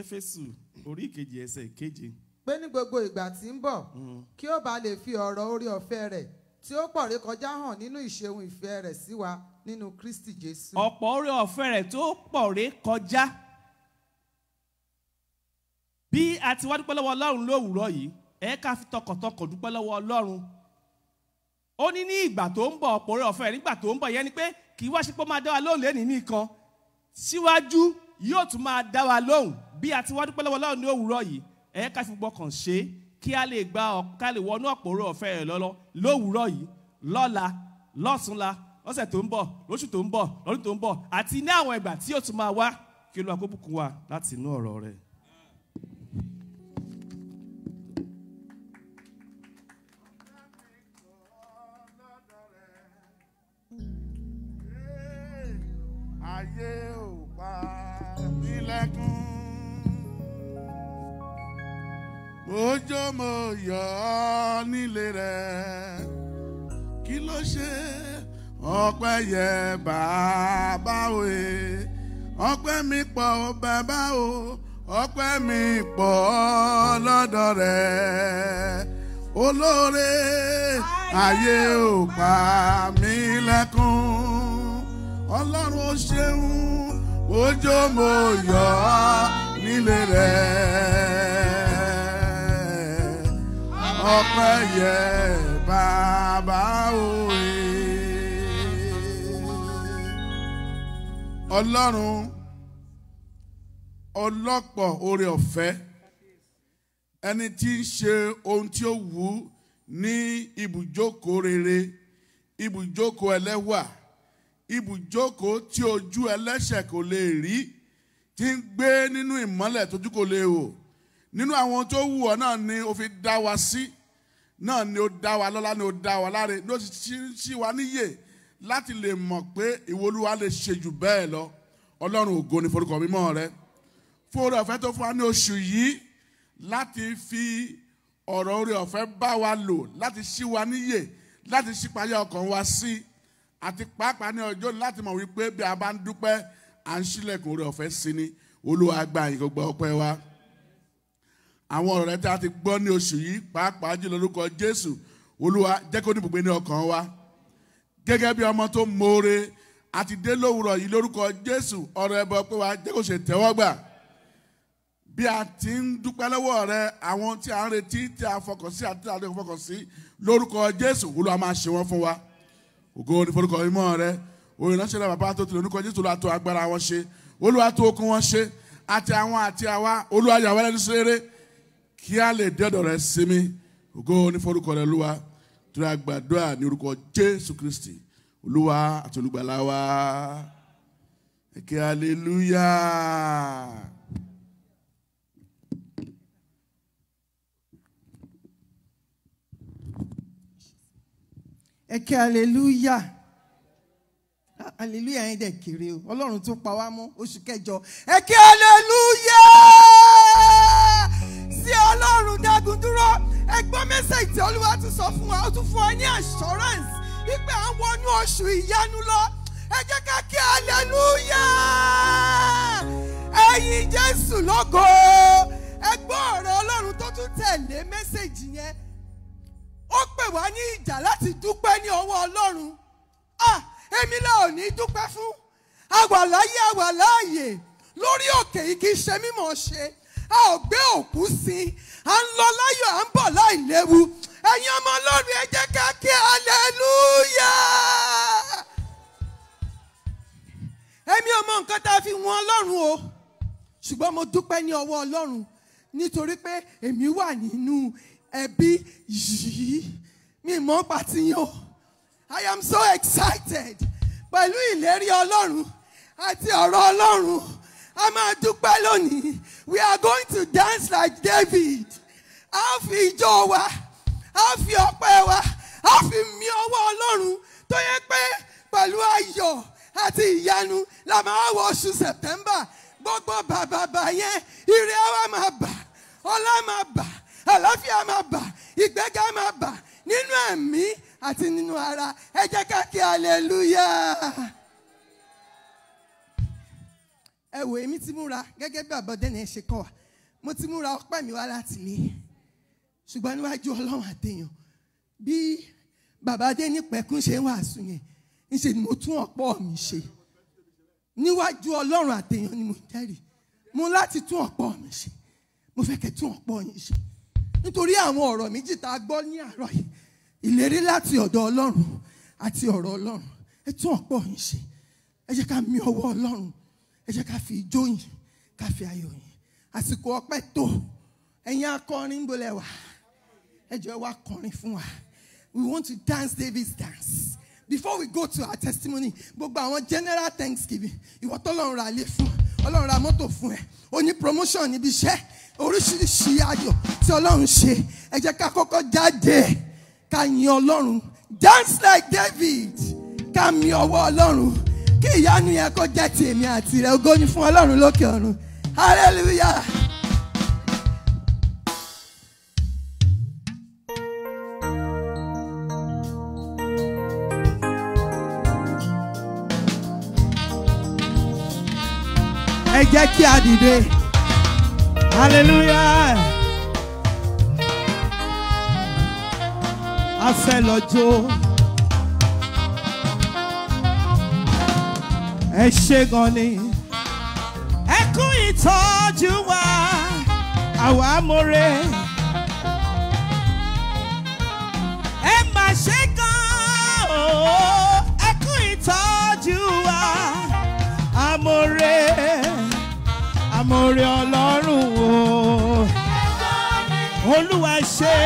[SPEAKER 2] Éfésù orí ìkejì ẹsẹ̀ ìkeje. pé ní gbogbo ìgbà tí ń bọ̀ hmm. kí ó bá lè fi ọ̀rọ̀ orí ọ̀fẹ́ rẹ̀ tí ó pọ̀ rékọjá hàn nínú ìṣeun ìfẹ́ rẹ̀ sí wa nínú Kristi Jésù. ọ̀pọ̀ oore ọ̀fẹ́ rẹ̀ tó pọ̀ ré kọjá. bí a ti wá dúpẹ́ lọ́wọ́ Ọlọ́run lówùúrọ̀ yìí ẹ ká fi tọkàntọkàn dúpẹ́ lọ́wọ́ Ọlọ́run. ó ní ní ìgbà tó ń bọ̀ ọ̀pọ̀ oore ọ̀fẹ́ rẹ̀ nígbà tó ń bọ̀ yẹn ni pé kì í wá ṣe pé ó máa dá wa lóhùn lẹ́nìí nìkan síwájú yóò tún máa dá wa lóhùn bí a ti wá dúpẹ́ lọ́wọ́ Ọlọ́run lówùúrọ̀ yìí ẹ ká fi gbọ́kàn ṣe kí a lè gba ká lè wọnú ọ̀pọ̀ oore ọ̀fẹ́ rẹ̀ lọ́lọ́ lówùúrọ̀ yìí lọ́la lọ́túnla lọ́sẹ̀ tó ń bọ̀ lóṣù tó ń bọ̀ lọ́dún tó ń bọ̀ àti ní àwọn ìgbà tí yóò tún máa wá kí Olúwa kó bùkún wa láti inú ọ̀rọ̀ rẹ̀.
[SPEAKER 5] ayé ò pa mí lẹ́kún. mo mo yọ̀ nílé rẹ̀ kí ló ṣe ọpẹ́ yẹ bàbá òye ọpẹ́ mi pọ̀ bàbá o ọpẹ́ mi pọ̀ lọ́dọ̀ rẹ̀ olóore ayé ò pa mí lẹ́kún ọlọ́run ó ṣeun ojú mo yọ̀ nílé rẹ̀ ọpẹ́ yẹ bàbá òye. ọlọ́run ọlọ́pọ̀ oore ọ̀fẹ́ ẹni tí ń ṣe ohun tí ó wù ú ní ibùjókòó rere ibùjókòó ẹlẹ́wà ibùjókòó tí ojú ẹlẹ́ṣẹ̀ kò lè rí tí ń gbé nínú ìmọ́lẹ̀ tójú kò lè wò nínú àwọn tó wù ọ́ náà ni o fi dá wa sí náà ni o dá wa lọ́lá ni o dá wa láre ni o sì ṣí wa níyè láti lè mọ̀ pé ìwọ Olúwa lè ṣe jù bẹ́ẹ̀ lọ ọlọ́run ògo ni forúkọ mímọ́ rẹ fún oore ọ̀fẹ́ tó fún wa ní oṣù yìí láti fi ọ̀rọ̀ oore ọ̀fẹ́ bá wa lò láti ṣí wa níyè láti ṣípayá ọkàn wa sí àti pàápàá ní ọjọ́ láti mọ̀ wípé bí a bá ń dúpẹ́ à ń ṣílẹ̀kùn oore ọ̀fẹ́ sí ni Olúwa gba àyìnkò gba ọpẹ́ wa àwọn ọ̀rọ̀ rẹ tí a ti gbọ́ ní oṣù yìí pàápàá jùlọ lórúkọ Jésù Olúwa jẹ́ kó ní ibùgbé ní ọkàn wa gẹ́gẹ́ bí ọmọ tó mọ̀ọ́rẹ́ àti dé lówùrọ̀ yìí lórúkọ Jésù ọ̀rọ̀ ẹbọ pé wàá jẹ́ kó ṣe tẹ́wọ́gbà bí a ti ń dúpẹ́ lọ́wọ́ rẹ àwọn tí a ń retí tí a fọkàn sí àti tí a lè fọkàn sí lórúkọ Jésù wúlò a máa ṣe wọ́n fún wa ògo ní forúkọ rẹ òyìn náà ṣe bàbá tó ti lónìí kọ Jésù ló àtò agbára wọn ṣe Olúwa tó okun wọn ṣe àti àwọn àti àwa Olúwa yà wá lẹ́nu sí rere kí a lè dẹ́dọ̀ rẹ sinmi ògo ní rẹ lúwa torí àgbàdúrà ní orúkọ Jésù Kristi olúwa àti olùgbàlà wa ẹkẹ aleluya.
[SPEAKER 2] ẹkẹ aleluya aleluya yẹn dẹ̀ kéré o Ọlọ́run tó pa wá mọ́ oṣù kẹjọ ẹkẹ aleluya sí ọlọ́run dágun dúró ẹgbọ́n mẹ́sẹ̀jì tí olúwa tún sọ fún wa ó tún fún wa ní assurance wípé à ń wọnú oṣù ìyanu lọ ẹ jẹ́ ká kí hallelujah ẹ̀yin jésù lógo ẹgbọ́n ọ̀rọ̀ ọlọ́run tó tún tẹ̀lé mẹ́sẹ̀jì yẹn ó pè wá ní ìjà láti dúpẹ́ ní ọwọ́ ọlọ́run ah èmi là ò ní dúpẹ́ fún àwàláyé àwàláyè lórí òkè yìí kì í ṣe mímọ̀ ṣe a ò gbé òkú sí i à ń lọ láyọ̀ à ń bọ̀ láì léwu ẹ̀yin ọmọ ọlọ́run ẹ jẹ́ ká kí aleluya. èmi ò nǹkan tá a fi wọn ọlọ́run o ṣùgbọ́n mo dúpẹ́ ní ọwọ́ ọlọ́run nítorí pé èmi wà nínú ẹbí yìí mi mọ́ pàtìyàn I am so excited pẹ̀lú ìlérí ọlọ́run àti ọ̀rọ̀ ọlọ́run a máa dúpẹ́ lónìí we are going to dance like David a fi ijó wa a fi ọpẹ́ wa a fi mì ọwọ́ Ọlọ́run tó yẹ pé pẹ̀lú ayọ̀ àti ìyanu la máa wọ oṣù September gbogbo bàbàbà yẹn ire wa máa bà ọlá máa bà àlàáfíà máa bà ìgbéga máa bà nínú ẹ̀mí àti nínú ara ẹ jẹ́ ká kí hallelujah ẹ wò èmi ti múra gẹ́gẹ́ bí àbọ̀dẹ́nà ẹ ṣe kọ́ wa mo ti múra ọpẹ́ mi wá láti mi ṣùgbọ́n níwájú ọlọ́run àtẹ̀yàn bí bàbá dé ṣe ń wàásù yẹn ńṣe ni mo tún ọ̀pọ̀ mi ṣe níwájú ọlọ́run àtẹ̀yàn ni mo jẹ́rìí mo láti tún ọ̀pọ̀ mi ṣe mo fẹ́ kẹ́ tún ọ̀pọ̀ yín ṣe nítorí àwọn ọ̀rọ̀ méjì tá a gbọ́ ní àárọ̀ yìí ìlérí láti ọ̀dọ̀ ọlọ́run àti ọ̀rọ̀ ọlọ́run ẹ tún ọ̀pọ̀ yín ṣe ẹ jẹ́ ká mi ọwọ́ ọlọ́run ẹ jẹ́ ká fi ijó yìn ká fi ayọ̀ yìn àsìkò ọpẹ́ tó ẹ̀yin akọrin ń bolẹ̀ wá ẹ jẹ́ wá kọrin fún wa we want to dance David's dance before we go to our testimony gbogbo àwọn general thanksgiving ìwọ tọ́lọ́run ra ilé fún ọlọ́run ra mọ́tò fún ẹ o ní promotion níbi iṣẹ́ oríṣiríṣi ayọ̀ tí ọlọ́run ṣe ẹ jẹ́ ká kọ́kọ́ jáde ká yin ọlọ́run dance like David ká mi ọwọ́ ọlọ́run kí ìyanu yẹn kó jẹ́ ti èmi àti rẹ̀ ògo fún ọlọ́run lókè ọ̀run hallelujah. ẹ jẹ́ kí a dìde hallelujah a fẹ́ lọ jó. ẹ ṣé gan ni ẹ kún ìtọ́jú wa àwa more ẹ mà ṣé gan o ẹ ìtọ́jú wa amore amore Ọlọ́run o Olúwa ṣé.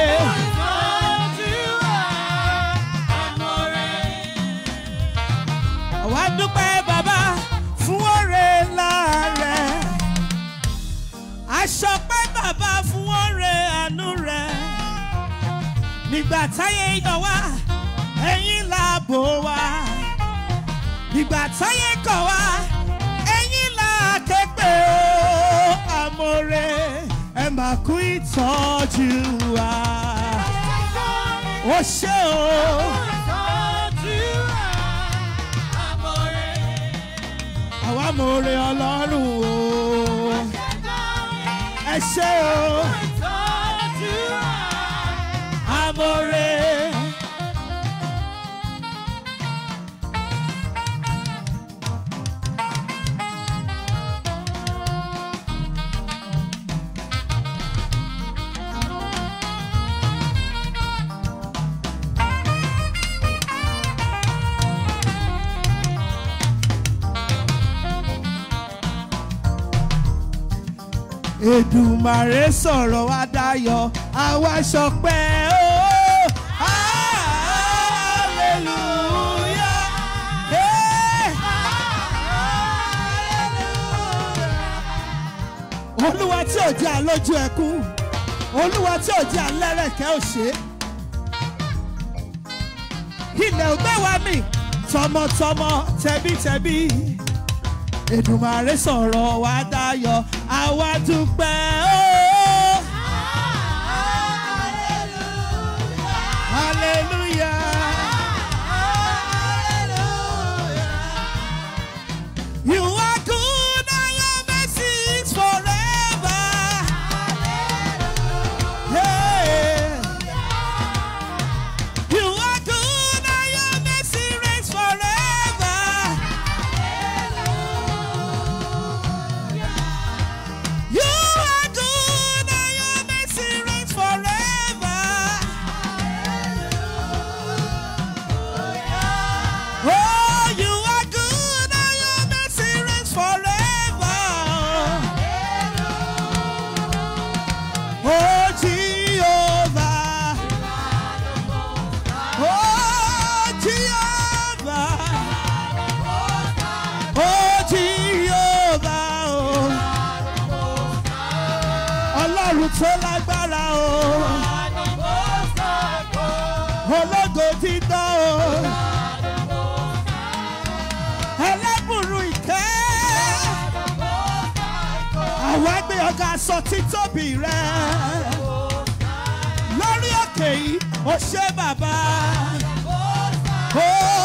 [SPEAKER 2] ìgbà táyé yọ wá ẹ̀yin làbò wá ìgbà táyé kọ̀ wá ẹ̀yin làkẹ́pẹ́ o àmọ́rẹ́ ẹ̀ máa kú ìtọ́jú wa ó ṣe o. àwa mòore o ẹ ṣé o bore. Èdùmàrè sọ̀rọ̀ wa dayọ̀ àwa ṣọpẹ́ o. olúwa tí ò jẹ́ àlójú ẹkún olúwa tí ò jẹ́ alẹ́rẹ̀kẹ́ òṣè ilẹ̀ ò gbé wa mì tọmọtọmọ tẹbítẹbí Èdùmàrè sọ̀rọ̀ wa dayọ̀ àwa dúpẹ́ ó.
[SPEAKER 3] tó lágbára o. ológo títọ́ o.
[SPEAKER 2] ẹlẹ́bùrú ìtẹ́. àwa gbé ọ̀gá sọ títóbi rẹ̀. lórí òkè yìí ó ṣe bàbá. ó.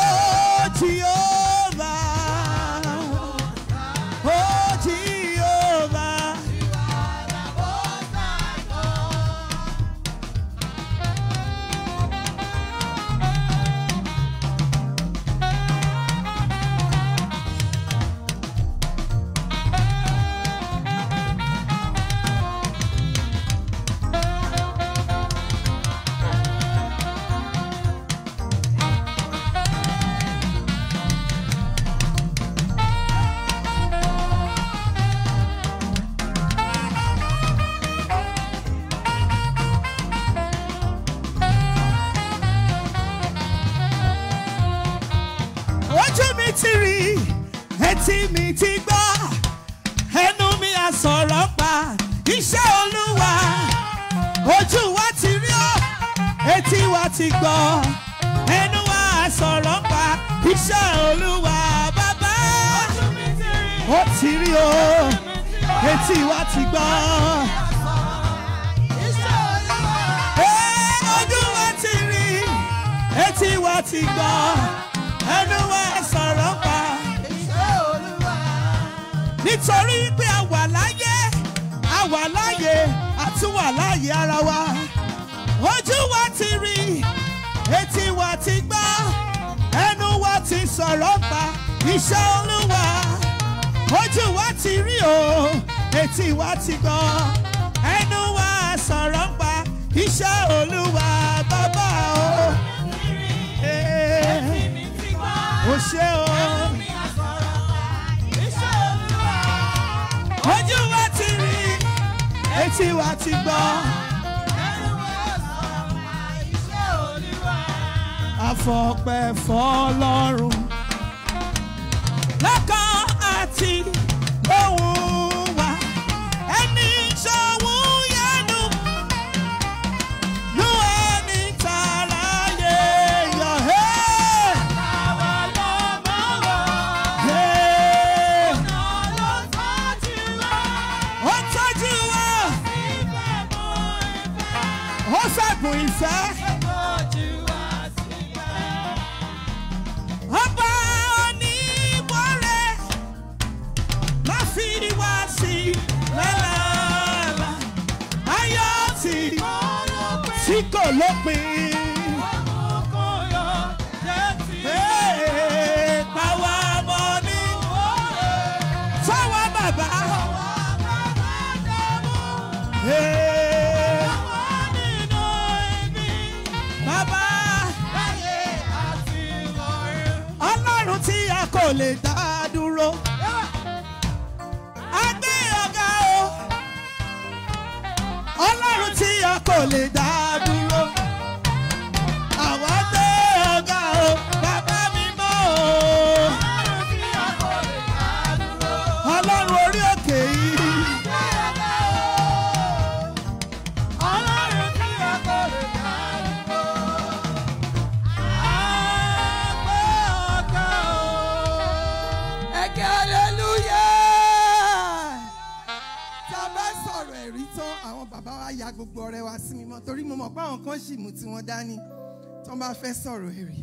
[SPEAKER 2] fẹ́ sọ̀rọ̀ èrè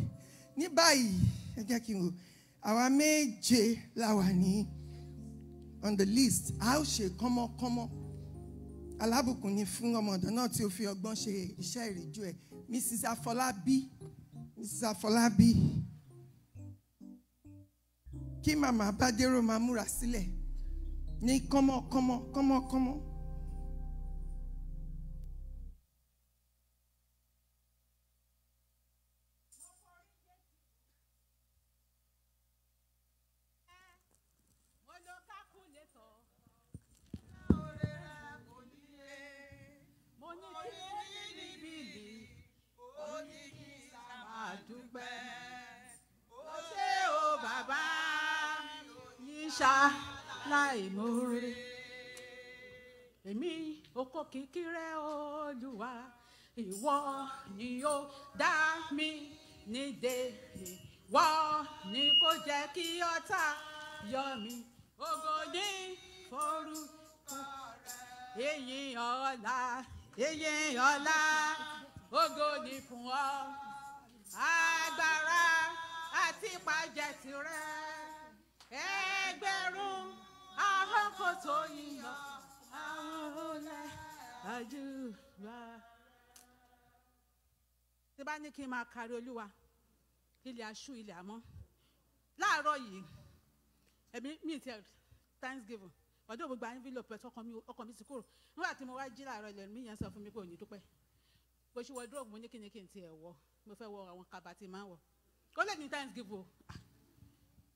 [SPEAKER 2] ní báyìí ẹ jẹ́ kí n wò àwa méje la wà ní on the list a ó ṣe kánmọ́kánmọ́ alábùkún ni fún ọmọ ọ̀dọ́ náà tí ó fi ọgbọ́n ṣe iṣẹ́ ìrìjú ẹ̀ mrs afọlábí mrs afọlábí kí màmá bá dérò máa múra sílẹ̀ ní kánmọ́kánmọ́ kánmọ́kánmọ́.
[SPEAKER 9] ṣá láì mórè èmi okó kíkírẹ olúwa ìwọ ni ó dá mi nídè ìwọ ni kò jẹ́ kí ọ̀tá yọ mí ògo ní forúkọ rẹ èyí ọlá èyí ọlá ògo ní fún ọ agbára àti ìpàjẹ tirẹ̀ ẹgbẹ̀rún ahọ́kọ̀ tó yíyan àwọn ọ̀la àjùbà. tí bá ní kí n máa kárí olúwa ilẹ̀ aṣú ilẹ̀ àmọ́ láàárọ̀ yìí ẹ̀mí mi ti thanksgiving ọjọ́ gbogbo àwọn envelope ẹ̀tọ́ ọkàn mi ti kúrò nígbà tí mo wá jí láàárọ̀ ilẹ̀ mi yẹn sọ fún mi pé òní dúpẹ́ bó ṣe wọ dúró mo ní kíni kí n tiẹ̀ wọ mo fẹ́ wọ àwọn kaba tí máa ń wọ kó lè ní thanksgiving o ah,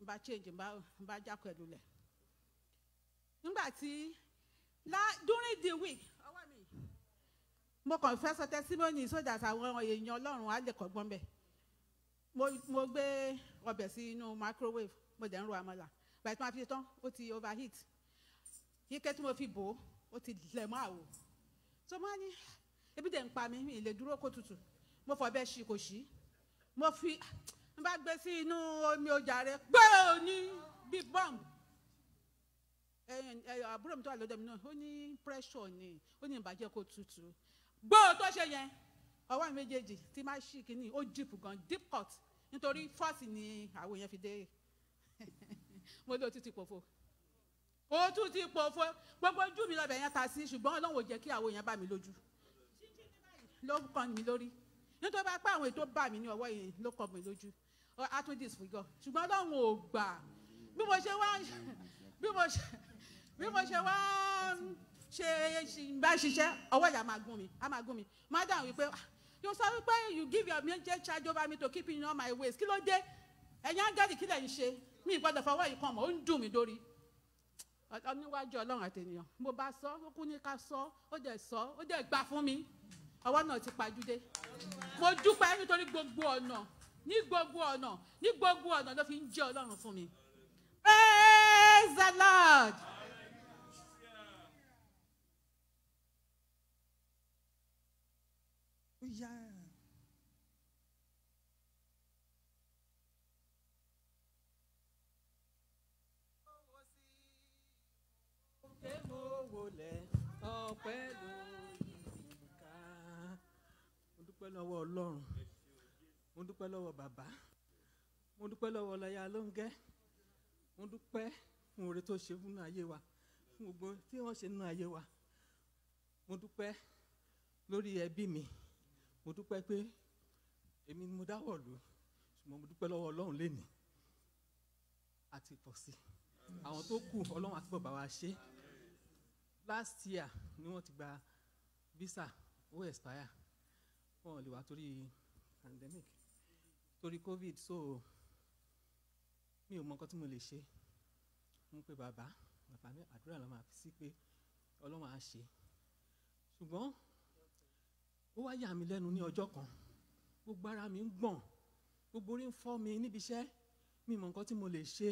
[SPEAKER 9] n change ba ba n bá jákò ẹ̀ lulẹ̀ la during the week ọwọ́ mi mo kàn fẹ́ sọ testimony so that àwọn èèyàn ọlọ́run á lè kọ́gbọ́n bẹ̀ mo mo gbé ọbẹ̀ sí inú microwave mo dẹ̀ ń ro àmàlà bàtí ma fi tán ó ti overheat yíkẹ́ tí mo fi bò ó ti lẹ̀ mọ́ àwò so mo á ní ebi dẹ̀ ń pa mi mi lè dúró kó tutù mo fọ bẹ́ẹ̀ ṣi kò ṣí mo fi n bá gbé sí inú omi ojàre gbé òní bí bọ́m àbúrò mi tó wà lọ́dọ̀ mi náà ó ní pressure ni ó ní ìbàjẹ́ kó tutù gbó tó ṣe yẹn ọwọ́ mi méjèèjì tí má ṣì kínní ó deep gan deep cut nítorí force ni àwọn èèyàn fi dé mo lé òtútù pòfo òtútù pòfo gbogbo ojú mi lọ́bẹ̀ yẹn ta sí ṣùgbọ́n Ọlọ́run ò jẹ́ kí àwọn èèyàn bá mi lójú ló kàn mí lórí nítorí bá pẹ́ àwọn ètò bá mi ní ọwọ́ yẹn ló kàn mí lójú a tún disfigure ṣùgbọ́n ọlọ́run ò gbà bí mo ṣe wá bí mo ṣe bí mo ṣe wá ṣe bá ṣiṣẹ́ ọwọ́ ìyá máa gún mi á máa gún mi madam wípé ah, you sọ wípé you give your major charge over me to keep in all my ways kí ló dé ẹ̀yin ángẹ́lì kí lẹ́yìn ṣe mi ìgbọ́dọ̀ fọwọ́ yìí kan mọ̀ ó ń dùn mí lórí níwájú ọlọ́run àtẹnìyàn mo bá sọ ó kú ní ká sọ ó dẹ̀ sọ ó dẹ̀ gbà fún mi ọwọ́ náà ti pajúdé mo dúpẹ́ nítorí gbogbo ọ̀nà ní gbogbo ọ̀nà ní gbogbo ọ̀nà ló fi ń jẹ́ ọlọ́run fún mi. Praise the Lord.
[SPEAKER 2] Yeah.
[SPEAKER 8] ọpẹ́ mo dúpẹ́ lọ́wọ́ ọlọ́run mo dúpẹ́ lọ́wọ́ bàbá mo dúpẹ́ lọ́wọ́ ọláyà lóńgẹ́ mo dúpẹ́ fún oore tó ṣe nínú ayé wa fún gbogbo tí wọ́n ṣe nínú ayé wa mo dúpẹ́ lórí ẹbí mi mo dúpẹ́ pé èmi ni mo dáwọ̀ lù ṣùgbọ́n mo dúpẹ́ lọ́wọ́ ọlọ́run lénìí àti pọ̀ sí àwọn tó kù ọlọ́run àti bàbá wa ṣe last year ni wọ́n ti gba visa ó expire wọn ò lè wá torí pandemic torí covid so mi ò mọ nǹkan tí mo lè ṣe mo pe bàbá bàbá mi àdúrà ló máa fi sí pé ọlọ́run á ṣe ṣùgbọ́n ó wá yà mí lẹ́nu ní ọjọ́ kan gbogbo ara mi ń gbọ̀n gbogbo orí ń fọ́ mi níbi iṣẹ́ mi mọ nǹkan tí mo lè ṣe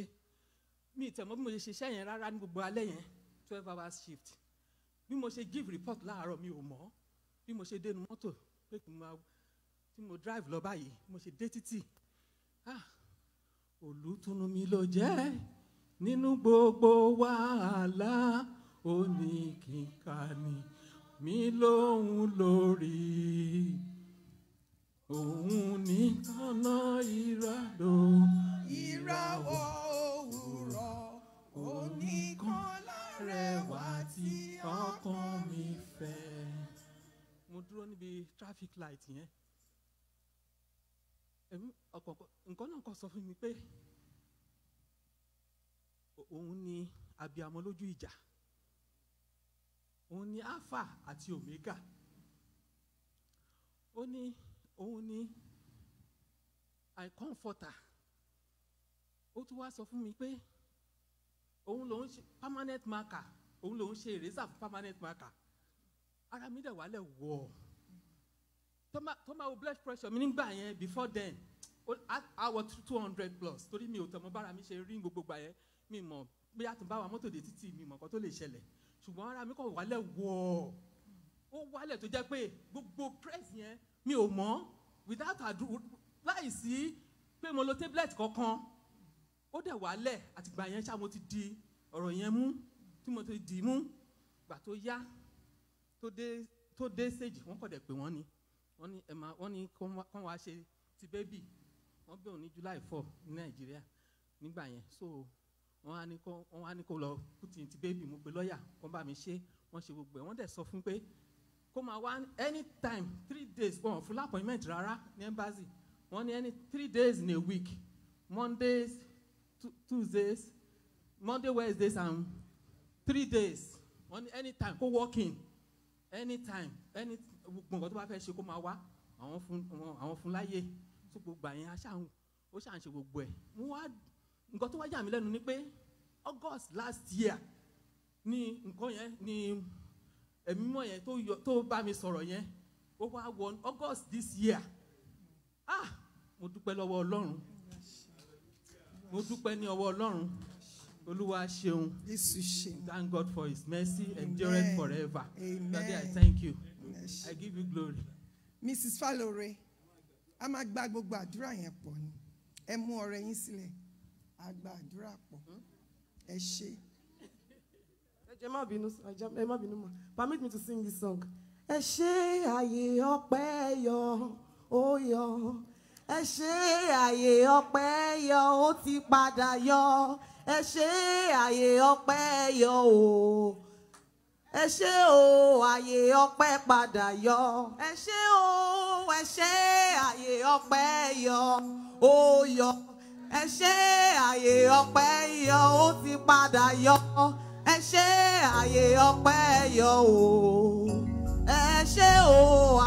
[SPEAKER 8] mi tẹ̀mọ́ bí mo ṣe ṣe iṣẹ́ yẹn rárá ní gbogbo alẹ́ yẹn twelve hours shift bí mo ṣe give report láàárọ̀ mi ò mọ̀ bí mo ṣe dénú mọ́tò pé kí n máa tí mo drive lọ báyìí mo ṣe dé títì ah olùtùnúmi ló jẹ́ nínú gbogbo wàhálà ó mi lóhun lórí òun nìkan ìràdó ìràwọ̀ òwúrọ̀ oníkan lárẹwà tí ọkàn mi fẹ́. mo dúró níbi traffic light yẹn. Yeah? ẹ̀mí ọkàn nǹkan náà kàn sọ fún mi pé òun ni abiyamọ lójú ìjà òun ni alpha àti omega ó ní òun ni àìkọ́ǹfọ̀tà ó tún wá sọ fún mi pé òun lòun ṣe permanent marker òun lòun ṣe eraser fún permanent marker ara mi dẹ̀ wálẹ̀ wọ̀ọ́ tó máa wo blood pressure mi nígbà yẹn before then àwọ̀ two hundred plus torí mi ò tọmọ bára mi ṣe rí gbogbo gbà yẹn mi mọ̀ bóyá tó ń bá wa mọ́tò dé títì mi mọ̀ nǹkan tó lè ṣẹlẹ̀ ṣùgbọ́n ara mi kàn wálẹ̀ wọ̀ ó wálẹ̀ tó jẹ́ pé gbogbo press yẹn mi ò mọ̀ without adu láìsí pé mo lo tablet kankan ó dẹ̀ wálẹ̀ àtìgbà yẹn ṣá mo ti di ọ̀rọ̀ yẹn mú tí mo ti dì í mú gbà tó yá tó dé tó dé stage wọ́n kọ̀ dẹ̀ pé wọ́n ni wọ́n ní ẹ̀ máa wọ́n ní kán wá ṣe ti bébì wọ́n bẹ̀ ní July four ní Nàìjíríà nígbà yẹn so wọ́n á ní kó wọ́n á ní kó lọ kùtì ti bébì mo pe lọ́ọ̀yà kán bá mi ṣe wọ́n ṣe gbogbo ẹ̀ wọ́n dẹ̀ sọ fún pé kó máa wá anytime three days wọ́n fún appointment rárá ní embassy wọ́n ní any three days in a week Mondays Tuesdays Monday Wednesdays and three days wọ́n ní anytime kó working in anytime any gbogbo nǹkan tó bá fẹ́ ṣe kó máa wá àwọn fún àwọn fún láyè tó gbogbo àyẹn aṣáhùn ó ṣàn ṣe gbogbo ẹ̀ mo wá nǹkan tó wá yà mí lẹ́nu ni pé August last year ni nǹkan yẹn ni ẹ̀mí mọ̀ yẹn tó yọ tó bá mi sọ̀rọ̀ yẹn ó wá wọ August this year ah mo dúpẹ́ lọ́wọ́ Ọlọ́run mo dúpẹ́ ní ọwọ́ Ọlọ́run olúwa ṣeun thank God for his mercy endureth forever Amen. Daddy I thank you. I give you glory.
[SPEAKER 2] Mrs. Falore, a máa gba gbogbo àdúrà yẹn pọ̀ ni. Ẹ mú ọ̀rẹ́ yín sílẹ̀. A gba àdúrà pọ̀. Ẹ ṣé.
[SPEAKER 9] Ẹ má bínú ẹ má bínú mọ̀. Permit me to sing this song.
[SPEAKER 2] Ẹ
[SPEAKER 1] ṣé àyè ọpẹ́ yọ, ó yọ. Ẹ ṣé àyè ọpẹ́ yọ, ó ti padà yọ. Ẹ ṣé àyè ọpẹ́ yọ, ó ẹ ṣé o àyè ọpẹ́ padà yọ
[SPEAKER 9] ẹ ṣé o ẹ ṣé àyè ọpẹ́ yọ
[SPEAKER 1] ó yọ ẹ ṣé àyè ọpẹ́ yọ ó ti padà yọ ẹ ṣé àyè ọpẹ́ yọ o ẹ ṣé o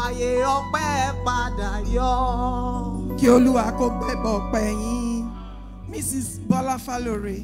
[SPEAKER 1] àyè ọpẹ́ padà yọ. kí olúwa
[SPEAKER 2] kó gbẹ́bọ̀ ọpẹ́ Mrs. Bọ́lá Falore.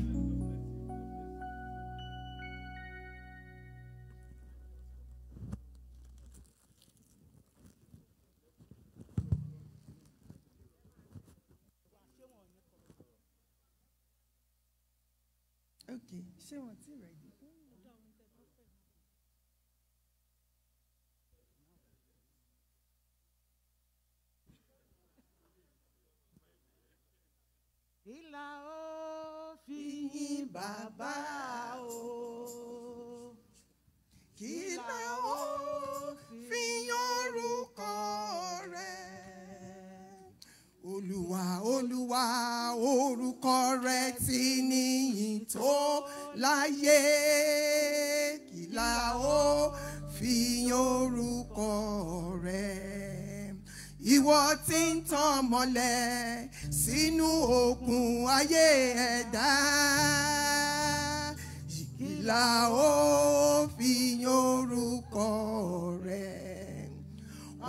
[SPEAKER 10] la ó fi yìn bàbá
[SPEAKER 3] o kí la ó
[SPEAKER 2] fi yìn orúkọ rẹ̀ olúwa olúwa orúkọ rẹ̀ ti níyìn tó láyé kí la ó fi yìn orúkọ rẹ̀ ìwọ tí ń tàn mọ́lẹ̀ sínú òkun ayé ẹ̀dá ìkìlà ó fi orúkọ rẹ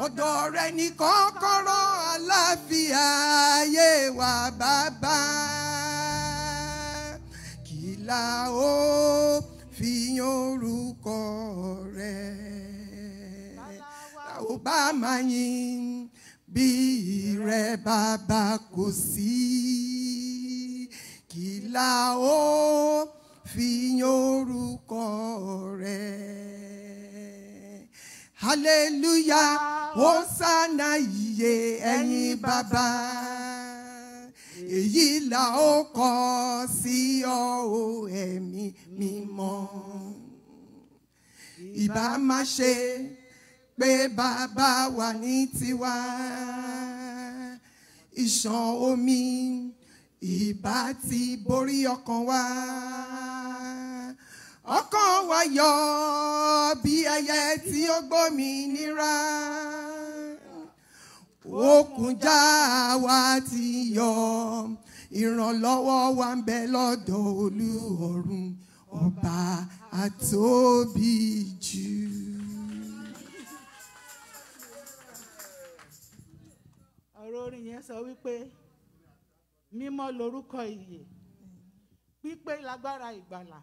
[SPEAKER 2] ọ̀dọ̀ rẹ ní kọ́kọ́rọ́ àlàáfíà ayé wa bàbá kìlà ó fi orúkọ rẹ. Obama yin bí rẹ bàbá kò sí kí la ó fi yan orúkọ rẹ hallelujah hosanna iye ẹyin bàbá èyí la ó kọ sí ọ o ẹ̀mí mímọ́ ìbá má ṣe pé bàbá wa ní tiwa ìṣàn omi ìbá ti borí ọkàn wa ọkàn wa yọ bí ẹyẹ tí ó gbòmìnira òkùnjà wa ti yọ ìrànlọ́wọ́ wa ń bẹ lọ́dọ̀ olú ọ̀run ọba àtóbi jù.
[SPEAKER 10] sọ wípé mímọ́ lorúkọ ìyè pípé lágbára ìgbàlà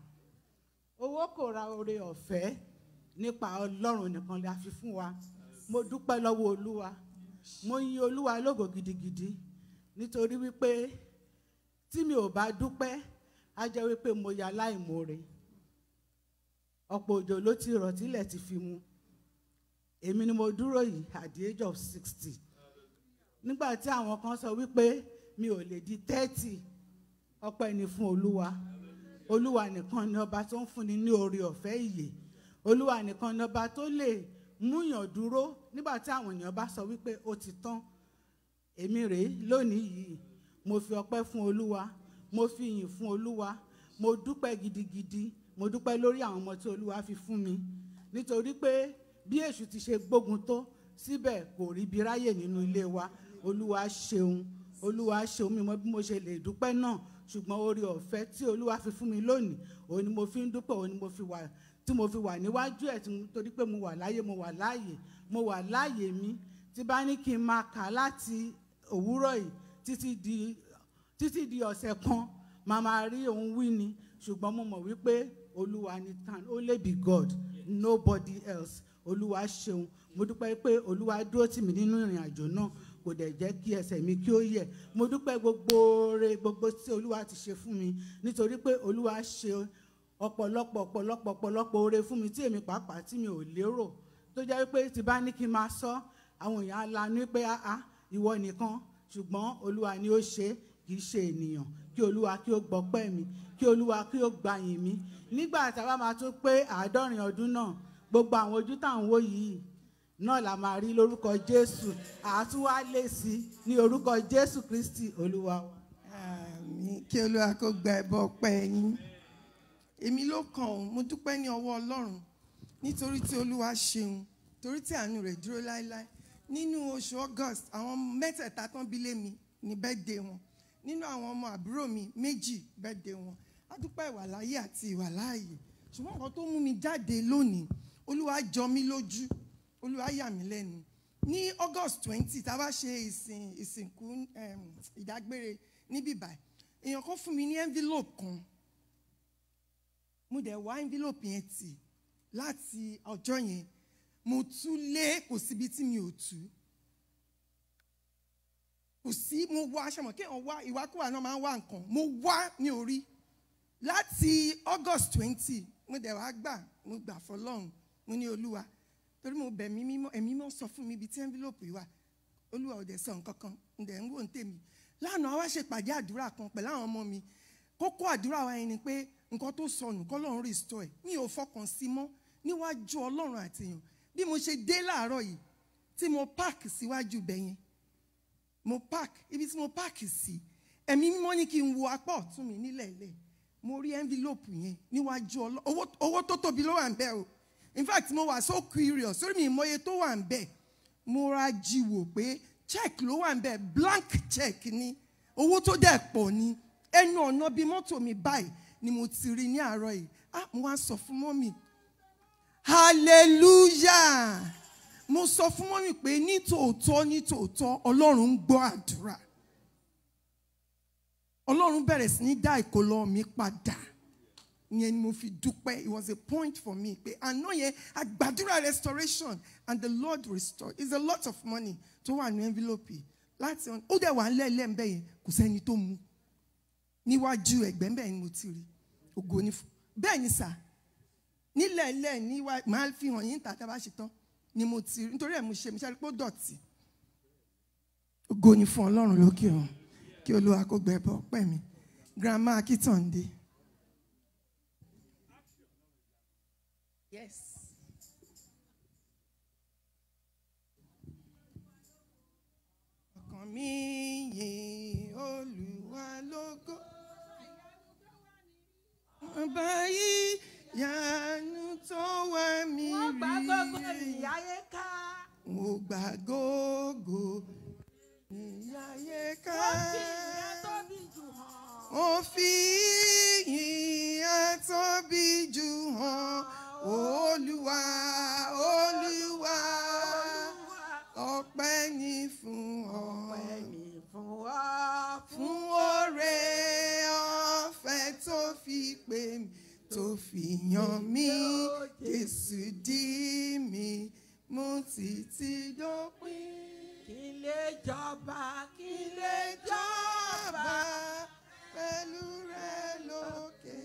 [SPEAKER 10] owó kò ra oore ọ̀fẹ́ nípa ọlọ́run nìkan la fi fún wa mo dúpẹ́ lọ́wọ́ olúwa mo yin olúwa lógo gidigidi nítorí wípé tí mi ò bá dúpẹ́ á jẹ́ wípé mo ya láìmoore ọ̀pọ̀ òjò ló ti rọ̀ tílẹ̀ ti fi mu èmi ni mo dúró yìí at the age of sixty nígbà tí àwọn kan sọ wípé mi ò lè di thirty ọpẹ́ ni fún olúwa olúwa nìkan ni ọba tó ń fúnni ní oore ọ̀fẹ́ ìyè olúwa nìkan ni ọba tó lè múyàn dúró nígbà tí àwọn èèyàn bá sọ wípé ó ti tán èmi rèé lónìí yìí mo fi ọpẹ́ fún olúwa mo fi ìyìn fún olúwa mo dúpẹ́ gidigidi mo dúpẹ́ lórí àwọn ọmọ tí olúwa fi fún mi nítorí pé bí èṣù ti ṣe gbógun tó síbẹ̀ kò rí bí nínú ilé wa olúwa ṣeun olúwa ṣeun mi mọ bí mo ṣe lè dúpẹ́ náà ṣùgbọ́n oore ọ̀fẹ́ tí olúwa fi fún mi lónìí òun ni mo fi ń dúpẹ́ òun ni mo fi wà tí mo fi wà níwájú ẹ̀ torí pé mo wà láyé mo wà láàyè mo wà láàyè mi tí bá ní kí n máa kà láti òwúrọ̀ yìí títí di títí di ọ̀sẹ̀ kan màá máa rí òun wí ni ṣùgbọ́n mo mọ̀ wípé olúwa ni tan only be God nobody else olúwa ṣeun mo dúpẹ́ pé olúwa dúró tì mí nínú ìrìn àjò náà kò dẹ̀ jẹ́ kí ẹsẹ̀ mi kí ó yẹ̀ mo dúpẹ́ gbogbo oore gbogbo tí olúwa ti ṣe fún mi nítorí pé olúwa ṣe ọ̀pọ̀lọpọ̀ ọ̀pọ̀lọpọ̀ ọ̀pọ̀lọpọ̀ oore fún mi tí èmi pàápàá tí mi ò lérò tó jẹ́ pé tí bá ní kí n máa sọ àwọn èèyàn alanu pé áá ìwọ nìkan ṣùgbọ́n olúwa ni ó ṣe kì í ṣe ènìyàn kí olúwa kí ó gbọ́pẹ́ mi kí olúwa kí ó gbàyìn mi nígbà táwa máa tún pé àádọ́rin ọdún náà gbogbo àwọn ojú tá wò yìí náà la máa rí lórúkọ jésù àtúwá lè sí ní orúkọ jésù kristi
[SPEAKER 2] olúwa wa. àmín kí olúwa kó gba ẹbọ ọpẹ́ yín èmi ló kàn ọ́ mo dúpẹ́ ní ọwọ́ ọlọ́run nítorí tí olúwa ṣeun torí tí àánú rẹ̀ dúró láéláé nínú oṣù august àwọn mẹ́tẹ̀ẹ̀ta tán bí lé mi ní bẹ́ẹ̀dé wọn nínú àwọn ọmọ àbúrò mi méjì bẹ́ẹ̀dé wọn a dúpẹ́ ìwà láyé àti ìwà láàyè ṣùgbọ́n nǹkan tó mú mi jáde lónìí olúwa jọ mí lójú olúwa yà mí lẹ́nu ní august twenty tá a bá ṣe ìsìn ìsìnkú ìdágbére níbí báyìí èèyàn kan fún mi ní envelope kan mo dẹ̀ wá envelope yẹn tì láti ọjọ́ yẹn mo tú lé kò síbi tí mi ò tú kò sí mo wá aṣọ́mọ̀ kéèyàn wá ìwákùwà náà máa ń wá nǹkan mo wá ní orí láti august twenty mo dẹ̀ wá gbà mo gbà fọlọ́run mo ní olúwa torí mo bẹ̀ mí mímọ́ ẹ̀mí mọ́ sọ fún mi ibi tí envelope wà olúwa ò dẹ̀ sọ nǹkan kan ń dẹ̀ ń wò ń tèmi lánàá wá ṣèpàdé àdúrà kan pẹ̀lú àwọn ọmọ mi kókó àdúrà wa yẹn ni pé nǹkan tó sọnù kọ́lọ́run restore ẹ̀ mi ò fọkàn sí mọ́ níwájú ọlọ́run àtìyàn bí mo ṣe dé láàárọ̀ yìí tí mo park síwájú bẹ̀ yẹn mo park ibi tí mo park sí ẹ̀mí mímọ́ ní kí n wo apá ọ̀tún mi nílẹ̀ lẹ̀ mo rí envelope yẹn níwájú ọlọ́run owó tó tóbi ló wà ń bẹ́ẹ̀ o in fact mo wà so curious sórí mi ìmọye tó wà ń bẹ̀ mo ra jiwò pé check lo wà ń bẹ̀ blank check ni owó tó dẹ̀ pọ̀ ni ẹnu ọ̀nà bíi mọ́tò mi báyìí ni mo ti rí ní àárọ̀ yìí ah mo wá sọ fún mọ́mì hallelujah mo sọ fún mọ́mì pé ní tòótọ́ ní tòótọ́ ọlọ́run ń gbọ́ àdúrà ọlọ́run bẹ̀rẹ̀ sí ní dá ìkólọ́ mi padà yẹn ni mo fi dúpẹ́ it was a point for me pé àná yẹn àgbàdúrà restoration and the lord restore is a lot of money tó wà ní envelope láti ó dẹ̀ wà ńlẹ̀ lẹ́ẹ̀mbẹ́ yẹn kò sẹ́ni tó mu níwájú ẹ̀gbẹ́ ńbẹ́ ni mo ti rí ògo ní fún bẹ́ẹ̀ ni sà nílẹ̀ ńlẹ̀ níwá máa fi hàn yín tàtà bá ṣe tán ni mo ti rí nítorí ẹ̀ mo ṣe mi ṣáà rí pé ó dọ̀tí ògo ní fún ọlọ́run lókè ọ̀hún kí olúwa kó gbẹ bọ́ pẹ́ grandma akitande. Yes. Ọkàn mi yìn Olúwa lógo. Ọba yìí yanu tó wà mí rí. Wọ́n gbà gógó ìyáyé ká. Mo gbà gógó ìyáyé ká. Wọ́n fi ìyá tóbi jù hàn. Mo fi ìyá tóbi jù hàn olúwa olúwa
[SPEAKER 11] ọpẹ́ ni fún ọ
[SPEAKER 2] fún oore ọ̀fẹ́ tó fi pè mí tó fi yàn mí jésù dí mi mú títí dópin. kí lè jọba kí jọba pẹ̀lú rẹ lókè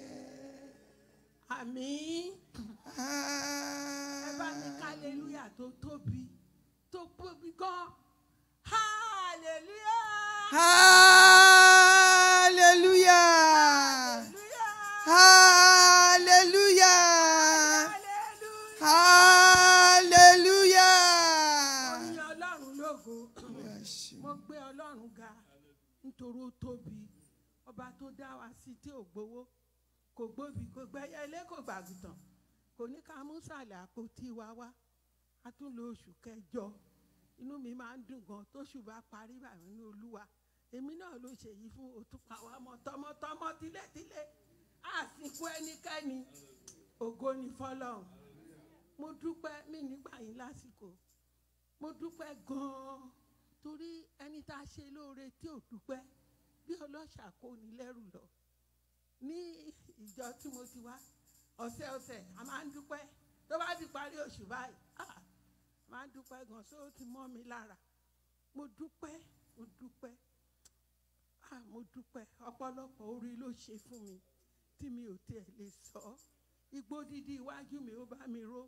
[SPEAKER 11] àmín ẹ bá mi hallelujah tó tóbi tó tóbi gan
[SPEAKER 3] hallelujah.
[SPEAKER 2] hallelujah. hallelujah. hallelujah. mo
[SPEAKER 11] ní ọlọ́run lógo mo gbé ọlọ́run ga nítorí ó tóbi ọba tó dá wa sí tí ò gbowó kò gbóbi kò gbẹ́yẹlé kò gbàgùtàn kò ní ká mú sàlẹ̀ àpótí wa wá a tún lo oṣù kẹjọ inú mi máa ń dùn gan tóṣù bá parí báyìí ní olúwa èmi náà ló ṣe yìí fún òtúpa wa mọ tọmọtọmọ tilétilé àsìkò ẹnikẹ́ni ògo ni fọ́lọ́run mo dúpẹ́ mí nígbà yín lásìkò mo dúpẹ́ gan-an torí ẹni tá a ṣe lóore tí ò dúpẹ́ bí ọlọ́ṣà kò ní lẹ́rù lọ ní ìjọ tí mo ti wá ọ̀sẹ̀ ọ̀sẹ̀ a máa ń dúpẹ́ tó bá ti parí oṣù báyìí a máa ń dúpẹ́ gan so ó ti mọ́ mi lára mo dúpẹ́ mo dúpẹ́ a mo dúpẹ́ ọ̀pọ̀lọpọ̀ orí ló ṣe fún mi tí mi ò tiẹ̀ lè sọ igbó dídí iwájú mi ó bá mi ró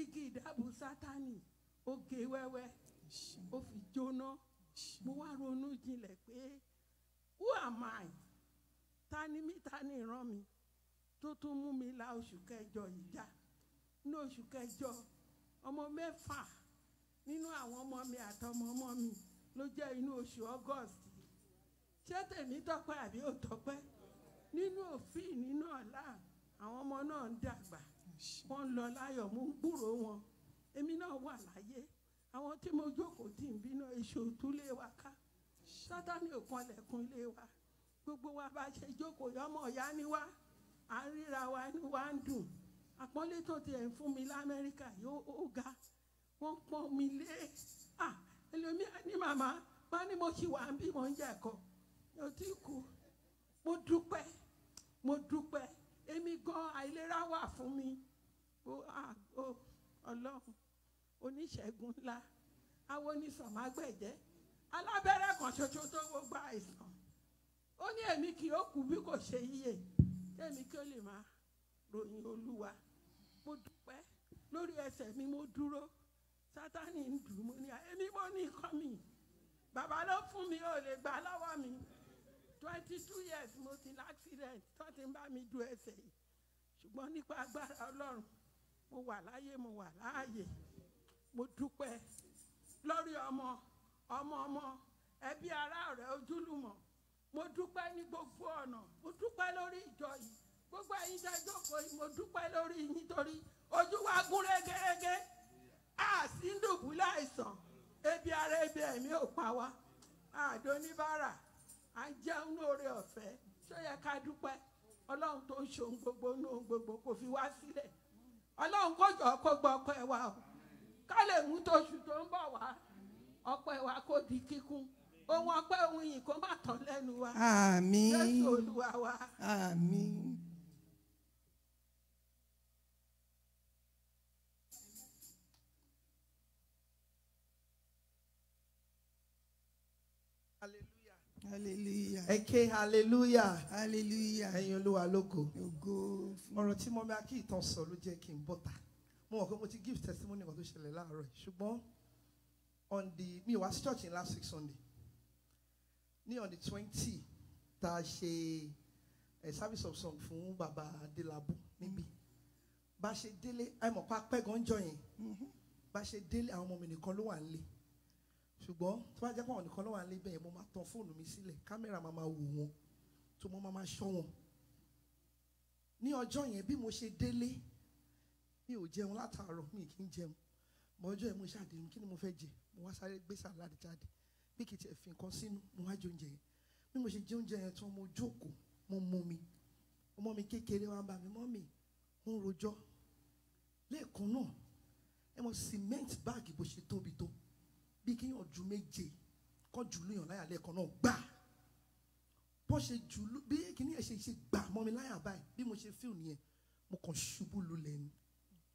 [SPEAKER 11] igi ìdábò sátani ó gé wẹ́wẹ́ ó fi jóná mo wá ronú jinlẹ̀ pé who am I ta ni mí ta ni ìran mi tó tún mú mi la oṣù kẹjọ yìí já ní oṣù kẹjọ ọmọ mẹ́fà nínú àwọn ọmọ mi àtọmọ ọmọ mi ló jẹ́ inú oṣù August ṣé tèmi tọ́pẹ́ àbí ò tọ́pẹ́ nínú òfin nínú ọ̀la àwọn ọmọ náà ń dàgbà wọ́n ń lọ láyọ̀ mú gbúrò wọn èmi náà wà láyé àwọn tí mo jókòó tì ń bínú èso òtúlé wa ká sátani ò kanlẹ̀kùn ilé wa gbogbo wa bá ṣe jókòó yọmọ ọ̀yá ni wá à ń ríra wa ni wá ń dùn àpọ́nlé tó ti ẹ̀ ń fún mi lamẹ́ríkà yóò ó ga wọ́n pọ́n mi lé à ẹlòmíà ní màmá bá ní mo ṣì wà ń bí mo ń jẹ́ ẹ̀kọ́ mo ti kú mo dúpẹ́ mo dúpẹ́ èmi gan àìlera wà fún mi ó àgbo ọlọ́run oníṣègùn ńlá awo ní sọ̀mágbẹ̀jẹ́ alábẹ́rẹ́ kan ṣoṣo tó gbogbo àìsàn ó ní èmi kì yóò kú bí kò ṣe yíyè tèmi kí ó lè máa ròyìn olúwa mo dúpẹ́ lórí ẹsẹ̀ mi mo dúró sátani ń dùn mo ní èmi mo ní nǹkan mi bàbá ló fún mi ò lè gbà lọ́wọ́ mi twenty two years mo ti l'accident tó ti ń bá mi du ẹsẹ̀ yìí ṣùgbọ́n nípa agbára ọlọ́run mo wà láyé mo wà láàyè mo dúpẹ́ lórí ọmọ. ọmọ ọmọ ẹbí ará ọ̀rẹ́ ojúlùmọ̀ mo dúpẹ́ ní gbogbo ọ̀nà mo dúpẹ́ lórí ìjọ yìí gbogbo ẹ̀yin tẹ́ jókòó yìí mo dúpẹ́ lórí yín torí ojú wa gún régérégé àti ń dùbúlẹ̀ àìsàn ebi ara ebi ẹ̀mí ò pa wá a à a jẹun lóore ọ̀fẹ́ ṣó yẹ ká dúpẹ́ ọlọ́run tó ń ṣohun gbogbo ní ohun gbogbo kò fi wá sílẹ̀ ọlọ́run kò jọ kó ọkọ ọpẹ́ wa o ká lè mú tóṣù tó ń bọ̀ wá. ọpẹ́ wa kó di kíkún ohun ọpẹ́ ohun yìí kó má tán lẹ́nu wa àmín jésù olúwa wa àmín.
[SPEAKER 2] hallelujah ẹkẹ hallelujah hallelujah ẹyin olúwa lógo ògo ọ̀rọ̀ tí mo máa kí ìtàn sọ ló jẹ́ kí n bọ́ta mo mọ̀ pé mo ti give testimony kan tó ṣẹlẹ̀ láàárọ̀ ṣùgbọ́n on the me was church in last week Sunday ní on the twenty that she a eh, service of song fún baba adelabu níbí But she daily I'm a pack peg on join. But she daily I'm a mm-hmm. ṣùgbọ́n tó bá jẹ́ pé àwọn nìkan ló wà nílé bẹ́ẹ̀ mo máa tan fóònù mi sílẹ̀ kámẹ́rà máa ma wò wọn tó mo máa ma ṣọ́ wọn ní ọjọ́ yẹn bí mo ṣe délé mi ò jẹun látàárọ̀ mi kì í jẹun mọ́ ọjọ́ yẹn mo ṣàdéhùn kí ni mo fẹ́ mo wá sáré gbé sàláàdì jáde bí kìí tiẹ̀ fi nǹkan sínú mo wá jẹ oúnjẹ yẹn bí mo ṣe jẹ oúnjẹ yẹn tán mo jókòó mo mú mi ọmọ mi kékeré wa ń bá mi mọ́ mi ń rojọ́ lẹ́ẹ̀kan náà ẹ mọ cement báàgì bó ṣe tóbi tó bí kéèyàn ju méje kọ́ jù lóyàn láyà lẹ́ẹ̀kan náà gbà bó ṣe jù bí kíní ẹ̀ ṣe ṣe gbà mọ́ mi láyà báyìí bí mo ṣe fíìmù yẹn mo kàn ṣubú lulẹ̀ ni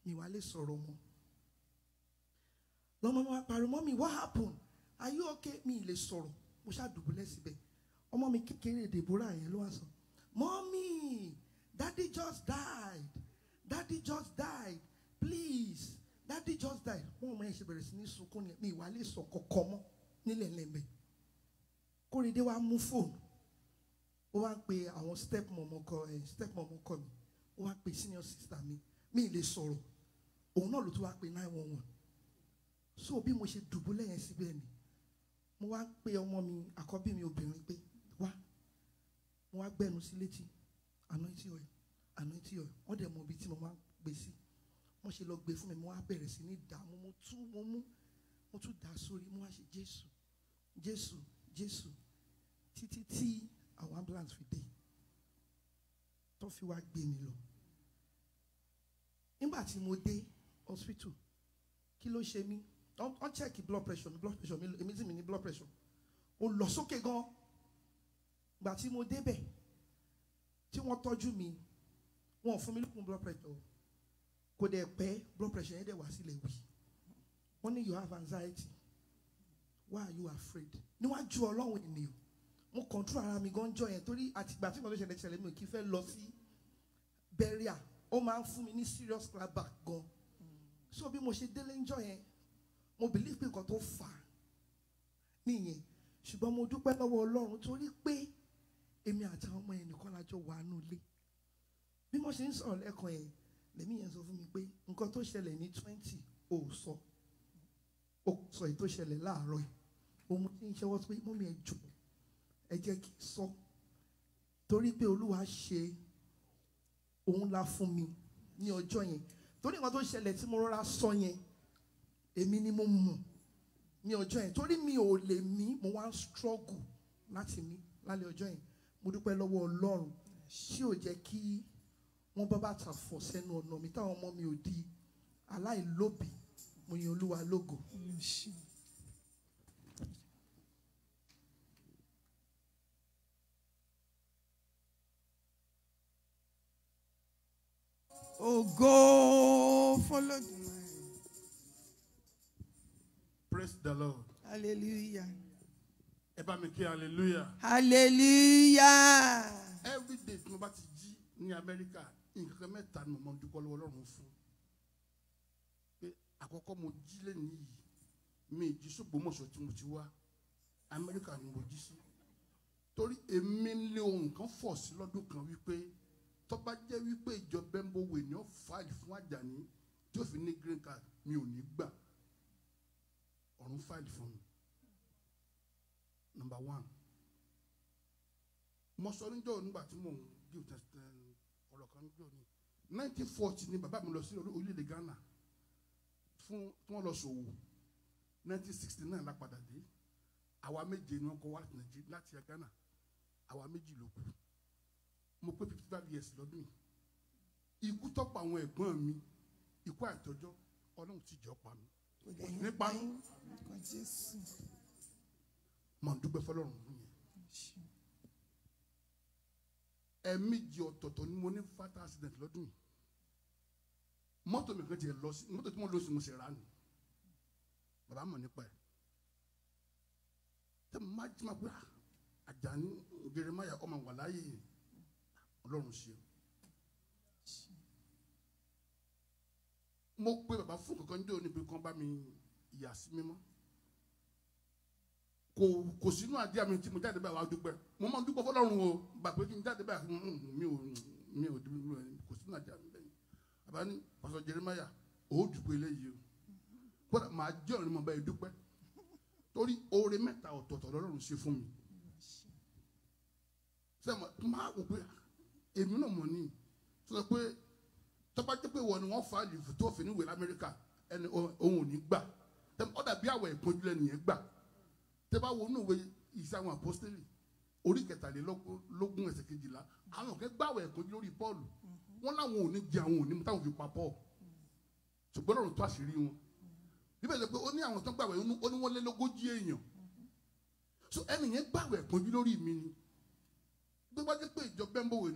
[SPEAKER 2] mi wá lè sọ̀rọ̀ mọ́ lọ́mọ máa pariwo mọ́mì what happen are you okay mi lè sọ̀rọ̀ mo ṣàdùbúlẹ̀ síbẹ̀ ọmọ mi kékeré Deborah yẹn ló wá sọ mọ́mì daddy just died daddy just died please daddy just died wọ́n mọ ẹ̀ṣẹ̀ bẹ̀rẹ̀ sí ní sunkún ni mi ìwà lè sọ kọ̀kọ́ mọ́ nílẹ̀ lẹ́mẹ̀ kórìdé wa mú fóònù ó wá pe àwọn step mọ̀mọ́ kọ ẹ̀ eh, step mọ̀mọ́ kọ mi ó wá pe senior sister mi mi lè sọ̀rọ̀ òun náà ló tún wá pe nine one one so bí mo ṣe dùbúlẹ̀ yẹn síbẹ̀ ni mo wá ń pe ọmọ mi àkọ́bí mi obìnrin pé wá mo wá gbẹnu sí létí anointing oil anointing oil wọ́n dẹ̀ mọ ibi tí mo máa ń gbé sí wọ́n ṣe lọ gbé fún mi mo wá bẹ̀rẹ̀ sí ní dààmú mo tú mo mú mo tún dà sórí mo wá ṣe Jésù Jésù Jésù títí tí àwọn ambulance fi dé tó fi wá gbé mi lọ nígbà tí mo dé hospital kí ló ṣe mí wọ́n check blood pressure mi blood pressure mi èmi tí mi ní blood pressure ó lọ sókè gan gbà tí mo débẹ̀ tí wọ́n tọ́jú mi wọ́n fún mi lókun blood pressure kò dẹ̀ pẹ́ blood pressure yẹn dẹ̀ wá sílẹ̀ wí wọ́n ní you have anxiety why are you afraid níwájú ọlọ́run ènìyàn mo control ara mi gan jọ yẹn torí àtìgbà tí mo tó ṣẹlẹ̀ ṣẹlẹ̀ mi ò kí fẹ́ lọ sí burial ó máa ń fún mi ní serious clap back gan so bí mo ṣe délé ń jọ yẹn mo believe pé nǹkan tó fà á nìyẹn ṣùgbọ́n mo dúpẹ́ lọ́wọ́ ọlọ́run torí pé èmi àtàwọn ọmọ yẹn nìkan lájọ wà nù lé bí mo ṣe ń sọ̀rọ̀ lẹ́kọ̀ọ́ yẹn lèmi yẹn sọ fún mi pé nǹkan tó ṣẹlẹ̀ ní twenty ò sọ ò sọ èyí tó ṣẹlẹ̀ láàárọ̀ yìí òun ti ń ṣẹ́wọ́ pé mọ́mi ẹ̀ jù ẹ jẹ́ kí n sọ torí pé olúwa ṣe òun la fún mi ní ọjọ́ yẹn torí nǹkan tó ṣẹlẹ̀ tí mo rọra sọ yẹn èmi ni mo mú ní ọjọ́ yẹn torí mi ò lè mí mo wá ń struggle láti mí lálẹ́ ọjọ́ yẹn mo dúpẹ́ lọ́wọ́ Ọlọ́run tí ò jẹ́ kí wọ́n bá bàtà fọ̀ sẹ́nu ọ̀nà mi táwọn ọmọ mi ò di aláìlóbi mo yin Olúwa lógo.
[SPEAKER 7] ògo
[SPEAKER 11] fọlọ́dún.
[SPEAKER 12] Praise the Lord. Hallelujah. Ẹ bá mi kí hallelujah.
[SPEAKER 11] Hallelujah.
[SPEAKER 12] Every day tí mo bá ti jí ní Amẹ́ríkà, nǹkan mẹ́ta ni mo máa ń dúpọ́ lọ́wọ́ Ọlọ́run fún. Pé àkọ́kọ́ mo jí lẹ́nu yìí, mi jí s'Ògbómọ̀ṣọ́ tí mo ti wá. Amẹ́ríkà ni mo jí sí. Torí èmi ń lé ohun kan fọ̀ sí lọ́dún kan wípé tó bá jẹ́ wípé ìjọba ń bọ̀ wè ní ọ̀fà ìfún Àjàní tí ó fi ní green card mi ò ní gbà ọ̀run fáìlì fún mi number one mo sọ níjọ́ nígbà tí mò ń bí ọ̀rọ̀ kan níjọ́ ni nineteen forty ni bàbá mi lọ sí orílẹ̀-èdè Ghana fún tí wọ́n lọ ṣòwò nineteen sixty nine la padà dé àwa méje ni wọ́n kọ́ wá láti Ghana àwa méjì ló kù mo pé fifty five years lọ́dún yìí ikú tọ́pọ̀ àwọn ẹ̀gbọ́n mi ikú àìtọ́jọ́ ọlọ́run ti jọ pa mi kò ní nípa yín màá dúpẹ́ fún yẹn ẹ̀ẹ̀mejì ọ̀tọ̀ọ̀tọ̀ ni mo ní fatal accident lọ́dún yìí mọ́tò mi kan ti lọ sí mọ́tò tí mo lọ sí mo sì rà nù bàbá mọ̀ nípa ẹ̀ tẹ́ mo máa jí ma pé ah, àjà ní gèrè máyà ọmọ wà láàyè ọlọ́run mo pe bàbá fún kankan jẹ́ òní pé bá mi yà sí mímọ́ kò kò sínú àdí àmì tí mo jáde báyìí wàá dúpẹ́ mo máa ń dúpẹ́ fọlọ́run o gbàgbé kí n jáde báyìí mi ò mi ò dúró kò sínú àdí àmì bẹ́yìn bàbá ní pásọ Jeremiah ò dúpẹ́ eléyìí o kódà màá jẹ́ òní mo bá yẹ dúpẹ́ torí oore mẹ́ta ọ̀tọ̀ọ̀tọ̀ lọ́rùn ṣe fún mi sẹ́wọ̀n máa wò pé ah, èmi náà mọ̀ ní sọ pé tó bá jẹ́ pé wọ́n ni wọ́n fa lìfù tó fi níwèé lamẹ́ríkà ẹni òun ò ní gbà ọ̀dà bí àwọ̀ ìpọ́njú lẹ́nìyẹn gbà tẹ́ bá wo inú ìwé ìṣe àwọn àpọ́sítélì orí kẹtàlélógún ẹsẹ̀ kejìlá àwọn kẹ́ gbàwọ̀ ìpọ́njú lórí Pọ́ọ̀lù wọn láwọn ò ní jẹ àwọn ò ní táwọn fi pa Pọ́ọ̀lù ṣùgbọ́n lọ́rùn tó àṣírí wọn níbẹ̀ sọ pé ó ní àwọn tó gbàwọ̀ ó ní wọ́n lé lógójì èèyàn so ẹnìyẹn gbàwọ̀ ìpọ́njú lórí mi ni gbogbo ajẹ́ pé ìjọ bẹ́ńbọ̀wé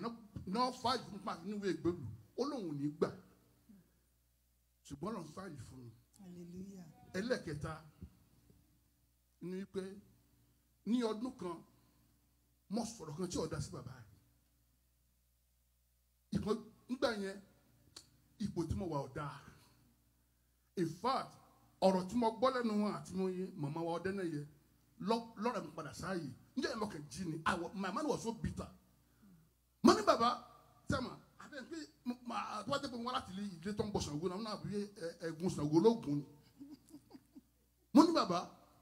[SPEAKER 12] náà fà ìfúnpá níwèé gbèlú ó lóun ò ní gbà ṣùgbọ́n lọ́n fààyè fún
[SPEAKER 10] un.
[SPEAKER 12] ẹlẹ́kẹta ni wípé ní ọdún kan mo sọ̀rọ̀ kan tí ò dá sí bàbá rẹ̀ ìkan nígbà yẹn ipò tí mo wà ọ̀dà in fact ọ̀rọ̀ tí mo gbọ́ lẹ́nu wọn àti mo yẹ màmá wa ọdẹ náà yẹ lọ́rọ̀ mi padà sáàyè níjẹ́ ìmọ̀kàn jí ni My ni was so bitter mo ní bàbá tó bá dé pé wọn láti lé ìdílé tó ń bọ Ṣàngó náà wọn náà bí ẹgún Ṣàngó lóògùn ni mo ní bàbá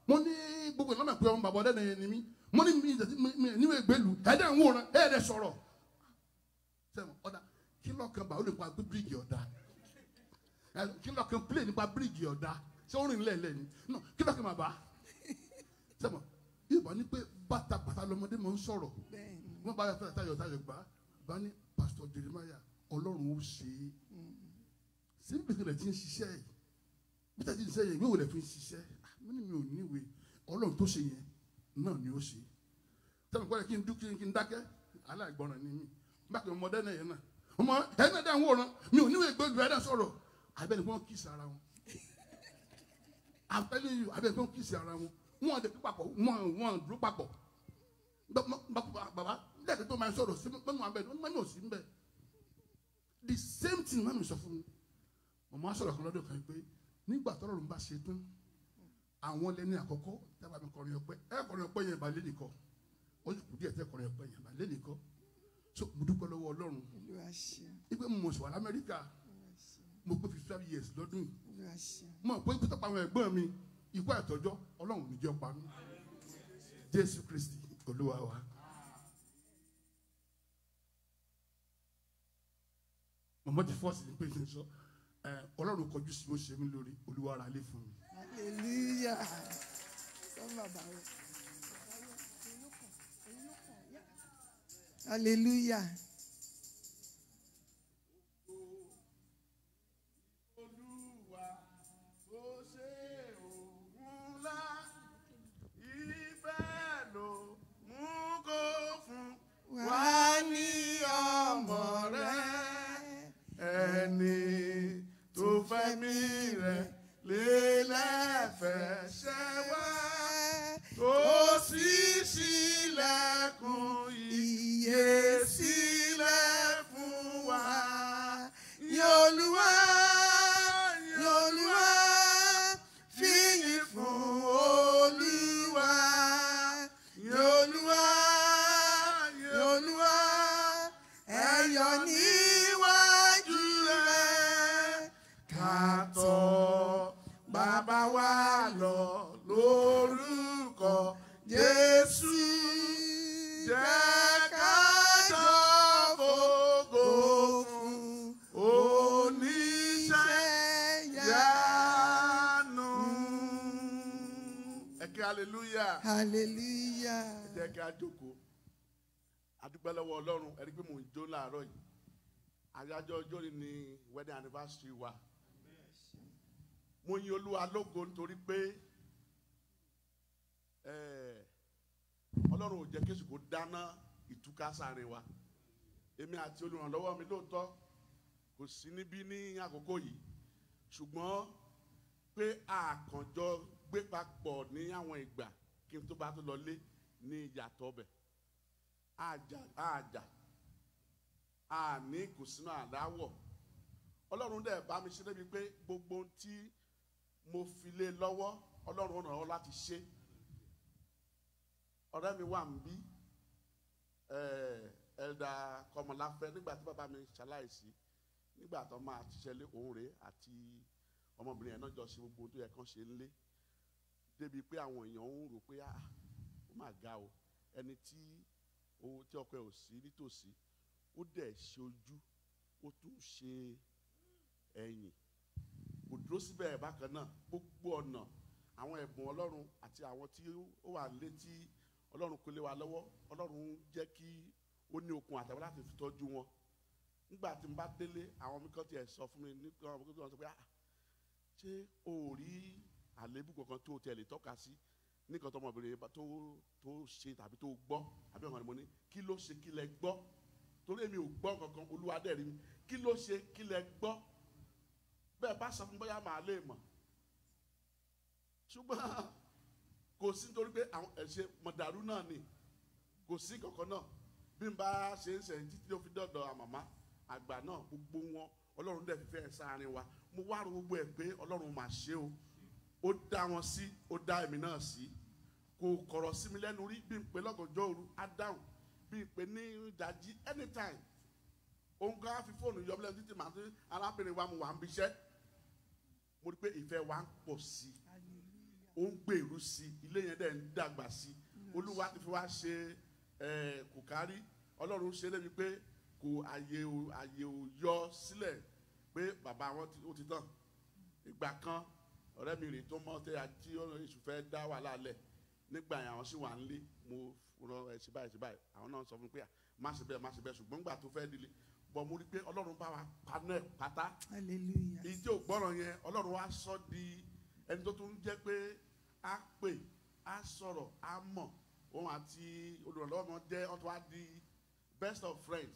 [SPEAKER 12] mo ní gbogbo ìlànà pé ọmọ Baba. ọdẹ ni mí mo ní mi ìdẹ̀tí mi níwò ìgbélu ẹ̀dẹ̀ ń wòran ẹ̀ẹ́dẹ̀ sọ̀rọ̀ sẹ́wọ̀n ọ̀dà kí lọ́ọ̀kan bá ó lè pa bíríìjì ọ̀dà kí lọ́ọ̀kan plé nípa bíríìjì ọ̀dà ṣé ó rìn lẹ́ẹ̀lẹ́ ni kí lọ́ọ̀kan bàbá sẹ́wọ̀n Yorùbá ní pé bàtà bàtà lọmọdé mọ̀ ń sọ̀rọ̀ wọ́n bá yọ tayọ̀ tayọ̀ gbà bá ní pásítọ̀ Jeremiah ọlọ́run ó ṣe é síbi tí ilẹ̀ ti ń ṣiṣẹ́ yìí bí tẹ́tí ń ṣiṣẹ́ yẹn ìwé òwò lẹ̀ fi ń ṣiṣẹ́ mi ni mi ò níwèé ọlọ́run tó ṣe yẹn náà ni ó ṣe tẹ́lẹ̀ pẹ́lẹ́ kí n dúkú kí n dákẹ́ aláìgbọràn ni mí bákan ọmọdé náà yẹn náà ọmọ ẹ̀yìn náà dáhùn wòran mi ò níwèé gbẹ́gbẹ́ ẹ̀dá sọ̀rọ̀ abẹ́ni wọ́n kìsì ara wọn abẹ́ni abẹ́ni wọ́n kìsì ara wọn wọ́n dẹ̀ papọ̀ wọ́n wọ́n dúró papọ̀ bàbá lẹ́ẹ̀kẹ́ tó máa sọ̀rọ̀ sí mẹ́nu abẹ́ni mẹ́nu ò sí mbẹ́ same thing mami sọ fún mi mọ̀mọ́ sọ̀rọ̀ kan lọ́dọ̀ kan pé nígbà tọ́rọ̀ ló ń bá ṣe tán àwọn lẹ́ni àkọ́kọ́ dábà mi kọrin ọpẹ́ ẹ kọrin ọpẹ́ yẹn bá lẹ́nìí kọ ó sì kù díẹ̀ tẹ́ kọrin ọpẹ́ yẹn bá lẹ́nìí kọ so mo dúpẹ́ lọ́wọ́ Ọlọ́run ipe mo sọ̀rọ̀ Amẹ́ríkà mo pé fifty five years lọ́dún yìí mo pé kí tọ́pọ̀ àwọn ẹ̀gbọ́n mi ikú àtọ́jọ́ Ọlọ́run mi jẹ́ ọ̀pá mi Jésù Kristi Olúwa wa. mọ̀mọ́ ti fọ́ọ̀sì ní pèsè sọ ẹ ọlọ́run kọjú sí mo ṣe mí lórí olúwa ara lé fún mi.
[SPEAKER 2] hallelujah hallelujah.
[SPEAKER 3] Wow.
[SPEAKER 5] Mi ẹ̀mí rẹ̀ lélẹ́fẹ̀
[SPEAKER 2] ṣẹ́wá
[SPEAKER 5] tó sì
[SPEAKER 2] ṣílẹ̀kùn ìyè sí.
[SPEAKER 5] hallelujah. hallelujah. ẹ jẹ́ kí a jókòó adúpẹ́ lọ́wọ́ ọlọ́run ẹ̀rí pé mò ń jó láàárọ̀ yìí àyájọ́ ọjọ́ ni ni wedding anniversary wa mo yin olúwa lógo nítorí pé ọlọ́run ò jẹ́ kí èsì dáná ìtúká sáàrin wa èmi àti olùrànlọ́wọ́ mi lóòótọ́ kò sí níbí ní àkókò yìí ṣùgbọ́n pé àkànjọ gbé papọ̀ ní àwọn ìgbà kí n tó bá tó lọ lé ní ìyàtọ̀ ọbẹ̀ àjà àjà àní kò sínú àdáwọ̀ ọlọ́run dẹ̀ bá mi ṣe débi pé gbogbo tí mo fi lé lọ́wọ́ ọlọ́run ràn ọ́ láti ṣe ọ̀rẹ́ mi wà ń bí ẹ̀ẹ́dà kọmọláfẹ́ nígbà tí bàbá mi ṣaláìsí nígbà tó máa ṣiṣẹ́ lé òun rèé àti ọmọbìnrin ẹ̀ náà jọ ṣe gbogbo tó yẹ kán ṣe ń lé débi pé àwọn èèyàn ń rò pé ah ó mà ga o ẹni tí owó tí ọkọ ẹ ò sí nítòsí ó dẹ̀ ṣe ojú ó tún ṣe ẹ̀yìn kò dúró síbẹ̀ bákan náà gbogbo ọ̀nà àwọn ẹ̀bùn ọlọ́run àti àwọn tí ó wà létí ọlọ́run kò lé wa lọ́wọ́ ọlọ́run jẹ́ kí ó ní okun àtàwọn láti fi tọ́jú wọn nígbà tí mo bá délé àwọn mi kan tiẹ̀ sọ fún mi nígbà tí wọ́n sọ pé ah, ṣé o ò rí àléébù kankan tó tẹ̀lé tọ́ka sí nìkan tó ọmọbìnrin tó tó ṣe tàbí tó gbọ́ àbí ọmọ àdìmọ́ ni kí ló ṣe kí lẹ gbọ́ torí èmi ò gbọ́ kankan olúwa dẹ̀rí mi kí ló ṣe kí lẹ gbọ́ bẹ́ẹ̀ bá sọ fún bóyá màá lè mọ̀ ṣùgbọ́n kò sí nítorí pé àwọn ẹ̀ṣẹ̀ mọ̀dàrú náà ni kò sí kankan náà bí n bá ṣe ń sẹ̀yìn títí ó fi dọ̀dọ̀ àmàmá àgbà náà gbogbo wọn ọlọ́run dẹ̀ fífẹ́ sáárín wa mo wá ro gbogbo ẹ̀ pé ọlọ́run mà ṣe o ó dá wọn sí ó dá èmi náà sí kò kọ̀rọ̀ sí mi lẹ́nu rí bí n pè lọ́gànjọ́ òru á dáhùn bí n pè ní ìdájí anytime òun kan á fi fóònù yọ mílẹ̀ títí màá tó arábìnrin wa mo wà ń bíṣẹ́ mo rí pé ìfẹ́ wa ń pọ̀ sí ó ń gbèrú sí ilé yẹn dẹ̀ ń dàgbà sí olúwa ti fi wá ṣe kò kárí ọlọ́run ṣe lébi pé kò àyè ò àyè ò yọ sílẹ̀ pé bàbá wọn ti tàn ìgbà kan ọ̀rẹ́ mi rèé tó mọ́ tẹ́ àti oṣù fẹ́ dá wàhálà lẹ̀ nígbà yẹn àwọn sì wà ń lé mo rọ ẹ báyìí sí báyìí àwọn náà sọ fún mi pé má ṣe bẹ́ẹ̀ má ṣe bẹ́ẹ̀ ṣùgbọ́n nígbà tó fẹ́ dilé bọ̀ mo rí i pé ọlọ́run bá wa paná ẹ̀ pátá èyí tí ò gbọ́ràn yẹn ọlọ́run wa sọ di ẹni tó tún jẹ́ pé á pè á sọ̀rọ̀ á mọ̀ òun àti olùrànlọ́wọ́ mi jẹ́ ọtọ́ wa di best of friends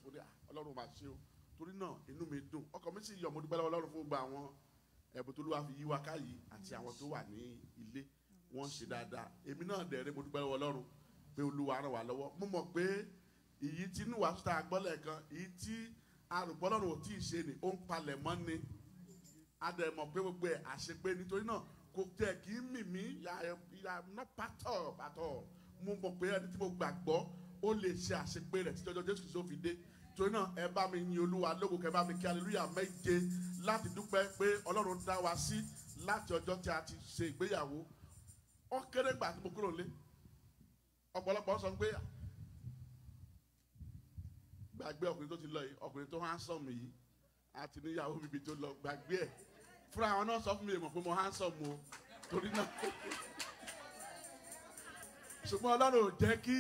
[SPEAKER 5] ọlọ́run máa ṣe o torí náà inú mi dùn ọkàn mi sì yọ̀ mo dúpẹ́ lọ́wọ́ ọlọ́run fún gbogbo àwọn ẹ̀bùn tó ló wà fi yí wa káyìí àti àwọn tó wà ní ilé wọ́n ṣe dáadáa èmi náà dẹ̀rẹ́ mo dúpẹ́ lọ́wọ́ Ọlọ́run pé Olúwa ràn wá lọ́wọ́ mo mọ̀ pé èyí tí inú wàásù tá a gbọ́ lẹ́ẹ̀kan èyí tí arùpọ̀ Ọlọ́run ò tí ṣe ni ó ń palẹ̀ mọ́ ni a pé gbogbo ẹ̀ àṣepé nítorí náà kò tẹ̀ kí mì mí yà ná pátọ̀ pátọ̀ mo mọ̀ pé ẹni tí mo gbàgbọ́ ó lè ṣe àṣepé rẹ̀ títí Jésù Kristo fi dé torí náà ẹ bá mi yin Olúwa lógo kẹ bá mi kí hallelujah méje láti dúpẹ́ pé ọlọ́run dá wa sí láti ọjọ́ tí a ti ṣe ìgbéyàwó ó kéré gbà tí mo kúrò lé ọ̀pọ̀lọpọ̀ sọ pé gbàgbé ọkùnrin tó ti lọ yìí ọkùnrin tó handsome yìí àti níyàwó bíbi tó lọ gbàgbé ẹ̀ fúnra àwọn náà sọ fún mi èèmọ̀ pé mo handsome o torí náà ṣùgbọ́n ọlọ́run ò jẹ́ kí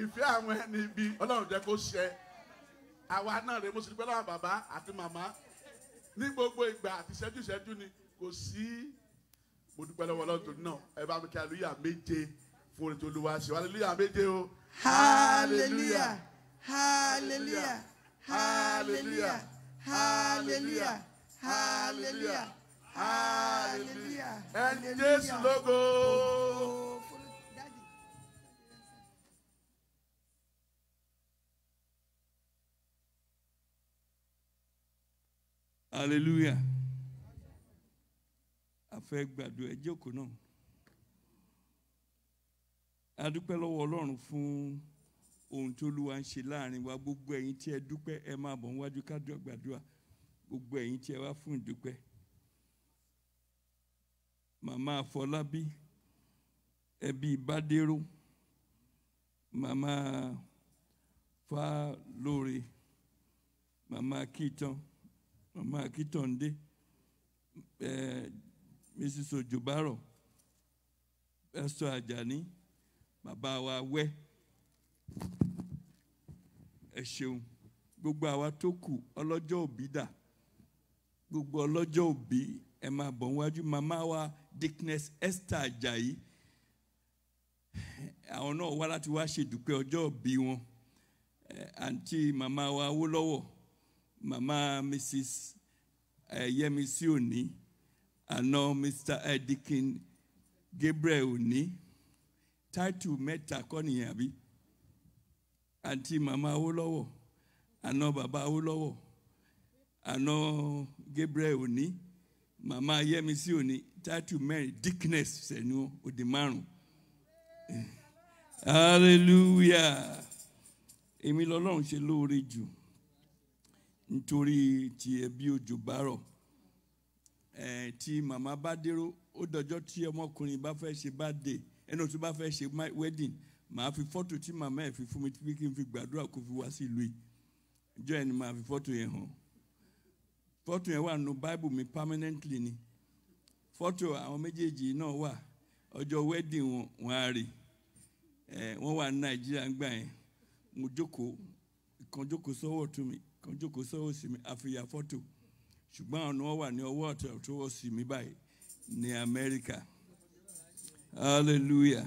[SPEAKER 5] ìfẹ́ àwọn ẹni ibi ọlọ́run jẹ́ kó ṣẹ àwa náà rèé mo sì dúpẹ́ lọ́wọ́ bàbá àti màmá ní gbogbo ìgbà àti ìṣẹ́jú ìṣẹ́jú ni kò sí mo lọ́wọ́ Ọlọ́run torí náà ẹ bá mi kí aleluya méje fún orin tó ṣe wa méje o. hallelujah
[SPEAKER 2] hallelujah
[SPEAKER 5] hallelujah
[SPEAKER 2] hallelujah hallelujah hallelujah.
[SPEAKER 12] ẹ Jésù lógo.
[SPEAKER 4] hallelujah afọ gbàdúrà ẹ jókòó náà a lọ́wọ́ Ọlọ́run fún ohun tó luwa ń ṣe láàrin wa gbogbo ẹ̀yin tí ẹ dúpẹ́ ẹ máa bọ̀ níwájú gbàdúrà gbogbo ẹ̀yin tí ẹ wá fún ìdúpẹ́ màmá ẹbí Bádéró màmá màmá mama akitonde eh, mrs ojubaro esther ajani Baba wa wẹ ẹ ṣeun gbogbo àwa tó kù ọlọ́jọ́ òbí dà gbogbo ọlọ́jọ́ òbí ẹ máa bọ̀ wájú màmá wa dickness esther ajayi àwọn náà wá láti wá ṣèdúpẹ́ ọjọ́ òbí wọn eh, àǹtí màmá wa wó lọ́wọ́ mama mrs eh, yemisi oni ano mr edikin gabriel oni táìtù mẹ́ta koni yabi. àbí mama awólọ́wọ̀ ano baba awólọ́wọ̀ ano gabriel oni mama yemisi oni táìtù mẹ́rin dickness sẹ́nu òdì márùn eh, hallelujah èmi lọ́lọ́run ṣe lóore jù nítorí ti ẹbí òjò bá rọ̀ ẹ tí màmá bá dérò ó dọjọ́ tí ọmọkùnrin bá fẹ́ ṣe bá dé ẹnu tó bá fẹ́ ṣe wedding màá fi fọ́tò tí màmá ẹ̀ fi fún mi pé kí n fi gbàdúrà kó fi wá sí ìlú yìí ìjọ ẹni màá fi fọ́tò yẹn hàn fọ́tò yẹn wà nù báìbù mi permanently ni fọ́tò àwọn méjèèjì náà wà ọjọ́ wedding wọn wọn á rí ẹ wọ́n wà ní nàìjíríà ń gbà yẹn mo jókòó ìkan jókòó sọ́wọ́ mi kan jókòó sọ́wọ́ sí mi àfìyà fọ́tò ṣùgbọ́n àwọn náà wà ní ọwọ́ àtọwọ́ sí mi báyìí ní Amẹ́ríkà hallelujah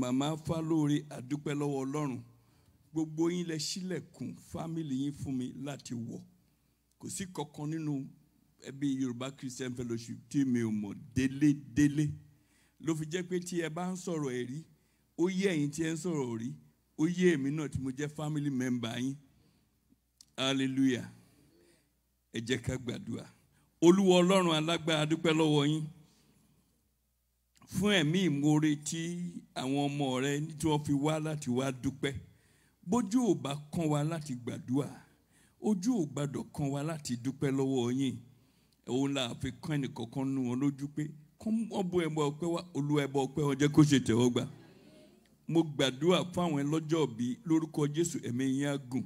[SPEAKER 4] màmá Fálóore àdúpẹ́ lọ́wọ́ Ọlọ́run gbogbo yín lẹ ṣílẹ̀kùn fámìlì yín fún mi láti wọ̀ kò sí kankan nínú ẹbí Yorùbá Christian Fellowship tí mi ò mọ̀ délé délé ló fi jẹ́ pé tí ẹ bá ń sọ̀rọ̀ ẹ̀rí ó yé ẹ̀yin tí ẹ ń sọ̀rọ̀ rí ó yé èmi náà tí mo jẹ́ family member yín hallelujah ẹ jẹ́ ká gbàdúrà olúwa ọlọ́run alágbára dúpẹ́ lọ́wọ́ yín fún ẹ̀mí ìmoore tí àwọn ọmọ rẹ tí wọ́n fi wá láti wá dúpẹ́ bójú ò bá kàn wá láti gbàdúrà ojú ò gbàdọ̀ kàn wá láti dúpẹ́ lọ́wọ́ yín òun là fi kàn ẹnìkọ̀ọ̀kan nù wọn lójú pé kọ́ wọ́n bu ẹ̀bọ ọpẹ́ wá olúwa ẹ̀bọ ọpẹ́ wọn jẹ́ kó ṣe tẹ̀wọ́ gbà mo gbàdúrà fún àwọn ẹlọ́jọ́ bíi lórúkọ jésù ẹ̀mí yín á gùn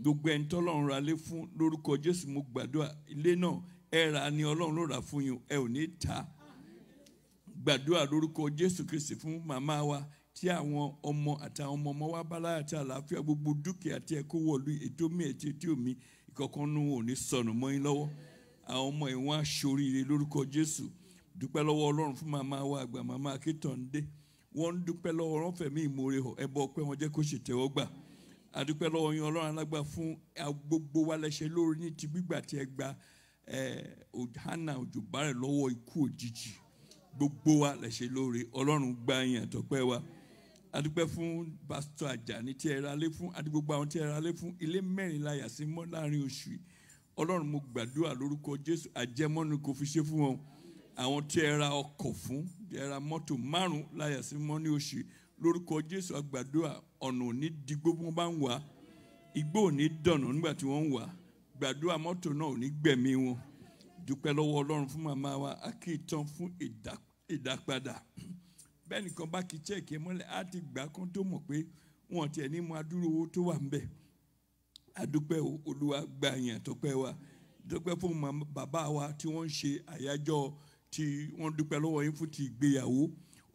[SPEAKER 4] gbogbo ẹni tọ́lọ́run ra lé fún lórúkọ Jésù mo gbàdúrà ilé náà ẹ rà ni Ọlọ́run ló rà fún yín ẹ ò ní ta gbàdúrà lórúkọ Jésù Kristi fún màmá wa tí àwọn ọmọ àtàwọn ọmọ ọmọ wa bá láyà tí àlàáfíà gbogbo dúkìá tí ẹ kó wọlú ètò mi ètò ètò mi ìkọ̀kan nù ò ní sọnù mọ́ yín lọ́wọ́ àwọn ọmọ ìwọ̀n aṣoríire lórúkọ Jésù dúpẹ́ lọ́wọ́ Ọlọ́run fún màmá wa àgbà màmá Akíntọ́ndé wọ́n dúpẹ́ lọ́wọ́ ọ̀rọ̀ fẹ̀mí ìmoore ẹ̀bọ ọpẹ́ wọn jẹ́ kó ṣètẹ́wọ́gbà adúpẹ́ lọ́wọ́ yín ọlọ́run alágbà fún gbogbo wa lẹ́sẹ̀ lórí ní ti gbígbà tí ẹ gba hannah òjò bárẹ̀ lọ́wọ́ ikú òjijì gbogbo wa lẹ́sẹ̀ lórí ọlọ́run gba yín àtọ́pẹ́ wa adúpẹ́ fún pásítọ̀ Àjàní tí ẹ ra lé fún adigbogbo àwọn tí ẹ ra lé fún ilé mẹ́rin la yà sí mọ́ láàrin oṣù ọlọ́run mo gbàdúrà lórúkọ Jésù àjẹmọ́nu kò fi ṣe fún wọn àwọn tí ẹ ra ọkọ̀ fún ẹ ra mọ́tò márùn-ún la sí mọ́ ní oṣù lórúkọ jésù àgbàdua ọ̀nà òní di gbogbo bá ń wà igbó òní dànù nígbà tí wọ́n ń wà gbàdúrà mọ́tò náà òní gbẹ̀mí wọn dúpẹ́ lọ́wọ́ ọlọ́run fún màmá wa akéètàn fún ìdápadà bẹ́ẹ̀ nìkan bá kí chẹ́ẹ̀kì mọ́lẹ̀ á ti gbà kán tó mọ̀ pé wọn tiẹ̀ ní mọ adúrò owó tó wà ń bẹ̀ adúpẹ́ olúwa gba àyàn tọpẹ́ wa dúpẹ́ fún bàbá wa tí wọ́n ń ṣe àyájọ́ tí wọ́n dúpẹ́ lọ́wọ́ yín fún ti ìgbéyàwó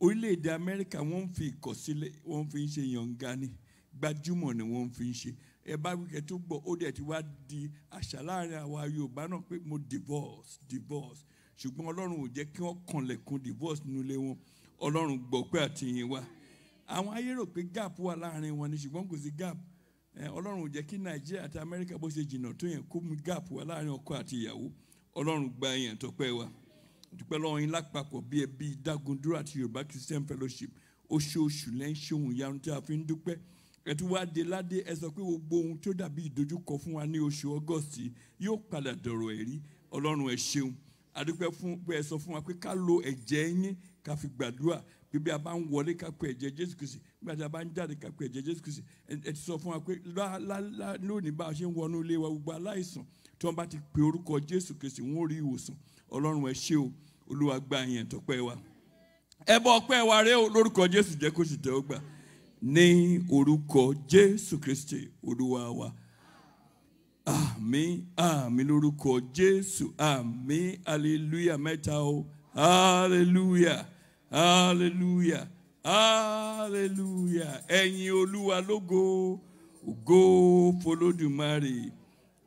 [SPEAKER 4] orílẹ̀-èdè amẹ́ríkà wọ́n fi ìkọ̀sílẹ̀ wọ́n fi ń ṣe yànga ni gbajúmọ̀ ni wọ́n fi ń ṣe ẹ bá wíkẹ́ tó gbọ́ ó dẹ̀ ti wá di àṣà láàrin àwa yorùbá náà pé mo divorce divorce ṣùgbọ́n ọlọ́run ò jẹ́ kí wọ́n kànlẹ̀kùn divorce nílé wọn ọlọ́run gbọ́ pé àtìyìn wa àwọn ayé rò pé gap wà láàrin wọn ni ṣùgbọ́n kò sí gap ọlọ́run ò jẹ́ kí nàìjíríà àti amẹ́ríkà bó ṣe jìnnà tó yẹn kó mú gap wà láàrin ọkọ àti ìyàwó ọlọ́run gba yẹn tọpẹ́ wa dúpẹ́ lọ́wọ́ yín lápapọ̀ bí ẹbí Dagunduro àti Yorùbá Christian Fellowship oṣooṣù lẹ́ ń ṣohun ìyanu tí a fi ń dúpẹ́ ẹtú wá dé ládé ẹ sọ pé gbogbo ohun tó dàbí ìdojúkọ fún wa ní oṣù August yóò padà dọ̀rọ̀ ẹ̀rí Ọlọ́run ẹ ṣeun a dúpẹ́ fún pé ẹ sọ fún wa pé ká lo ẹ̀jẹ̀ yín ká fi gbàdúrà pé bí a bá ń wọlé ká pe ẹ̀jẹ̀ Jésù Kristi nígbà tí a bá ń jáde ká pe ẹ̀jẹ̀ Jésù Kristi ẹ ti sọ fún wa pé lónìí bá a ṣe ń wọnú ilé wa gbogbo aláìsàn tí wọ́n bá ti pe orúkọ Jésù Kristi wọ́n rí ìwòsàn ọlọ́run ẹ ṣé o olúwa gba ìyẹn tọpẹ́ wa ẹbọ ọpẹ́ wa rẹ o lórúkọ jésù jẹ́ kó sì tẹ́ ọ gbà ní orúkọ jésù kristi olúwa wa àmín àmín lórúkọ jésù àmín aleluya mẹ́ta o aleluya aleluya aleluya ẹ̀yin olúwa lógo ògo fọlọ́dúnmarè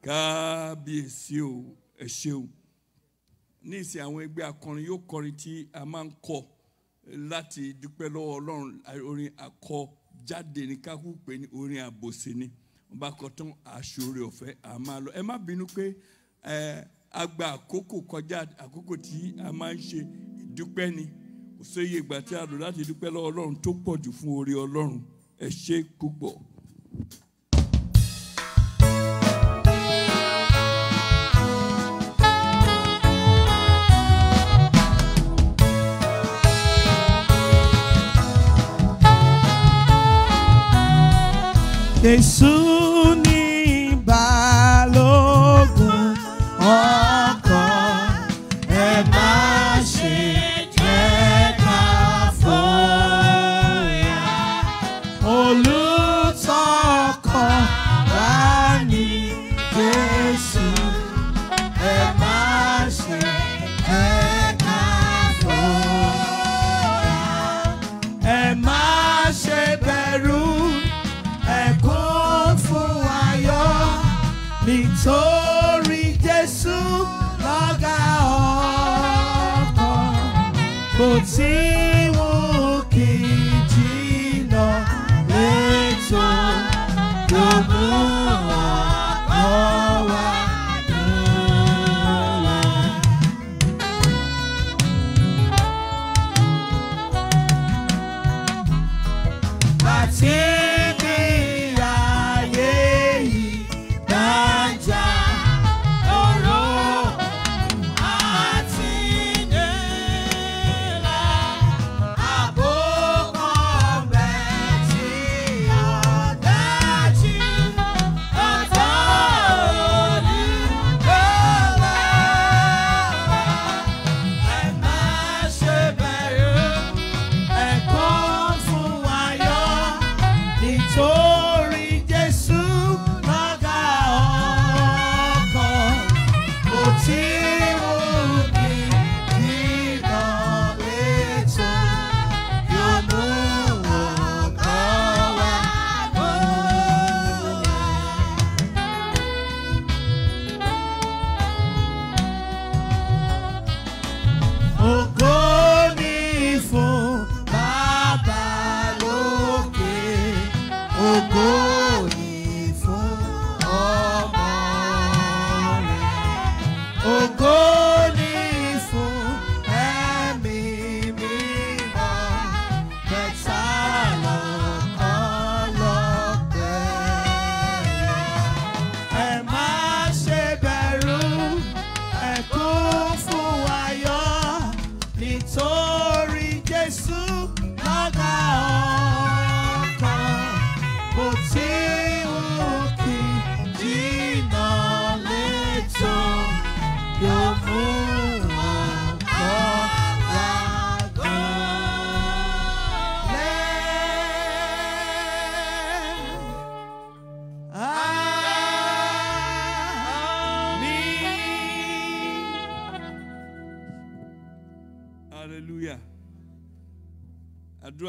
[SPEAKER 4] kábíyèsí o ẹ ṣeun ní ìsìn àwọn ẹgbẹ́ akọrin yóò kọrin tí a máa ń kọ láti dúpẹ́ lọ́wọ́ ọlọ́run orin àkọjáde ní kákú pé ní orin àbòsí ni wọ́n bá kọ tán àṣòro ọ̀fẹ́ a máa lọ ẹ má bínú pé ẹ agba àkókò kọjá àkókò tí a máa ń ṣe ìdúpẹ́ ni kò séye ìgbà tí a lò láti dúpẹ́ lọ́wọ́ ọlọ́run tó pọ̀ jù fún oore ọlọ́run ẹ ṣé púpọ̀.
[SPEAKER 2] De nem balogo.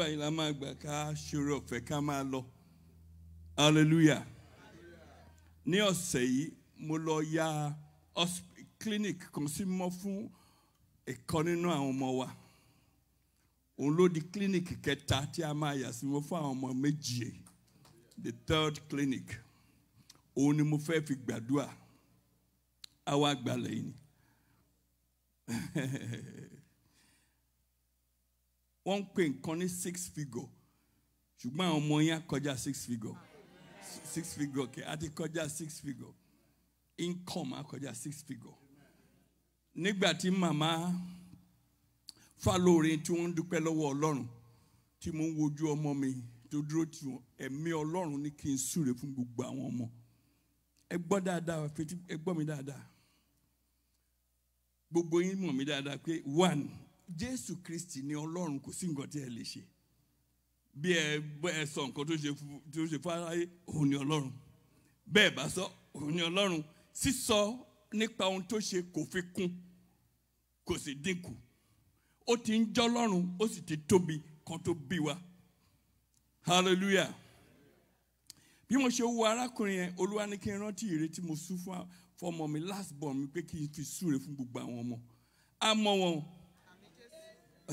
[SPEAKER 4] àdúrà la máa gbà ká ṣòro ọ̀fẹ́ ká máa lọ hallelujah ní ọ̀sẹ̀ yìí mo lọ ya clinic kan sí mọ́ fún ẹ̀kọ́ nínú àwọn ọmọ wa òun ló di clinic kẹta tí a máa yà sí mọ́ fún àwọn ọmọ méjì the third clinic òun ni mo fẹ́ fi gbàdúrà àwa àgbàlẹ̀ yìí wọ́n ń pè nǹkan ní six figure ṣùgbọ́n àwọn ọmọ yẹn kọjá six figure six figure kẹ́ àti kọjá six figure income akọjá six figure nígbà tí màmá falóore tí wọ́n ń dúpẹ́ lọ́wọ́ ọlọ́run tí mo ń wojú ọmọ mi tó dúró tì wọ́n ẹ̀mí ọlọ́run ní kí n súre fún gbogbo àwọn ọmọ ẹ gbọ́ dáadáa ẹ gbọ́ mi dáadáa gbogbo yín mọ̀ mí dáadáa pé one jésù kristi ni ọlọ́run kò sí nǹkan tí ẹ lè ṣe bí ẹ bọ́ ẹ sọ nǹkan tó ṣe tó ṣe fún aráyé òun ni ọlọ́run bẹ́ẹ̀ bá sọ òun ni ọlọ́run sísọ nípa ohun tó ṣe kò fi kún kò sì dínkù ó ti ń jọ́ lọ́run ó sì ti tóbi kan tó bí wa hallelujah bí mo ṣe wo arákùnrin yẹn olúwa ní kí n rántí ìrètí mo sún fún ọmọ mi last born mi pé kí n fi súre fún gbogbo àwọn ọmọ àmọ́ wọn.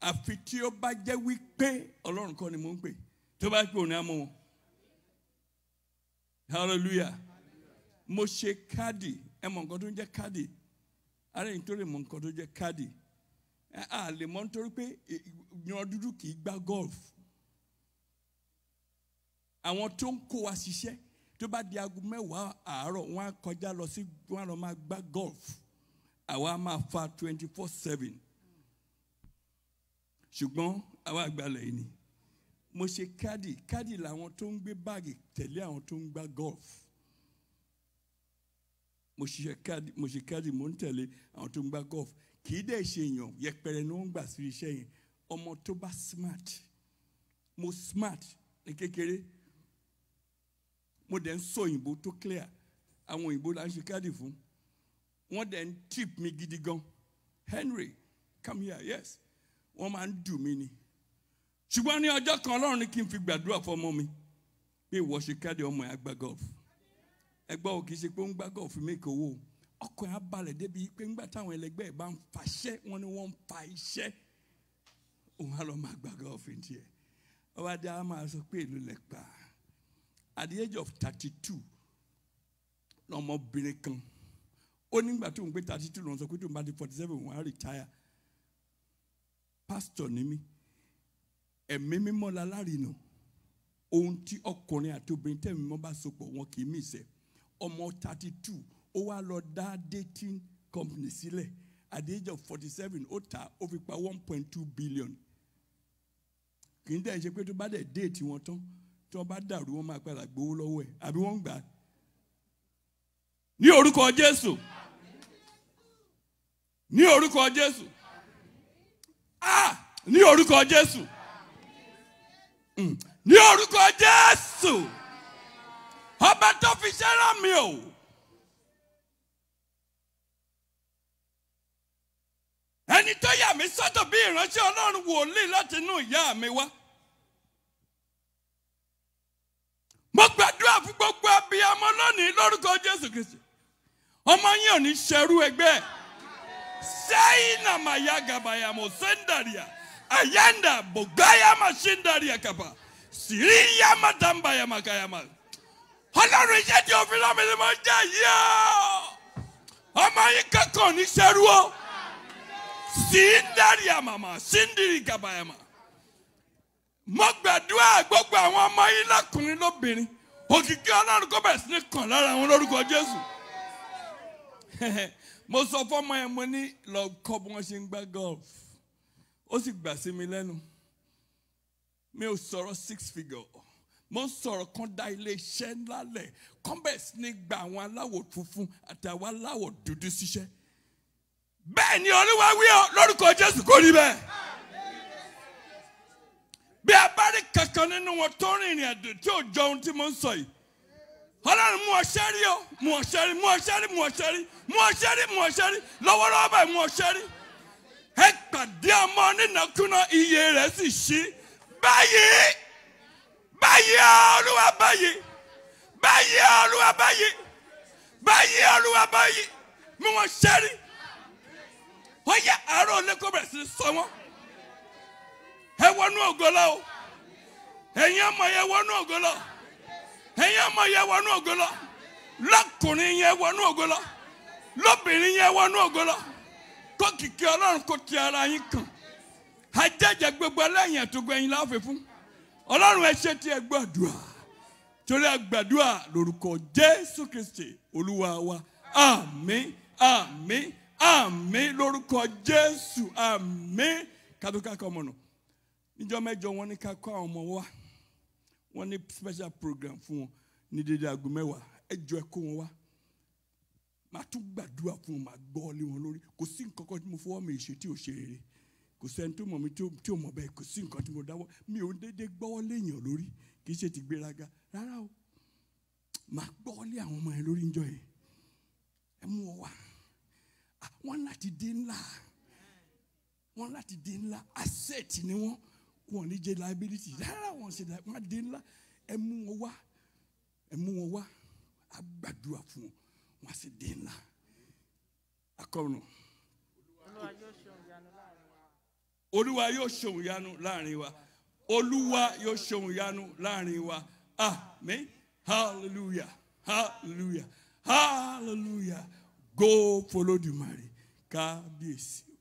[SPEAKER 4] àfi tí ó bá jẹ́ wípé ọlọ́run kọ́ ni mò ń pè tó bá pè òní àmọ́ wọn hallelujah mo ṣe káàdì ẹ mọ nǹkan tó ń jẹ́ káàdì ara yìí tó lè mọ nǹkan tó jẹ́ káàdì a lè mọ nítorí pé yan dúdú kì í gbá golf àwọn tó ń kó wa ṣiṣẹ́ tó bá di aago mẹ́wàá àárọ̀ wọ́n á kọjá lọ sí wọ́n á lọ máa gbá golf àwa máa fa twenty four seven ṣùgbọ́n àwa àgbàlẹ̀ yìí ni mo ṣe káàdì káàdì làwọn tó ń gbé báàgì tẹ̀lé àwọn tó ń gbá golf mo ṣe káàdì mo ṣe káàdì mo ń tẹ̀lé àwọn tó ń gbá golf kì í dẹ̀ ṣe èèyàn yẹpẹrẹ ni wọ́n ń gbà sí iṣẹ́ yẹn ọmọ tó bá smart mo smart ní kékeré mo dẹ̀ ń sọ òyìnbó tó clear àwọn òyìnbó la ń ṣe káàdì fún wọ́n dẹ̀ ń tip mi gidi gan Henry come here yes wọ́n máa ń dùn mí ni ṣùgbọ́n ní ọjọ́ kan ọlọ́run ní kí n fi gbàdúrà fọmọ mi bí ìwọ ṣe káde ọmọ yẹn gbá gọ́ọ̀fù ẹgbọ́n ò kì í ṣe pé ó ń gbá gọ́ọ̀fù mẹ́kẹ̀ owó ọkọ̀ yẹn balẹ̀ débi pé ńgbà táwọn ẹlẹgbẹ́ ẹ̀ bá ń faṣẹ́ wọn ni wọ́n ń fa iṣẹ́ òun á lọ máa gbá gọ́ọ̀fù tiẹ̀ ọba dá a máa sọ pé ìlú lẹ pa at the age of thirty two lọmọbìnrin kan ó nígbà tó ń gbé thirty two lọ sọ pé tó ń bá di forty seven wọn á retire pásítọ̀ ni mí ẹ̀mí mímọ́ la lárinà ohun tí ọkùnrin àti obìnrin tẹ̀mí mọ́ bá sopọ̀ wọn kì í mí ìṣẹ́ ọmọ thirty two ó wá lọ dá dating company sílẹ̀ at the age of forty seven ó ta ó fi pa one point two billion kì í dẹ̀ ṣe pé tó bá dẹ̀ déètì wọn tán tí wọ́n bá dàrú wọ́n máa padà gbowó lọ́wọ́ ẹ̀ àbí wọ́n ń gbà ní orúkọ Jésù ní orúkọ Jésù. ní orúkọ Jésù mm. ní orúkọ Jésù ọba tó fi ṣẹ́ mi o. ẹni tó yà mí sọ́tọ̀ bí ìránṣẹ́ Ọlọ́run wòlíì láti inú ìyá mi wá. mo gbàdúrà fún gbogbo abiyamọ lónìí lórúkọ Jésù Kristi ọmọ yín ò ní ṣerú ẹgbẹ́ ṣẹ́yìn nàmàyà gàbàyàmọ̀ sẹ́ńdàríà. ayanda bogaya masindari akapa siriya matamba ya makayama ọlọ́run iṣẹ́ tí o fi rán mi ni mo jẹ́ yìí ọ́ ọmọ yín kankan ní sẹ́rú ọ́ síndari àmàmà síndiri kàbàyàmà mo gbàdúrà gbogbo àwọn ọmọ yín lọ́kùnrin lóbìnrin òkìkí ọlọ́run kó bẹ̀ sí ní kàn lára mo sọ fọ́mọ yẹn mo ní lọ kọ́ bí wọ́n ó sì gbà sí mi lẹ́nu mi ò sọ̀rọ̀ six figure mo ń sọ̀rọ̀ kan da ilé iṣẹ́ ńlá lẹ̀ convex ní gba àwọn aláwọ̀ funfun àti àwọn aláwọ̀ dúdú síṣẹ́ bẹ́ẹ̀ ni olúwa wí ọ lórúkọ jésù kò rí bẹ́ẹ̀ bí a bá rí kankan nínú wọn tó rìnrìn àjò tí ò jọ ohun tí mo ń sọ yìí ọlọ́run mú ọṣẹ́ rí o mú ọṣẹ́ rí mú ọṣẹ́ rí mú ọṣẹ́ rí mú ọṣẹ́ rí mú ọṣẹ́ rí lọ́wọ́lọ́wọ́ báyìí mú ọṣẹ́ rí ẹpàdé ọmọ nínàkúnà iye rẹ̀ sì ṣí báyìí báyìí olúwa báyìí báyìí olúwa báyìí báyìí olúwa báyìí mú wọn ṣẹ́rí wọ́n yẹ àárọ̀ lẹ́kọ̀ọ́ bẹ̀rẹ̀ sí sọ wọ́n ẹ wọnú ògo lọ o ẹ̀yin ọmọ yẹ wọnú ògo lọ ọmọ yẹ wọnú ògo lọ yẹ wọnú ògo lọ yẹ wọnú ògo kó kìkì ọlọ́run kó ti ara yín kàn àjẹjẹ gbogbo ẹlẹ́yìn ẹ̀tọ́gbọ ẹ̀yin láàfin fún ọlọ́run ẹ ṣe tí ẹ gbàdúrà torí ẹ gbàdúrà lórúkọ jésù kristi olúwa wa àmín àmín àmín lórúkọ jésù àmín kátó-kákọ́ ọmọ nù níjọ́ mẹ́jọ wọn ní ká àwọn ọmọ wa wọ́n ní special program fún wọn ní dédé aago mẹ́wàá ẹ ẹ kó wọn wá màá tún gbàdúrà fún wọn màá gbọ́ lé wọn lórí kò sí nǹkan kan tí mo fọwọ́ mi ṣe tí ò ṣe rere kò sẹ́ni tó mọ̀ mi tí ò mọ̀ bẹ́ẹ̀ kò sí nǹkan tí mo dáwọ́ mi ò déédéé gbọ́wọ́ léèyàn lórí kì í ṣe ti gbéraga rárá o màá gbọ́wọ́ lé àwọn ọmọ yẹn lórí njọ́ yẹn ẹ mú ọ wọn láti dé ńlá wọn láti dé ńlá asset ni wọn wọn ní liability rárá wọn ṣe wọn dé ńlá ẹ mú wọn wá ẹ mú wọn wá a gbàdúrà fún wọn wọ́n á sì dènà akọrùn. olúwa yóò ṣòun yanu láàrin wa olúwa yóò ṣòun yanu láàrin wa amen hallelujah hallelujah hallelujah go follow the mary kábíyèsí.